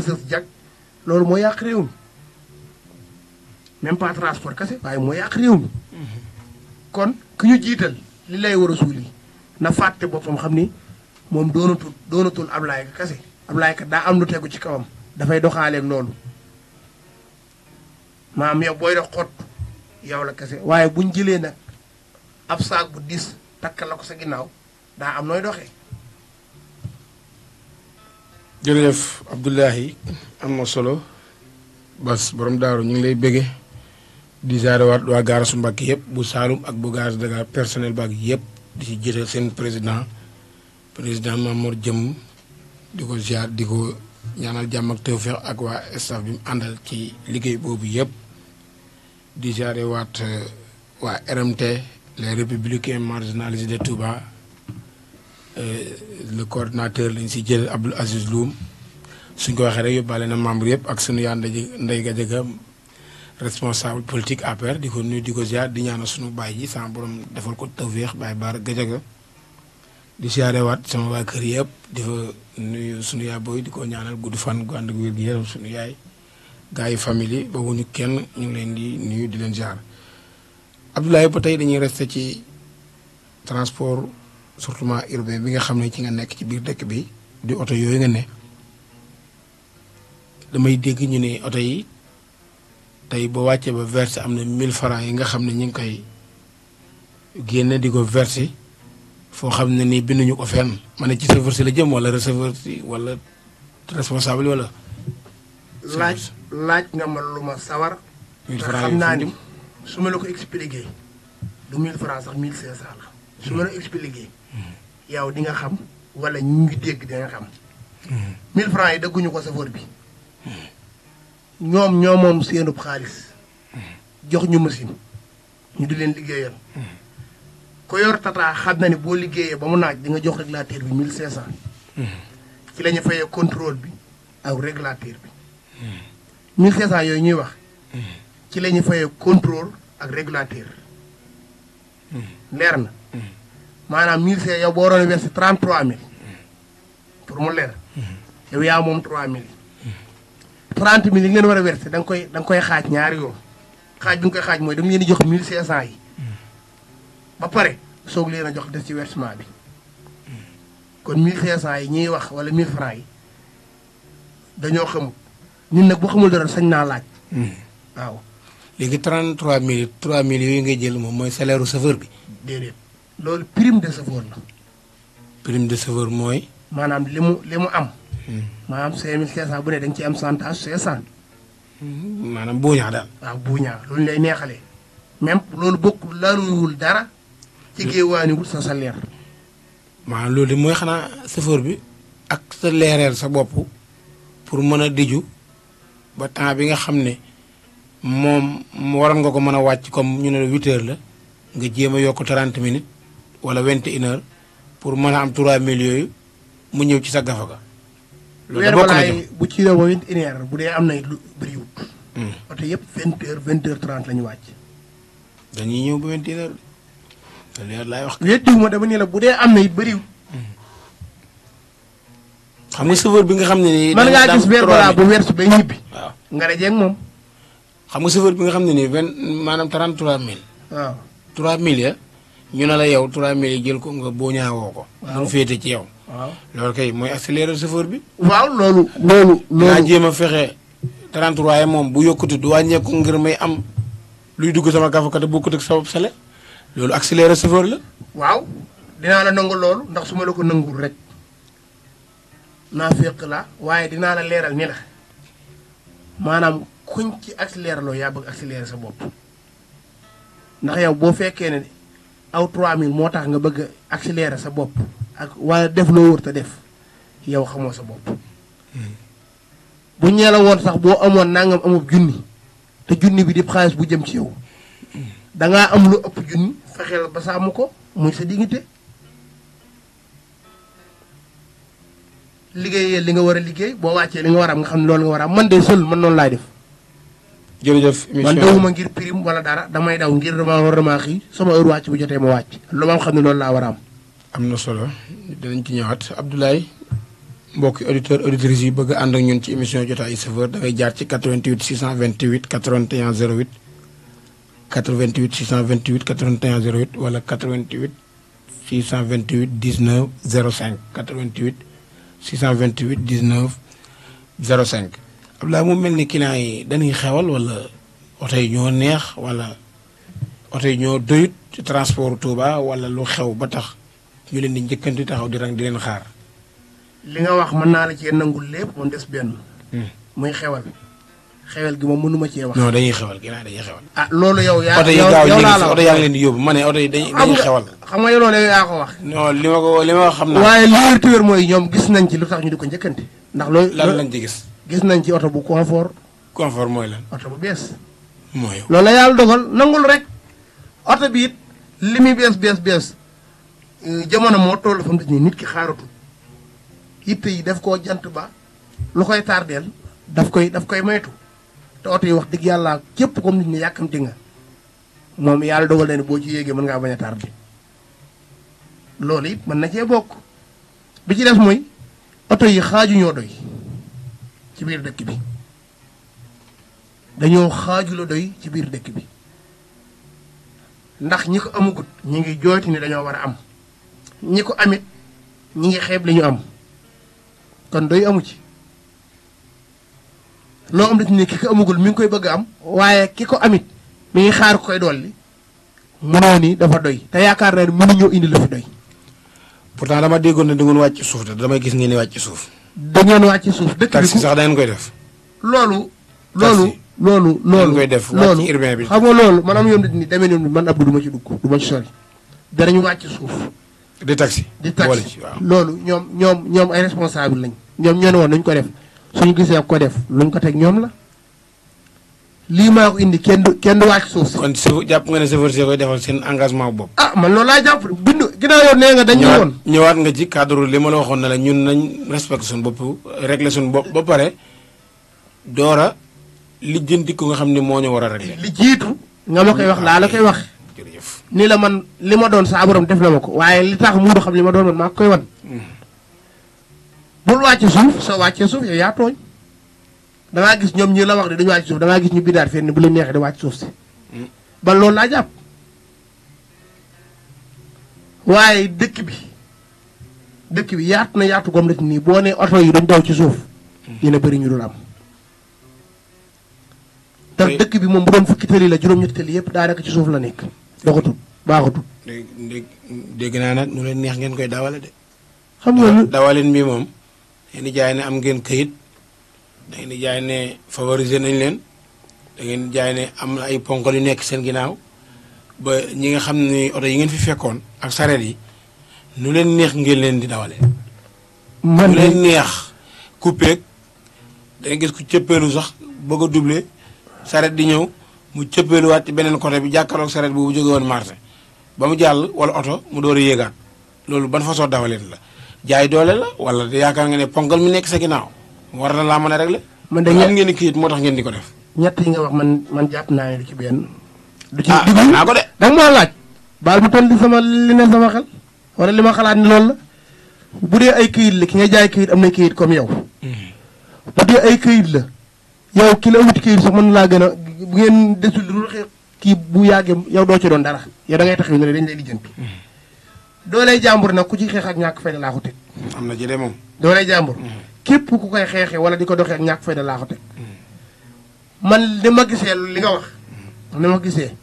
loolu moo yàq même pas transport kese waaye moo yàq réew kon ki ñu jiital li lay war a suuli na fàtte boppam xam ni moom doonatul doonatul Ablaye Ka kese Ablaye Ka daa am lu tegu ci kawam dafay doxaaleeg loolu maam yow booy dox xott yow la kese waaye buñ jëlee nag ab saag bu diis takk la ko sa ginnaaw daa am nooy doxee jërëjëf Abdoulahi am na solo bas borom daaru ñu ngi lay bége di ziarewaat waa su Mbàkke yëpp bu Saalum ak bu gaarasu Dakar personnel baak yëpp di ci jiital seen président président Mamour Jëm di ko ziar di ko ñaanal jàmm ak tawfeex ak waa staff bi mu àndal ci liggéey boobu yëpp di ziare waat euh, waa RMT les républicains marginalisés de Touba euh, le coordinateur lañ si jël Abdoul Aziz Loum suñ ko waxee rek yóbbaale na membre yëpp ak sunu yaa ndey Ndeye Gadiaga responsable politique APR di ko nuyu di ko ziar di ñaanal sunu baay ji sama borom defal ko tawféex baay baar gajaga di siyaarewaat sama waa kër yëpp di fa nuyu sunu yaay booy di ko ñaanal gudd fan gu ànd ak wér gu yaay gars yi famille yi boobu ñu kenn ñu ngi leen di nuyu di leen ziar Abdoulaye ba tey dañuy resté ci transport surtout urbain bi nga xam ne ci nga nekk ci biir dëkk bi di oto yooyu nga ne damay dégg ñu ne oto yi. tey boo wàccee ba verse am na mille francs yi nga xam ne ñu ngi koy génne di ko verser foo xam ne nii binduñu ko fenn ma ne ci receveur si la jëm wala receveur si wala responsable wala. laaj laaj nga ma lu ma sawar. 1000 xam naa ni su ma la ko expliqué du 1000 francs sax 1500 la. su ma la expliqué. Mm-hmm. yow di nga xam wala ñu ngi dégg di nga xam. 1000 mm-hmm. francs yi dagguñu ko chauffeur bi. ñoom ñoo moom seenub xaalis jox ñu machine ñu di leen liggéeyal ko yor tata xam na ni boo liggéeyee ba mu naaj di nga jox régulateur bi mille cinq cent ci la bi ak régulateur bi yooyu ñuy wax ci la ñu fayee contrôle ak régulateur leer na maanaam mille cinq yow boo waroon versé trente trois mille pour mu leer yow yaa moom trois mille 30 mille yi ngeen war a versé da nga koy da koy xaaj ñaari yoon xaaj bi nga koy xaaj mooy dama leen di jox 1500 yi ba pare soog leen a jox des ci versement bi kon 1500 yi ñuy wax wala 1000 francs yi dañoo xamul ñun nag bu xamul dara sañ naa laaj. waaw. léegi 33 mille 3 mille yooyu ngay jël moom mooy salaire u bi. déedéet loolu prime de chauffeur la. prime de chauffeur mooy. maanaam li mu li mu am. maanaam cinq mille cinq cent bu ne da nga ciy am chantage cinq cent. Hmm, maanaam buuñaa daal. waaw buuñaa loolu lay neexale même loolu bokk laaluwul dara. ci géewaaniwul sa sa leer. maanaam loolu de mooy xanaa chauffeur bi ak sa leereel sa bopp pour mën a diju ba temps bi nga xam ne moom waroon nga ko mën a wàcc comme ñu ne la huit la nga jéem a yokk trente minutes wala vingt et une pour mën a am trois mille yooyu mu ñëw ci sa gafa ga weer balaay bu ci réew mi une heure bu dee am na lu bëriwul. Hmm. oto yëpp vingt heures vingt la ñu wàcc. dañuy ñëw ba vingt laay wax. weddiwu ma dama ne la bu dee am na it bëriwul. Hmm. xam bi nga xam ne nii. mën ngaa bu weer su bay ñibbi. waaw moom. xam nga chauffeur bi nga xam ne nii vingt maanaam trente trois mille. waaw trois mille ya ñu ne la yow trois mille yi jël ko nga boo ñaawoo ko. waaw mu féete ci yow. waaw loolu kay mooy accélérer chauffeur bi. waaw loolu. loolu loolu naa jéem a fexe 33 moom bu yokkute du wàññeeku ngir may am luy dugg sama gafakat bokkut ak sabab sale loolu accélérer chauffeur la. waaw dinaa la nangu loolu ndax su ma la ko nanguwul rek naa féq la waaye dinaa la leeral ni la maanaam kuñ ci accélérer loo yaa bëgg accélérer sa bopp ndax yow boo fekkee ne aw 3000 moo tax nga bëgg accélérer sa bopp. ak wala def loo wër te def yow xamoo sa bopp bu ñee la woon sax boo amoon nangam amub junni te junni bi di xaalis bu jëm ci yow dangaa am lu ëpp junni fexeel ba sàmm ko muy sa dignité liggéeyee li nga war a liggéey boo wàccee li nga war a am nga xam ne loolu nga war a man de seul man noonu laay def. jërëjëf émission man ngir prime wala dara damay daw ngir dama war a maa xii sama heure wàcc bu jotee ma wàcc. lu ma xam ne loolu laa war am. am na solo danañ ci ñëwaat Abdoulaye mbokki auditeur auditrices yi bëgg ànd ak ñun ci émission jotaayu chauffeur da ngay jaar ci 88 628 81 08 88 628 81 08 wala 88 628 19 05 88 628 19 05. Abdoulaye mu mel ni client yi dañuy xewal wala oto ñoo neex wala oto ñoo doyut ci transport Touba wala lu xew ba tax. ñu leen di njëkkanti taxaw di rang di leen xaar. li nga wax mën naa la cee nangul lépp moom des benn. Hmm. muy xewal. xewal gi moom mënuma cee wax. non dañuy xewal ginnaaw dañuy xewal. ah loolu yow. yaa yow yow yaa ngi di ma oto yi dañuy dañuy xewal. xam nga yow loolu yow yaa ko wax. non li ma ko xam naa. waaye li wér tuwér mooy ñoom gis nañ ci lu tax ñu di ko njëkkante. ndax loolu lan lañ ci gis. gis nañ ci oto bu confort. confort mooy lan. oto bu bees. mooy loolu la yàlla dogal nangul rek. oto bi li muy bees bees bees Euh, jamono moo toll fa mu ne nit ki xaaratu yitte yi daf koo jant ba lu koy tardeel daf koy daf koy moytu te oto yi wax dëgg yàlla képp comme nit ñi yàkkamti nga moom yàlla dogal na ne boo ci yéegee mën ngaa bañ a tardé loolu it mën na cee bokk bi ci des mooy oto yi xaaju ñoo doy ci biir dëkk bi dañoo xaaju doy ci biir dëkk bi ndax ñi ko amagut ñu ngi jooti ni dañoo war a am ñi ko amit ñi ngi xeeb li ñu am kon doy amu ci loo am dañu ne ki ko amagul mi ngi koy bëgg am waaye ki ko amit mi ngi xaar koy dolli mënoo ni dafa doy te yaakaar naa ne mënuñoo indi lu fi doy. pourtant dama déggoon ne da ngeen wàcc suuf de damay gis ngeen wàcc suuf. da ngeen wàcc suuf dëkk bi sax da ngeen def. loolu. loolu loolu loolu koy def wàcc urbain bi. xam nga loolu man am yoon ni demee noonu man ab du ma ci dugg du ma ci sori. danañu wàcc suuf. di taxi di taxi loolu ñoom ñoom ñoom ay responsable nañ ñoom ñoo ne woon nañ ko def suñu gisee ko def luñ ko teg ñoom la lii maa ko indi kenn du kenn du suuf si. kon su jàpp nga ne chauffeur si koy defal seen engagement bopp. ah man loolu laa jàpp bindu ginnaaw yoon nee nga dañ. ñëwaat ñëwaat nga ci cadre li ma la waxoon ne la ñun nañ respecté suñu bopp réglé suñu bopp ba pare doora lijjanti ko nga xam ne moo ñu war a réglé. li nga ma koy wax laa la koy ni la man li ma doon saa def na ma ko waaye li tax muudu xam li ma doon man maa koy wan bul wàcce suuf soo wàccee suuf yow yaa tooñ damaa gis ñoom ñi la wax ne dañu wàcc suuf damaa gis ñu bindaat fenn ni bu leen neexee di wàcc suuf si ba loolu laa jàpp waaye dëkk bi dëkk bi yaat na yaatu gom nii boo ne oto yi duñ daw ci suuf dina bëri ñu dul am te dëkk bi moom bu doon fukki tëli la juróom-ñetti tëli yëpp daanaka ci suuf la nekk doxatul baaxatul. dégg naa nag nu leen neex ngeen koy dawale de. xam nga dawalin bi moom. ngeen di jaay ne am ngeen këyit da ngeen di jaay ne favoriser nañ leen da ngeen jaay ne am ay ponkal yu nekk seen ginnaaw ba ñi nga xam ne oto yi ngeen fi fekkoon ak sareet yi nu leen neex ngeen leen di dawale. man nu leen neex coupé da nga gis ku cëppeelu sax bëgg a doublé sareet di ñëw. mu cëppeeluwaat ci beneen côté bi jàkkaroog saret boobu jóge woon marché ba mu jàll wala oto mu door a yéegaat loolu ban façon dawaleen la jaay doole la wala yaakaar nga ne ponkal mi nekk sa ginnaaw war na laa mën a régler. man de ngeen ni kii moo tax ngeen di ko def. ñett yi nga wax man man jàpp naa ne du ci benn. du ci ah, dugg naa ko de. da nga maa laaj. la bu dee ay këyit la ki nga jaay këyit am na këyit kom yow. Hmm. bu dee ay këyit la yow ki la wuti këyit sax mën laa gën a bu ngeen desul lu xew kii bu yàggee yow doo ci doon dara yow da ngay taxaw ne dañ lay lijjanti. dooley jàmbur nag ku ci xeex ak ñàkk fayda laa ko teg. am na jëlee moom. dooley jàmbur. Mm-hmm. képp ku koy xeexee wala di ko doxee ak ñàkk fayda laa mm-hmm. man li ma gisee li nga wax. li mm-hmm. ma gisee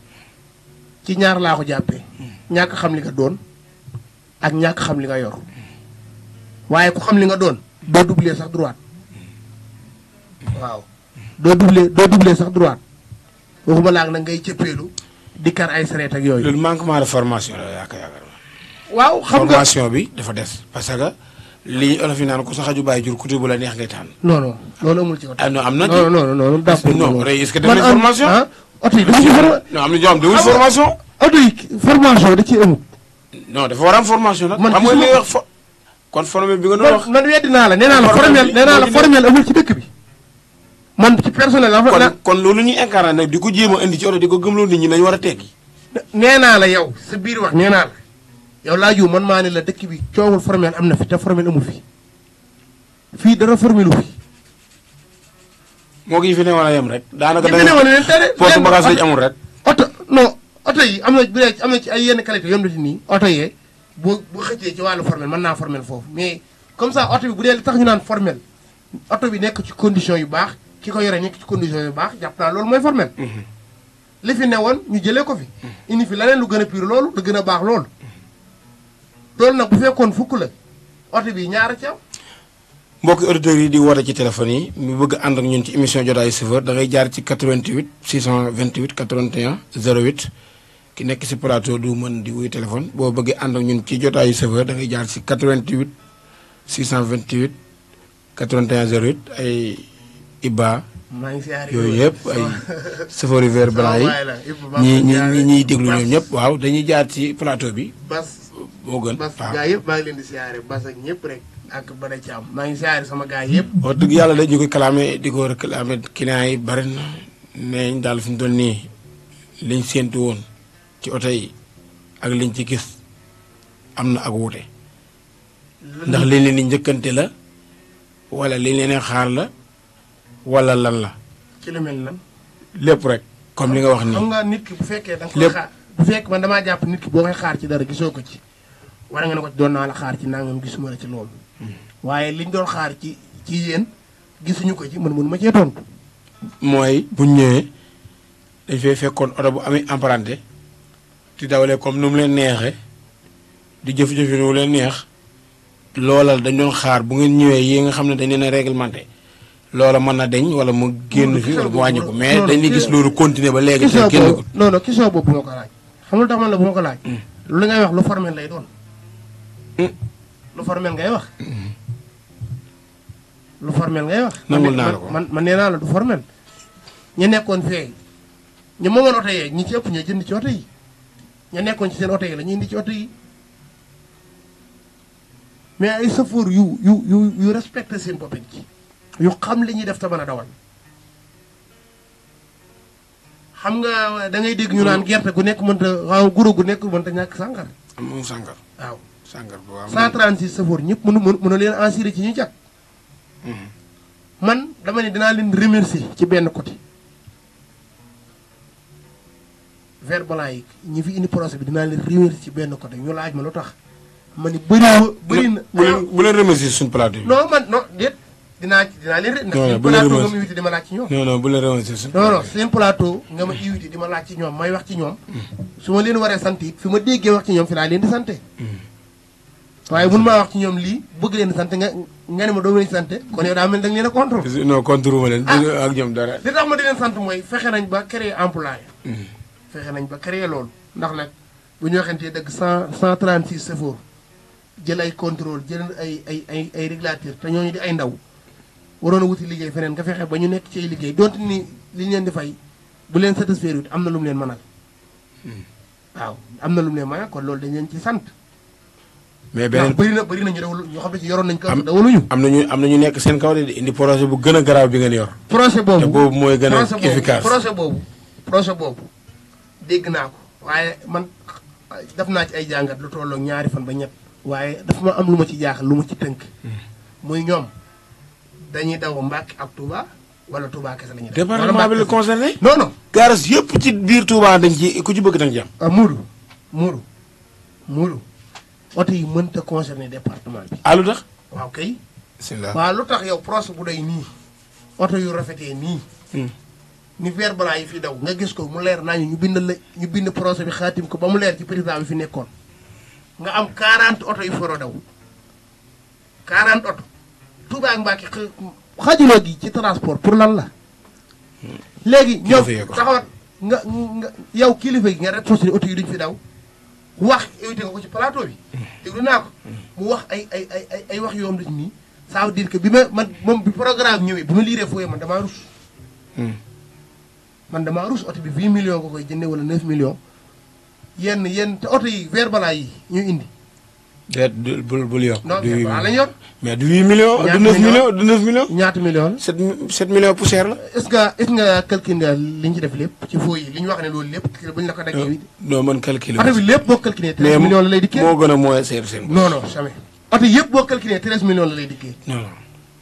ci ñaar laa ko jàppee. ñàkk xam li nga doon ak ñàkk xam li nga yor waaye ku xam li nga doon doo dublee sax droite waaw doo doublé doo doublé sax droite. waxuma laag nag ngay cëppeelu yooyu. loolu manquement de formation la yaakaar waaw xam nga bi dafa des parce que li olof yi naan ku sa xaju bàyyi jur kutu amul ci oto. ah na non non non d'accord non est-ce que def nañ formation man ah, oto yi dafa ah, ah, ci formation. dafa war formation nag. man xam nga li nga wax naa la nee naa la formel nee naa amul ci dëkk bi. man ci personnel la kon kon loolu ñuy incarné nag di ko jéem a indi ci oto di ko gëmloo nit ñi nañ war a teggi. nee naa la yow sa biir wax nee naa la yow laa jiw man maa ne la dëkk bi coowul formel am na fi te formel amul fi fii dara formelu moo ngi fi ne wala rek. daanaka da nga foofu bagage lañ amul rek. oto non oto am na am na ci ay yenn qualité yom di nii oto yee boo xëccee ci wàllu formel mën naa formel foofu mais comme ça oto bi bu dee li tax ñu naan formel oto bi nekk ci condition yu baax. ki ko yore nekk ci condition yu baax jàpp naa loolu mooy formel mhm. li fi woon ñu jëlee ko fi mhm. indi fi leneen lu gën a piir loolu lu gën a baax loolu mhm. loolu nag bu fekkoon fukk la oto bi ñaara ci am mbokki auditeurs yi di woote ci téléphone yi mu bëgg ànd ak ñun ci émission jotaayu chauffeur da ngay jaar ci 88 628 81 08 ki nekk si plateau du mën di wuy téléphone boo bëggee ànd ak ñun ci jotaayu chauffeur da ngay jaar si 88 628 81 08 ay Iba. maa ngi siyaare yooyu yëpp ay chauffeur vert blanc yi ñi ñi ñi ñiy ñoom ñëpp waaw dañuy jaar ci plateau bi. Bas moo gën Bas gaa maa ngi leen di siyaare Bas ak ñëpp rek ak Bada Thiam maa ngi siyaare sama gaa yëpp. wax dëgg yàlla de ñu ko clamé di ko réclamé client yi bari na neeñ daal fi mu nii liñ séentu woon ci oto yi ak liñ ci gis am na ak wuute. ndax liñ leen di njëkkante la walla liñ leen xaar la. wala lan la. ci lu mel lan. lépp rek comme li nga wax nii. xam nga nit ki bu fekkee da nga koy xaar bu fekk man damaa jàpp nit ki boo koy xaar ci dara gisoo ko ci. war nga ne ko doon naa la xaar ci nangam gisuma la ci loolu. waaye liñ doon xaar ci ci gisuñu ko ci man mënuma ma tontu. mooy bu ñëwee dañ fay fekkoon oto bu amee emprunté di dawalee comme nu mu leen neexee di jëf-jëf yu leen neex loolal dañ doon xaar bu ngeen ñëwee yi nga xam ne dañ leen a réglementé. loola mën na deñ wala mu génn fi wala mu wàññi ko mais dañuy gis loolu continuer ba léegi. te génn ko non boobu moo ko laaj. xam lu tax man la bu ma ko laaj. Hmm. lu ngay wax lu formel lay doon. Hmm. lu formel ngay wax. Hmm. lu formel ngay wax. nangul naa la ko man man nee naa la du formel. ñu nekkoon fee ñu moomoon oto yee ñi ci ëpp ñoo jënd ci oto yi ñu nekkoon ci seen oto yi la ñu indi ci oto yi mais ay safoor yu yu yu yu respecté seen bopp ci. yu xam li ñuy def te mën a dawal xam nga da ngay dégg ñu naan mm. gerte gu nekk mënta waaw guro gu nekk mënta ñàkk sàngar moom sàngar waaw sàngar bu am 136 safoor ñëpp mënu mënu leen assuré ci ñu jàkk mm-hmm. man dama ne dinaa leen remercier ci benn côté vert blanc yi ñi fi indi projet bi dinaa leen remercier ci benn côté ñu laaj ma lu tax ma ni bëri bëri na bu leen remercier suñu plateau bi non man non déet dinaa dinaa leen rek. non non bu la remercié plateau ma invité ñoom. non non bu la seen plateau nga ma invité di ma laaj ci ñoom may wax ci ñoom. Mm. su ma leen waree sant it fi ma déggee wax ci ñoom fi laa leen di sant. Mm. waaye mm. mun maa wax ci ñoom lii bëgg leen sant nga nga ne ma doo leen sant kon yow daa mel da leen a contre. non contre ma leen. Ah. ak ñoom tax ma di leen sant mooy fexe nañ ba créer emploi. fexe nañ ba créer loolu. ndax nag bu ñu waxantee dëgg cent cent trente six chauffeurs jël ay contrôle jël ay ay ay ay régulateur te ñooñu di ay ndaw waroon a wuti liggéey feneen nga fexe ba ñu nekk ci ay liggéey donte nii li ñu leen di fay bu leen satisfaire it am na lu mu leen mënal hmm. waaw am na lu mu leen mënal kon loolu dañ leen ci sant. mais beneen bëri na bëri na ñu dawul ñoo xam ne ci yoroon nañ kaw dawaluñu am nañu am nañu nekk seen kaw de indi projet bu gën a garaaw bi ngeen yor projet boobu boobu mooy gën a efficace projet boobu projet boobu dégg naa ko waaye man def naa ci ay jàngat lu tolloo ñaari fan ba ñett waaye daf ma am lu ma ci jaaxal lu ma ci tënk hmm. muy dañuy daw Mbacke ak Touba wala Touba kese la ñuy daw. wala département bi la concerné. non non. garas yëpp ci biir Touba dañ ci ku ci bëgg dañ ci am. ah Moodu Moodu Moodu oto yi mënta département bi. ah lu tax. waaw kay. bisimilah yow proche bu day nii oto yu rafetee nii. Hmm. ni vert blanc yi fi daw nga gis ko mu leer naa ñu bind la ñu bind projet bi xaatim ko ba mu leer ci président bi fi nekkoon nga am 40 oto yu foro daw 40 oto. Touba ak Mbacke xajaloo gi ci transport pour lan la. Hmm. léegi ñoo taxawat nga nga yow kilifa gi nga rek fas oto yi duñ fi daw. wax invité nga ko ci plateau bi. Hmm. Hmm. mu wax ay ay ay ay wax yoo xam ne nii ça veut dire bi ma man moom bi programme ñëwee bi ma liiree fooyee man damaa rus. man damaa rus oto bi 8 million nga koy jëndee wala 9 millions. yenn yenn te oto yi verbalaa yi ñuy indi. déet bul bul yokk. non mais waaw la ñu yor. mais du 8 millions. la. 7 7 millions poussière la. est ce que est ce que calculé na li ñu ci def lépp. ci foo yi li ñu wax ne loolu lép bu ñu la ko daggee. Euh, non man calculé. oto bi lépp boo calculé. 13 millions la lay dikkee mais moo gën a mooy seer seen. non non jamais oto yëpp boo calculé 13 millions la lay dikkee. non non.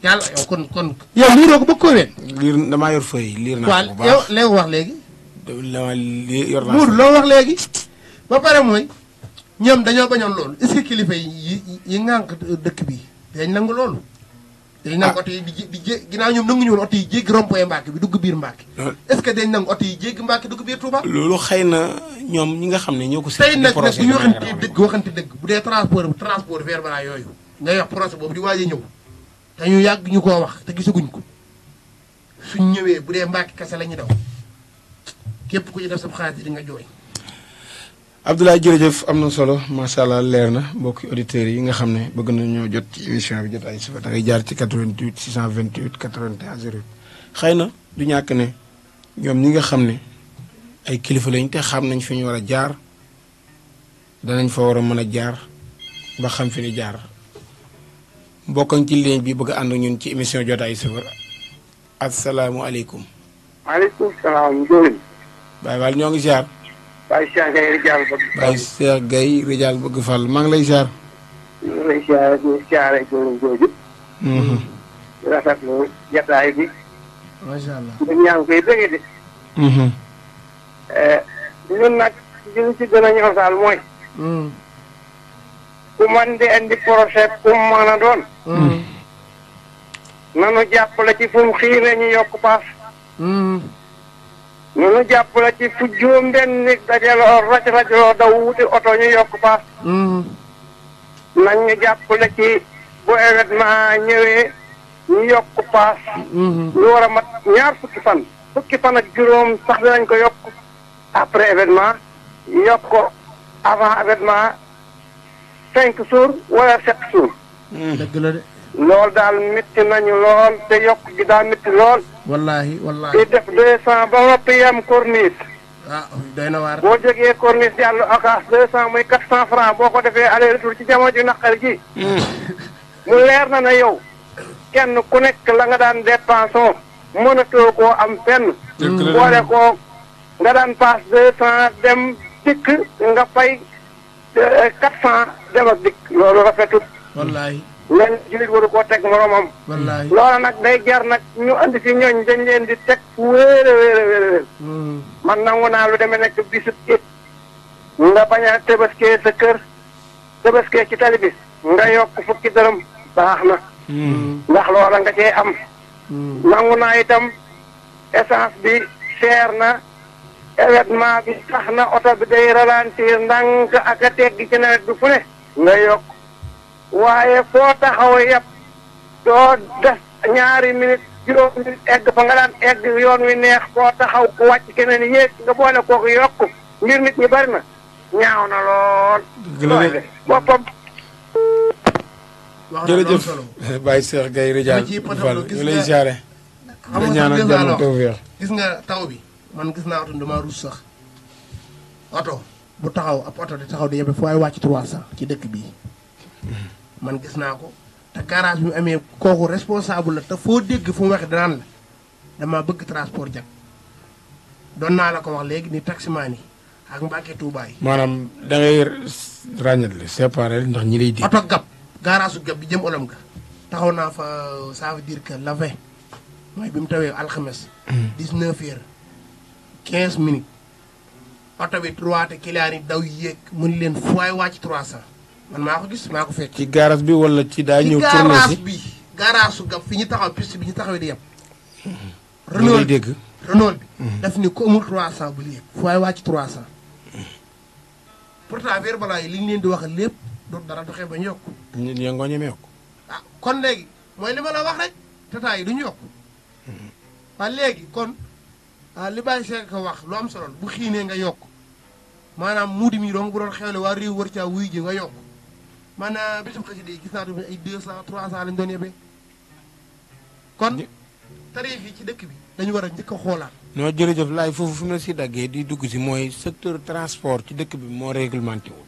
yàlla yow kon kon. yow liiroo ko bëgg koo ween. liir damaa yor feuille liir naa ko bu baax waaw yor naa ko loo wax léegi ba pare mooy ñoom dañoo bañoon loolu est-ce que kilifa yi yi dëkk bi dañ nangu loolu. dañ nangu ah. oto yi di di jé ginnaaw ñoom nanguñu woon oto yi jéggi rompoye Mbàkke bi dugg biir Mbàkke. est-ce que dañ nangu oto yi jéggi Mbàkke dugg biir Touba. loolu xëy na ñoom ñi nga xam ne ñoo ko. tey nag nag bu ñu waxante dëgg waxante dëgg bu dee transport transport verbal yooyu. nga yox projet boobu di waaj a ñëw te ñu yàgg ñu ko wax te gisaguñ ko suñ ñëwee bu dee Mbàkke kese la ñu daw képp ku ci def sa xaalis di nga jooy Abdoulaye jërëjëf am na solo macha allah leer na mbokki auditeurs yi nga xam ne bëgg nañoo jot ci émission bi jot ay sifar da ngay jaar ci 88 628 81 08 xëy na du ñàkk ne ñoom ñi nga xam ne ay kilifa lañ te xam nañ fi war a jaar danañ fa war a mën a jaar ba xam fi ñu jaar mbokkañ ci ligne bi bëgg a ànd ñun ci émission jot ay sifar asalaamualeykum. maaleykum salaam. Baay Waal ñoo ngi ziar. Baye Cheikh Gaye Rijaal bëgg. bëgg Fall maa ngi lay ziar. ñu ngi lay ziar ak ñu ziaree jooju jataay bi. macha allah koy bëggee de. Mm-hmm. Eh, ñun nag ñu ci gën a ñor daal mooy. Mm. ku man di indi projet ku mu mën a doon. Mm. nanu jàppale ci fu mu xiiree ñu yokk paas. Mm. nu nu jàpp la ci fu juróom benn nit dajaloo raj rajloo daw wuti oto ñu yokk paas mm-hmm. nañ ñu jàpp la ci bu événement ñëwee ñu yokk paas mm-hmm. lu war a mat ñaar fukki fan fukki fan ak juróom sax dinañ ko yokk après événement yokk ko avant événement cinq jours wala sept jours mm-hmm. dëgg daal métti nañu lool te yokk gi daa métti lool wallahi wallahi di def deux cent ba noppi yam corniche. ah doy na waar. boo jógee corniche jàll okas deux cent muy quatre cent franc boo ko defee aller retour ci jamono ji naqar ji. Hmm. mu leer na na yow kenn ku nekk la nga daan dépensé mënatoo koo am fenn. boole ko nga daan paas deux cent dem dikk nga fay euh, quatre cent dem ak dikk loolu rafetul. wallahi lenn jullit waru koo teg moromam. wallaay loola nag day jar nag ñu andi fi ñooñ dañ leen di teg wéer a wéer hmm. man nangu naa lu demee nekk bisub it nga bañ a tëbaskee sa kër tëbaskee ci tali bi nga yokk fukki dërëm baax na. Hmm. ndax loola nga cee am. Hmm. nangu naa itam essence bi seer na événement bi tax na oto bi day ralentir ndànk ak a tegg ci nawet bi fu ne nga yokk. waaye foo taxaw yëpp doo des ñaari minute juróom minute egg fa nga daan egg yoon wi neex foo taxaw ku wàcc keneen yéeg nga boole kooku yokk ngir nit ñi bari na ñaaw na lool. jërëjëf boppam. jërëjëf Baye Cheikh Gaye Ridial Fall ñu lay jaare di ñaanal jàmm gis nga taw bi man gis naa oto dama ruus bu taxaw ab oto di taxaw di yebe fooy wàcc 300 ci dëkk bii man gis naa ko te garage bi amee kooku responsable la te foo dégg fu mu waxee danaan la dama bëgg transport jag doon naa la ko wax léegi ni taximaan yi ak Mbàkke Tuubaa yi. maanaam da ngay ràññatle séparé ndax ñi lay. di oto gab garage gab bi jëm olom ga taxaw naa fa ça veut dire que la vingt mooy bi mu tawee alxames. 19 hmm. heures 15 minutes oto bi trois te client yi daw yéeg mën leen fooy wàcc 300. man maa ko gis maa ko fekk. ci garage bi wala ci daa ñëw. tournée si bi garage su fi ñu taxaw piste bi ñu taxawee di yem. Renault bi dégg. bi. Mm-hmm. daf ni ko amul 300 bu lii yëpp. waaye wàcc 300. Mm-hmm. pourtant biir balaa yi liñ ñu leen di wax lépp du dara doxee ba ñu yokk. nit ñi ngoo ñeme yokk. ah kon léegi mooy li ma a wax rek tata yi du ñu yokk. waaye mm-hmm. léegi kon ah, li Baye Cheikh wax lu am solo bu xiinee nga yokk maanaam muudi mi dong bu doon xewle waa réew war caa wuy ji nga yokk. man euh, bisum xasida yi gis naa tamit ay 200 300 lañ doon yebee kon tarif yi ci dëkk bi dañu war a njëkk a xoolaat. non jërëjëf laay foofu fi mu la si daggee di dugg si mooy secteur transport ci dëkk bi moo réglementé wul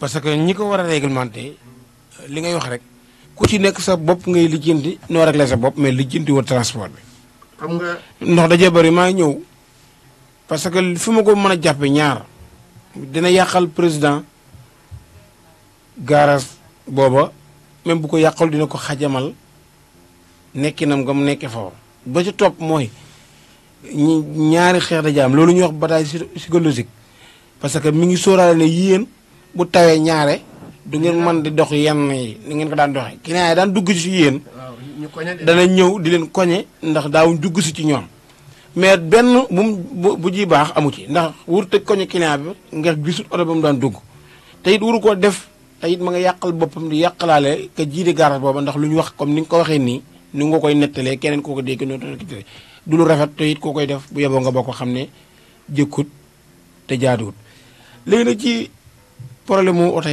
parce que ñi ko war a réglementé li ngay wax rek ku ci nekk sa bopp ngay lijjanti noo réglé sa bopp mais lijjanti wa transport bi. xam nga ndox dajee bari maa ngi ñëw parce que fu ma ko mën a jàppe ñaar dina yàqal président. garas booba même bu ko yàqul dina ko xajamal nekkinam nga mu nekkee foofu ba ci topp mooy ñi ñaari xeex da jaam loolu ñuy wax bataille psychologique parce que mu ngi sóoraale ne yéen bu tawee ñaare du ngeen mën di dox yenn yi ni ngeen ko daan doxee client yi daan dugg si yéen dana ñëw di leen koñe ndax daawuñ dugg si ci ñoom mais benn bu bu ji baax amu ci ndax wur te koñe client bi nga gisut oto ba mu daan dugg te it wuru ko def te it ma nga yàqal boppam di yàqalaale ka jiite garage booba ndax lu ñu wax comme ni nga ko waxee nii ni nga koy nettalee keneen koo ko dégg noonu du lu rafet te it koo koy def bu yeboo nga boo ko xam ne jëkkut te jaaduwut léegi ci problème mu oto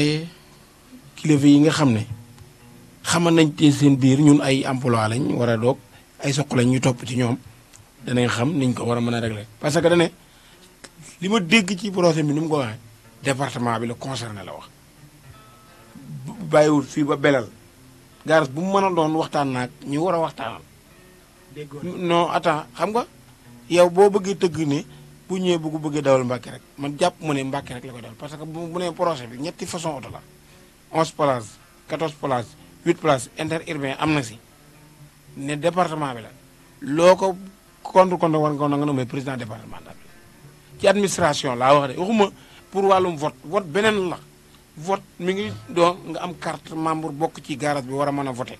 kilifa yi nga xam ne xamal nañ te seen biir ñun ay emploi lañ war a doog ay soq lañ ñu topp ci ñoom danañ xam niñ ko war a mën a régler parce que dana li ma dégg ci projet bi ni mu ko waxee département bi la concerné la wax bàyyiwul fii ba belal garas bu mu mën a doon waxtaan naag ñu war a waxtaanal. non attends xam nga yow boo bëggee tëgg ne bu ñëwee bu ko bëggee dawal Mbàkke rek man jàpp mu ne Mbàkke rek la koy dawal parce que bu nee projet bi ñetti façon oto la. 11 places 14 places 8 places interurbain am na si ne département bi la loo ko contre contre war nga ko may président départemental bi ci administration laa wax de waxuma pour wàllum vote vote beneen la. vote mi ngi doon nga am carte membre bokk ci garage bi war a mën a voté.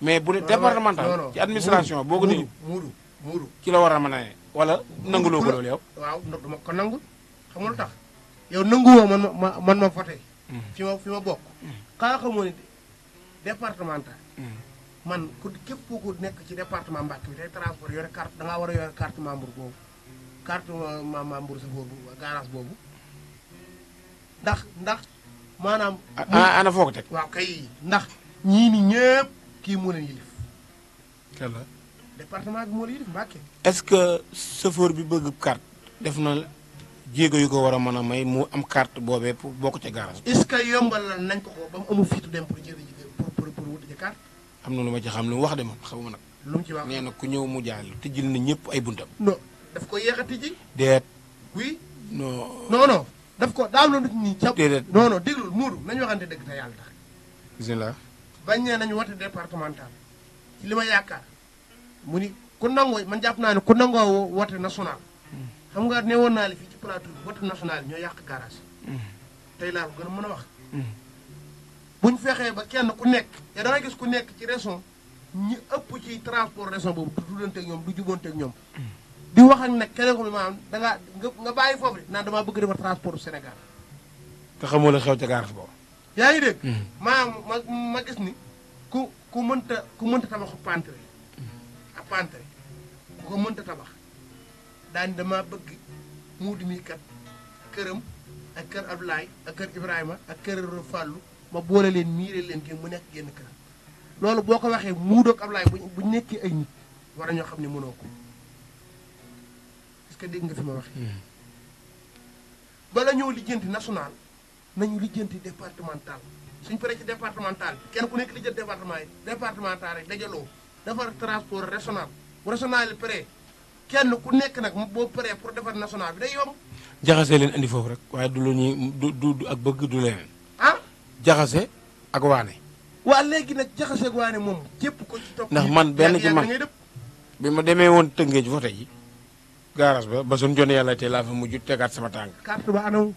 mais bu dee départemental ci administration boo ko nii. muuru muuru ci la war a man a ne wala nanguloo ko loolu yow. waaw dama ko nangul xam tax yow nanguwoo man ma ma voté. Mm. fi ma fi ma bokk. xanaa mm. xamoo mm. man ku képp ku nekk ci département Mbacké bi tey transport yore carte war a yore carte membre boobu carte membre sa boobu garage boobu ndax ndax. maanaam. ana foo ko teg waaw kay ndax ñii ni kii moo leen yilif. kenn département bi moo leen yilif ce que chauffeur bi bëgg carte def na jéego yu ko war a mën a may mu am carte boobee pour bokk ca garage. est-ce que yombalal nañ ko ko ba mu amul fitu dem pour pour pour pour carte. am na lu ma ci xam lu wax de ma man ma nag. lu mu ci wax nee na ku ñëw mu jaay la tijjil na ñëpp ay buntam. non daf ko yéex a tijji. déet. oui. non non daf ko daaw la nit ñi ca. déedéet non non déglul nañu waxante dëgg te yàlla tax. bisimilah. bañ ne nañu wote départemental ci li ma yaakaar mu ni ku nangoo man jàpp naa ne ku nangoo wote national. xam nga ne woon naa la fii ci plateau bi wote national ñoo yàq garage. tey laa ko gën a mën a wax. bu ñu fexee ba kenn ku nekk te dana gis ku nekk ci région ñi ëpp ci transport région boobu du tuddante ak ñoom du jubante ñoom. di wax ak nag keneen ko maanaam nga nga bàyyi foofu de naan damaa bëgg defar transport Sénégal. te xamoo la xew ca gaaraas boobu. yaa ngi dégg. Hmm. maanaam ma ma gis ni ku ku mënta ku mënta tabax pantre hmm. ak pantre ku ko mënta tabax daan damaa bëgg muudu mi kat këram ak kër Abdoulaye ak kër Ibrahima ak kër Fallou ma boole leen miire leen kii mu nekk génn këram. loolu boo ko waxee muudoog Abdoulaye bu bu nekkee ay nit war nañoo xam ne mënoo ko. est-ce que dégg nga bala ñëw lijjanti national nañu lijjanti départemental suñ paree ci départemental kenn ku nekk lijjanti département yi départemental rek dajaloo defar transport régional régional yi pare kenn ku nekk nag boo paree pour defar national bi day yomb. jaxase leen indi foofu rek waaye du lu ñuy du du ak bëgg du leneen. ah jaxase ak waane. waa léegi nag jaxase ak waane moom jépp ko ci topp. ndax man benn ci man bi ma demee woon Tëngéej vote yi. garage ba ba suñu jonee yàlla tey laa fa te tegaat sama tànk. carte ba anaw.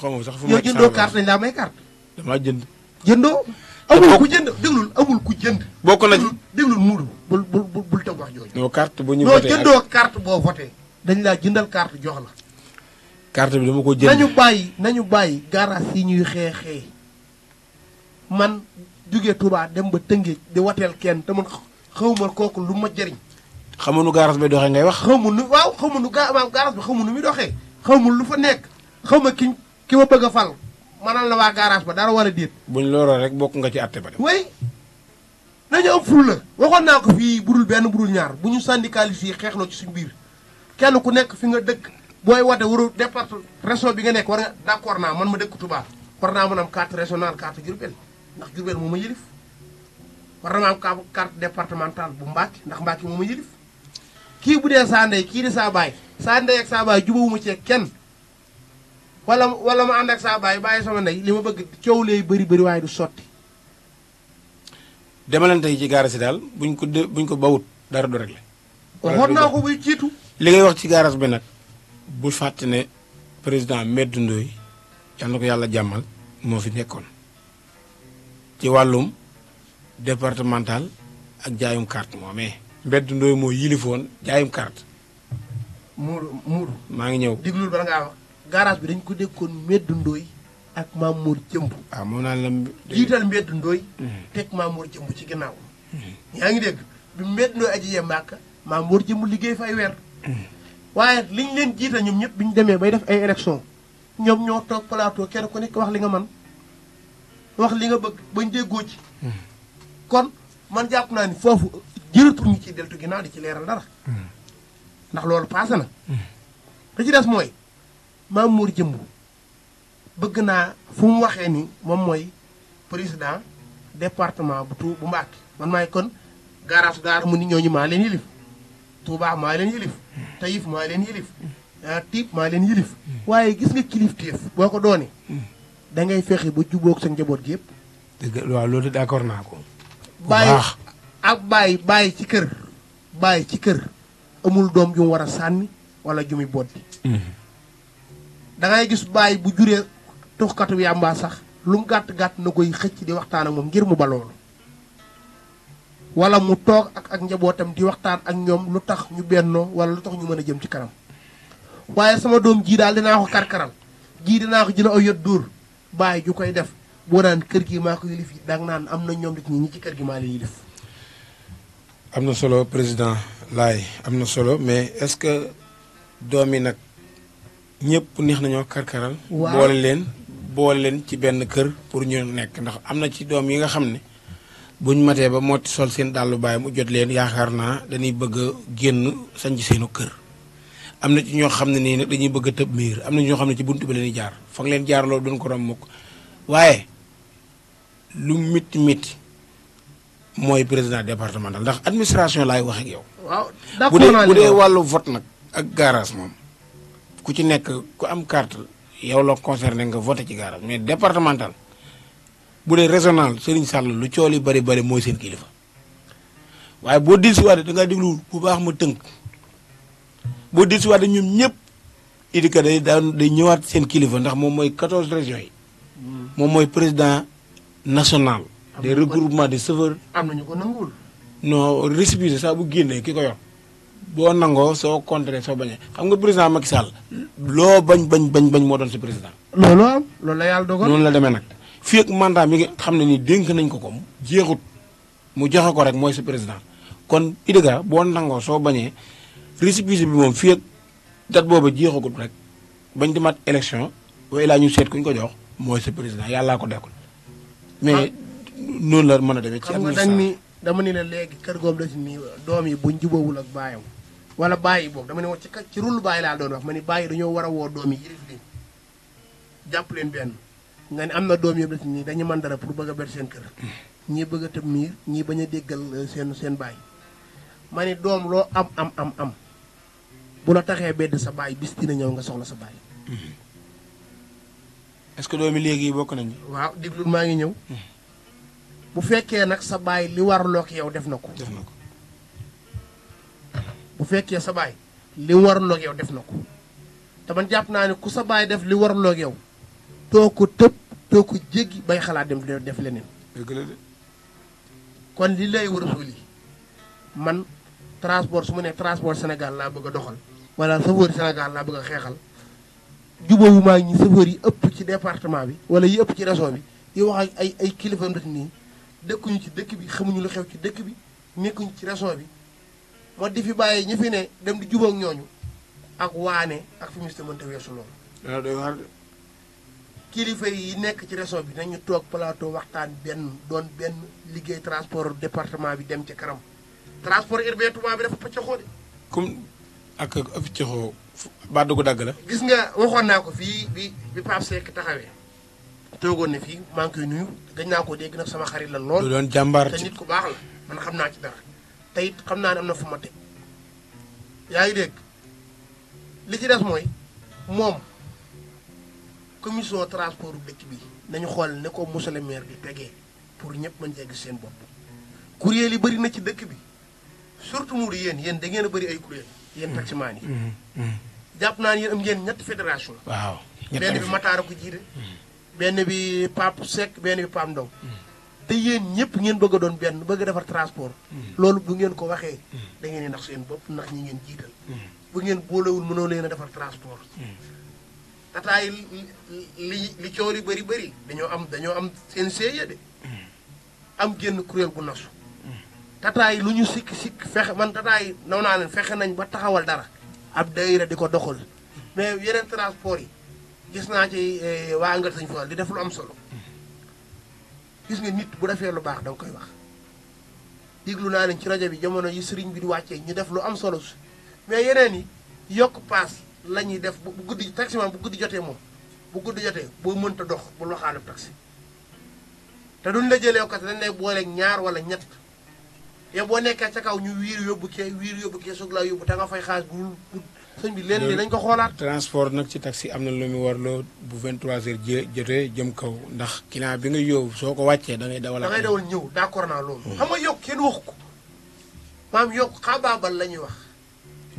xaw ma sax fu ma. yow jëndoo carte dañ laa may carte. damaa jënd. jëndoo. amul ku jënd déglul amul ku jënd. bokk na ci déglul muudu. bul bul wax jooju. non ñu voté non boo voté. dañ laa jëndal carte jox la. bi dama ko jënd nañu bàyyi nañu bàyyi garage yi ñuy xeexee man jóge Touba dem ba Tëngéej di wateel kenn te man xawma kooku lu ma jëriñ. xamu nu garage bi doxee ngay wax. xamu nu waaw xamu nu ga waaw garage bi xamu nu muy doxee. xamu lu fa nekk xamu ki ki ma bëgg a fal manal la waa garage ba dara war a déet. buñ looloo rek bokk nga ci àtte ba dem. way nañu am ful la. waxoon naa ko fii budul benn budul ñaar bu ñu syndicalisé xeexloo ci suñu biir kenn ku nekk fi nga dëkk booy wate waru départ région bi nga nekk war nga d' naa man ma dëkk Touba war naa mën am carte régionale carte Diourbel ndax Diourbel moo ma yëlif war na ma am carte départementale bu Mbacké ndax Mbacké moo ma yëlif kii bu dee saa ndey kii di saa baay saa ndey ak saa baay jubawuma ci kenn wala wala ma ànd ak saa baay bàyyi sama ndey li ma bëgg coow lay bëri bëri waaye du sotti. demalante yi ci gaaraas daal buñ ko de buñ ko bawut dara du réglé. waxoon naa ko buy jiitu. li ngay wax ci gaaraas bi nag bu fàtte ne président Medou Ndoye yal ko yàlla jàmmal moo fi nekkoon ci wàllum départemental ak jaayum carte moomee. mbedd ndooy moo yilifoon jaayum carte. muuru muuru. maa ngi ñëw diglul bala ngaa wax. bi dañ ko dékkoon mbedd ndooy ak Mamour Jëmb. waaw ah, moom naa la jiital mbedd ndooy. Hmm. teg Mamour Jëmb ci ginnaaw. ñaa hmm. ngi dégg bi mbedd aj aji yee màkk Mamour Jëmb liggéey fa ay weer. Hmm. waaye liñ leen jiital ñoom ñëpp bi ñu demee bay def ay élection ñoom ñoo toog plateau kenn ku nekk wax li nga man wax li nga bëgg bañ déggoo ci. kon man jàpp naa ni foofu jëratul ñu ci deltu ginnaaw di ci leeral dara ndax loolu paase na te ci des mooy maam Mor jëmb bëgg naa fu mu waxee ni moom mooy président département bu tuu bu Mbàkke man maay kon garage daar mu ni ñooñu maa leen yilif Tuubaa maa leen yilif Tayif maa leen yilif euh, Tiib maa leen yilif waaye gis nga kilifteef boo ko doone da ngay fexe ba jubóog sa njaboot gi yëpp dëgg waaw loolu d'accord naa ko ak baay bàyyi ci kër bàyyi ci kër amul doom ju mu war a sànni wala ju muy boddi mm-hmm. da gis baay bu juree tuxkatu yàmbaa sax lu gàtt-gàtt na koy xëcc di waxtaan ak moom ngir mu ba wala mu toog ak ak njabootam di waxtaan ak ñoom lu tax ñu bennoo wala lu tax ñu mën a jëm ci kanam waaye sama doom jii daal dinaa ko karkaral jii dinaa ko jëla aw yot dóor bàyyi ju koy def boo naan kër gi maa ko yilif yi dang naan am na ñoom nit ñi ñi ci kër gi maa leen yilif am na solo président laay am na solo mais est-ce que doom yi nag ñëpp neex nañoo karkaral. waaw boole leen boole leen ci benn kër pour ñu nekk ndax am na ci doom yi nga xam ne buñ matee ba moo sol seen dàllu baay mu jot leen yaakaar naa dañuy bëgg a génn sanc seenu kër. am na ci ñoo xam ne nii nag dañuy bëgg tëb miir am na ñoo xam ne ci bunt bi leen jaar fa leen jaar loolu duñ ko romb mukk waaye lu mit mit mooy président départemental ndax administration laay wax ak yow. waaw bu dee bu dee wàllu vote nag ak garage moom ku ci nekk ku am carte yow la concerné nga voté ci garage mais départemental bu dee régional Serigne Sall lu cool yi bari bari mooy seen kilifa waaye boo dellusiwaatee da ngaa déglu bu baax ma tënk boo dellusiwaatee ñoom ñëpp idika day daan day ñëwaat seen kilifa ndax moom mooy 14 régions yi. Hmm. moom mooy président national. des regroupements de chauffeurs. am na ñu ko nanguwul. non récépissé sax bu génnee ki ko yor boo nangoo soo contrer soo bañee xam nga président Macky Sall loo bañ bañ bañ bañ moo doon si président. loolu am loolu la yàlla dogal. noonu demee nag fii ak mi nga xam ne nii dénk nañ ko ko jeexut mu joxe ko rek mooy si président kon IDEGA boo nangoo soo bañee récépissé bi moom fii ak date boobu jeexagut rek bañ di mat élection waaye laa ñu seet kuñ ko jox mooy si président yàllaa ko dekkul mais. Ah. noonu la mën a demee. ci am na mi dama ni la léegi kër googu la si nii doom yi buñ jubóowul ak baayam wala bàyyi boobu dama ne wax ci ka ci rul bàyyi laa doon wax ma ni war a woo doom jàpp leen benn nga ne am na doom yëpp la nii dañu man dara pour bëgg a ber seen kër. ñii bëgg a tëb miir ñii bañ a déggal euh, seen seen baay ma ne doom loo am am am am bu la taxee bedd sa baay bis dina ñëw nga soxla sa baay. Mm-hmm. est-ce que doomi léegi bokk nañu. waaw diglu maa ngi ñëw. Mm-hmm. bu fekkee nag sa baay li warloo ak yow def na ko. def na ko bu fekkee sa baay li warloo def na ko te man jàpp naa ne ku sa baay def li warloo ak yow too ko tëb too ko jéggi bay xalaat dem def leneen. dëgg kon li lay war a lii man transport su ma nee transport Sénégal laa bëgg a doxal. wala safari Sénégal laa bëgg a xeexal. jubóobu maa ngi ñu yi ëpp ci département bi. wala yi ëpp ci région bi. di wax ay ay kilifa nii. dëkkuñu ci dëkk bi xamuñu lu xew ci dëkk bi nekkuñu ci région bi moo di fi bàyyi ñi fi ne dem di jubóog ñooñu ak waane ak fi ministre mënta weesu loolu kilifa yi nekk ci région bi nañu toog plateau waxtaan benn doon benn liggéey transport département bi dem ci kanam transport urbain Touba bi dafa paccaxoo de comme ak paccaxoo ba dugg dagg la gis nga waxoon naa ko fii bi bi Pape Seck taxawee toogoon na fii maa ngi koy nuyu gëj naa koo dégg nag sama xarit la lool. du doon jàmbaar te nit ku baax la man xam naa ci dara te xam naa ne am na fu ngi dégg li ci des mooy moom commission transport dëkk bi nañu xool ne ko monsieur le maire bi tegee pour ñëpp mën cee seen bopp. kuréel yi bëri na ci dëkk bi surtout mu yéen yéen da ngeen a bëri ay kuréel. yéen taximaan yi. Mm-hmm. Mm-hmm. jàpp naa ne ngeen ñetti fédération. waaw ñetti benn bi Matar a ko jiite. Mm-hmm. benn bi Pape Seck benn bi Pape Ndaw te yéen ñëpp ngeen bëgg a doon benn bëgg a defar transport mm. loolu bu ngeen ko waxee mm. dangeen ngeen ndax seen bopp ndax ñi ngeen jiital mm. bu ngeen boolewul mënoo leen a defar transport tataay li li coow li bari dañoo am dañoo am seen seeya de am génn kuréel bu nasu tataay lu ñu sikk sikk fexe man tataay naw naa leen fexe nañ ba taxawal dara ab daayira di ko doxal mais yeneen transport yi gis naa ci eh, waa Angal Sëñ Fall di def lu am solo gis nga nit bu defee lu baax danga koy wax déglu naa leen ci rajo bi jamono yi sëriñ bi di wàccee ñu def lu am solo su mais yeneen yi yokk paas la ñuy def bu guddi taximan bu guddi jotee moom bu guddi jotee boo mënta dox bul waxaale taxi te duñ la jëlee kat dañ lay booleeg ñaar wala ñett. yow boo nekkee ca kaw ñu wiir yóbbu kee wiir yóbbu kee soog laa yóbbu te nga fay xaas bu sëñ bi leen li dañ ko xoolaat. transport nag ci taxi am na lu mu warloo bu 23h jë jotee jëm kaw ndax. client bi nga yóbbu soo ko wàccee da ngay dawal. da ngay dawal ñëw d'accord naa loolu. Hmm. xam nga yokk kenn wax ko maam yokk xaabaabal la ñuy wax.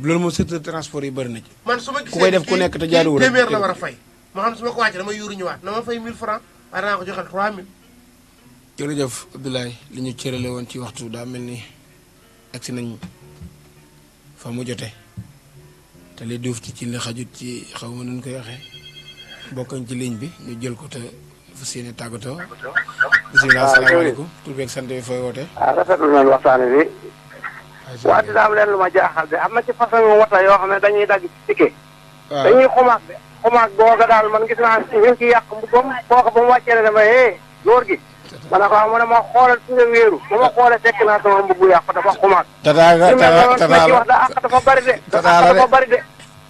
loolu moom secteur transport yi bëri na ci. man su ma gisee ku koy def ku nekk te jaar wu la war a fay. ma xam su ma ko wàccee dama yuuru ñëwaat na ma fay 1000 francs waaye danaa ko joxe 3000. jërëjëf Abdoulaye li ñu cërale woon ci waxtu daa mel ni agsi nañ fa mu jote te li duuf ci ci li xajut ci xaw ma nuñ koy waxee bokkañ ci ligne bi ñu jël ko te fa séene tàggatoo bisimilah ah, asalaamaaleykum tur beeg sant bi fooy woote waaw ah, rafetlu nañ waxtaan bi ah, waati daam leen lu ma jaaxal de am na ci façon wata yoo xam ne dañuy dagg ci ticket dañuy xumaag xumaag googa daal man gis naa ñu ci yàq mbubam kooka ba mu ne dama hee góor ma ne ko ah ma ne ma xoolal fi nga wéeru ba ma xoolee fekk naa sama mbubb yàqu dafa xumaat. tataa la tataa bari de. tataa la dafa bari de.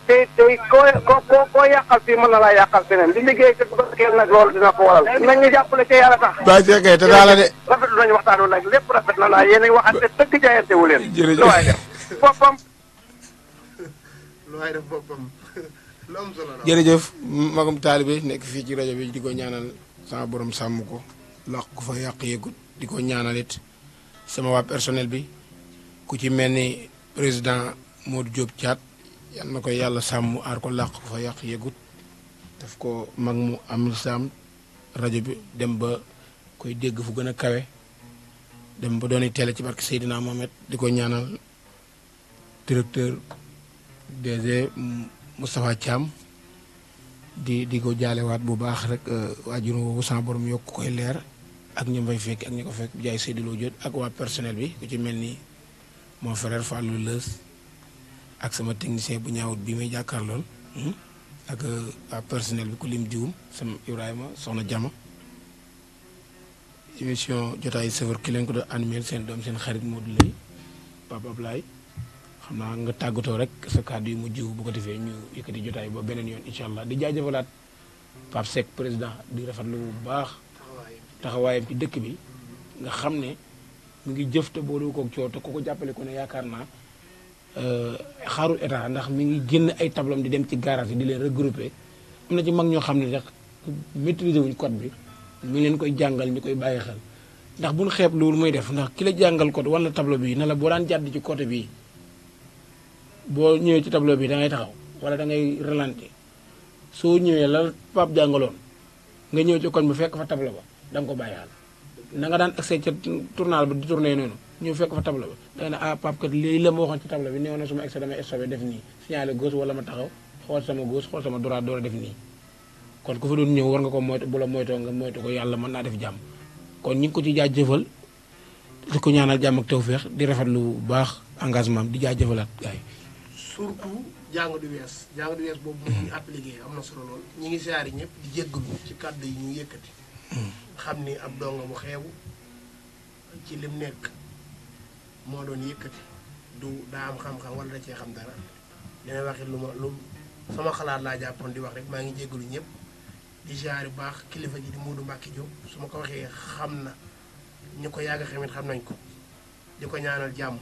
te te koo koo koo yàqal fii li liggéey te a kenn nag loolu dina ko waral. nañ ñu jàppale ca yàlla tax. ba c'est vrai la de. rafetlu nañu waxtaan wi nag lépp rafet na naa yéen a ngi waxante dëgg jaayante wu leen. jërëjëf lu waay def boppam. lu waay def boppam lu am solo nekk fii ci rajo bi di ko ñaanal làq gu fa yàq yëgut di ko ñaanalit sama waa personnel bi ku ci mel ni président Modou Diop caat yal na koy yàlla sàmm aar ko làq ko fa yàq yëgut daf ko mag mu am sàmm rajo bi dem ba koy dégg fu gën a kawe dem ba dooni teele ci barke Seydina Mohamed di ko ñaanal directeur DG Moustapha Thiam di di ko jaalewaat bu baax rek euh, waajur woowu sama borom yokk koy leer ak ñoom fay fekk ak ñi ko fekk jaay Seydou jot ak waa personnel bi ku ci mel ni moo frère Fallou Leus ak sama technicien bu ñaawut bi may jàkkaar lool hmm, ak euh, waa personnel bi ku lim jiwum sama Ibrahima soxna Jama émission jotaayu sëfër ki leen ko doon animé seen doom seen xarit Modou Lay Papa Ablaye xam naa nga tàggatoo rek sa kàddu yu mu jiw bu ko defee ñu yëkkati jotaay ba beneen yoon incha allah di jaajëfalaat Pape Seck président di rafetlu bu baax. taxawaayam ci dëkk bi nga xam ne mu ngi jëf te boole koog coow te ku ko jàppale ko ne yaakaar naa euh, xaarul état ndax mi ngi génn ay tablam di dem ci garage di leen regroupé am na ci mag ñoo xam ne sax maîtriser wuñ code bi mu ngi leen koy jàngal ñu koy bàyyi xel ndax buñ xeeb loolu muy def ndax ki la jàngal code wala tableau bi na la boo daan jàdd ci côté bi boo ñëwee ci tableau bi da ngay taxaw wala da ngay ralenti soo ñëwee la Pape jàngaloon nga ñëw ci koñ fekk fa tableau ba da nga ko bàyyi xel na nga daan accès ca tournal ba di tourné noonu ñu fekk fa tableau ba day na ah Pape kat léegi la ma waxoon ci tableau bi nee na suma excès damay stoppé def nii signalé gauche wala ma taxaw xool sama gauche xool sama droite door a def nii kon ko fa doon ñëw war nga ko moytu bu la moytoo nga moytu ko yàlla mën naa def jàmm kon ñu ngi ko ci jaajëfal di ko ñaanal jàmm ak tawféex di rafetlu lu baax engagement di jaajëfalaat gars yi surtout jàng wees jàng du wees boobu mm-hmm. mu am na solo lool ñu ngi siyaari ñëpp di ci kàddu yi xam ni ab donga bu xeebu ci lim nekk moo doon yëkkati du daa am xam-xam wala da cee xam dara li may waxit lu ma lu sama xalaat laa jàppoon di wax rek maa ngi jéggalu ñëpp di jaar bu baax kilifa ji di du Mbàkke Jóob su ma ko waxee xam na ñu ko yàgg xamit xam nañ ko di ko ñaanal jàmm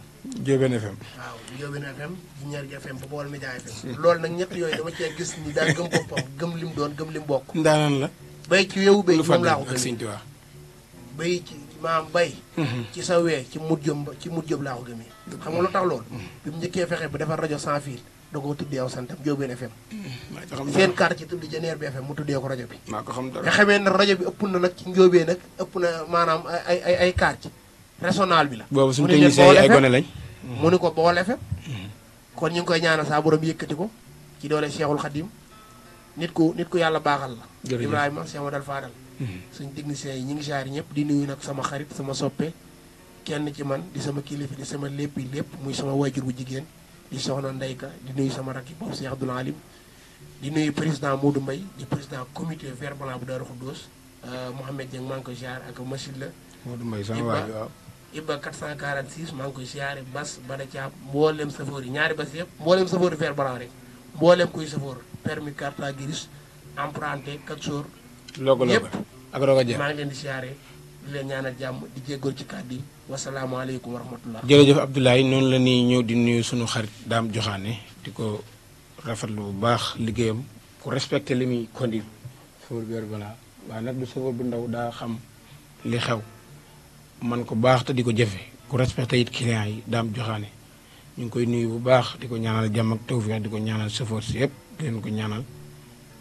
Jóobeen FM waaw Jóobeen FM Jinjër ji FM Baol Média FM loolu nag ñett yooyu dama cee gis ni daal gëm boppam gëm lim doon gëm lim bokk ndaanaan la bay ci wewu bay moom laa ko gën bay ci maam bay mhm. ci sa wee ci mut jób ci mut jób laa ko gëmee xam nga lu tax lool mhm. bi mu njëkkee fexe ba defar rajo sans fil da koo tuddee aw santam Jóobeen FM mhm. seen carte ci tudd Janeer bi FM mu tuddee ko rajo bi maa ko xam dara nga xamee ne rajo bi ëpp na nag ci njóobee nag ëpp na maanaam ay ay ay carte régional bi la boobu suñu technicien yi ay gone lañ mu ni ko Bawol FM kon ñu koy ñaanal saa borom yëkkati ko ci doole Cheikhul Khadim nit ku nit ku yàlla baaxal la Ibrahima Cheikh Madal Fadal mhm. suñ techniciens yi ñu ngi jaar ñëpp di nuyu nag sama xarit sama soppee kenn ci man di sama kilifa di sama léppi lépp muy sama waajur bu jigéen di soxna ndeyka di nuyu sama rakki boobu Cheikh Abdoul Alim di nuyu président moo Modou mbay di président comité vert blanc bu Darou Khoudoss euh, Mouhamed Dieng maa ngi koy ziar ak Masil la Modou Mbaye sama waay waaw Ibba 446 maa ngi koy ziare Bas Bada Thiam mboolem safoor yi ñaari bas yëpp mboolem safoor vert blanc rek mboolem kuy safoor permis carte grise emprunté quatre jours. logo logo yëpp ak rogo jeex maa ngi leen di siyaare di leen ñaanal jàmm di jéggoo ci kàddu yi wasalaamaaleykum wa rahmatulah. jërëjëf Abdoulaye noonu la ñuy ñëw di nuyu suñu xarit Dame joxaane di ko rafetlu bu baax liggéeyam ku respecté li muy conduire. chauffeur bi yor balaa waaye nag du chauffeur bu ndaw daa xam li xew man ko baax te di ko jëfe ku respecté it client yi Dame Diokhané ñu ngi koy nuyu bu baax di ko ñaanal jàmm ak tawfiq di ko ñaanal chauffeur si yëpp. leen ko ñaanal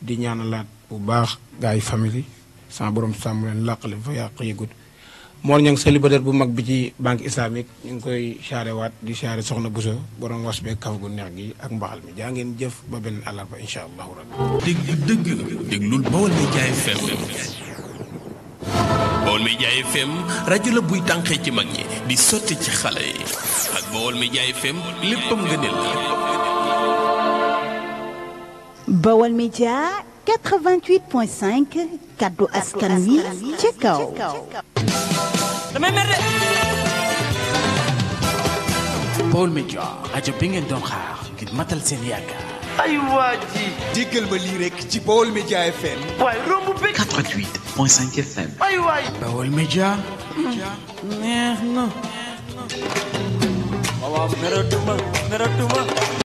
di ñaanalaat bu baax gaay famille sama borom sàmm leen làqale fa yàq yëgut Mor Niang célibataire bu mag bi ci banque islamique ñu ngi koy saare waat di saare soxna Bousso borom was bee kaw gu neex gi ak mbaxal mi jaa ngeen jëf ba benn àllarba incha allahu rabbi. dégg dëgg déglul la buy tànqee ci mag ñi di sotti ci xale yi ak Baol Médias FM léppam nga ne la. Baol Média 88.5 kaddu askan wi ca kaw. damay mer de. Média rajo bi ngeen doon xaar ngir matal ay waa ji. déggal ma lii rek ci Baol Média FM. waaye romb bi. 88.5 FM. ay waay. Baol Média. neex na. waaw waaw meratuma meratuma.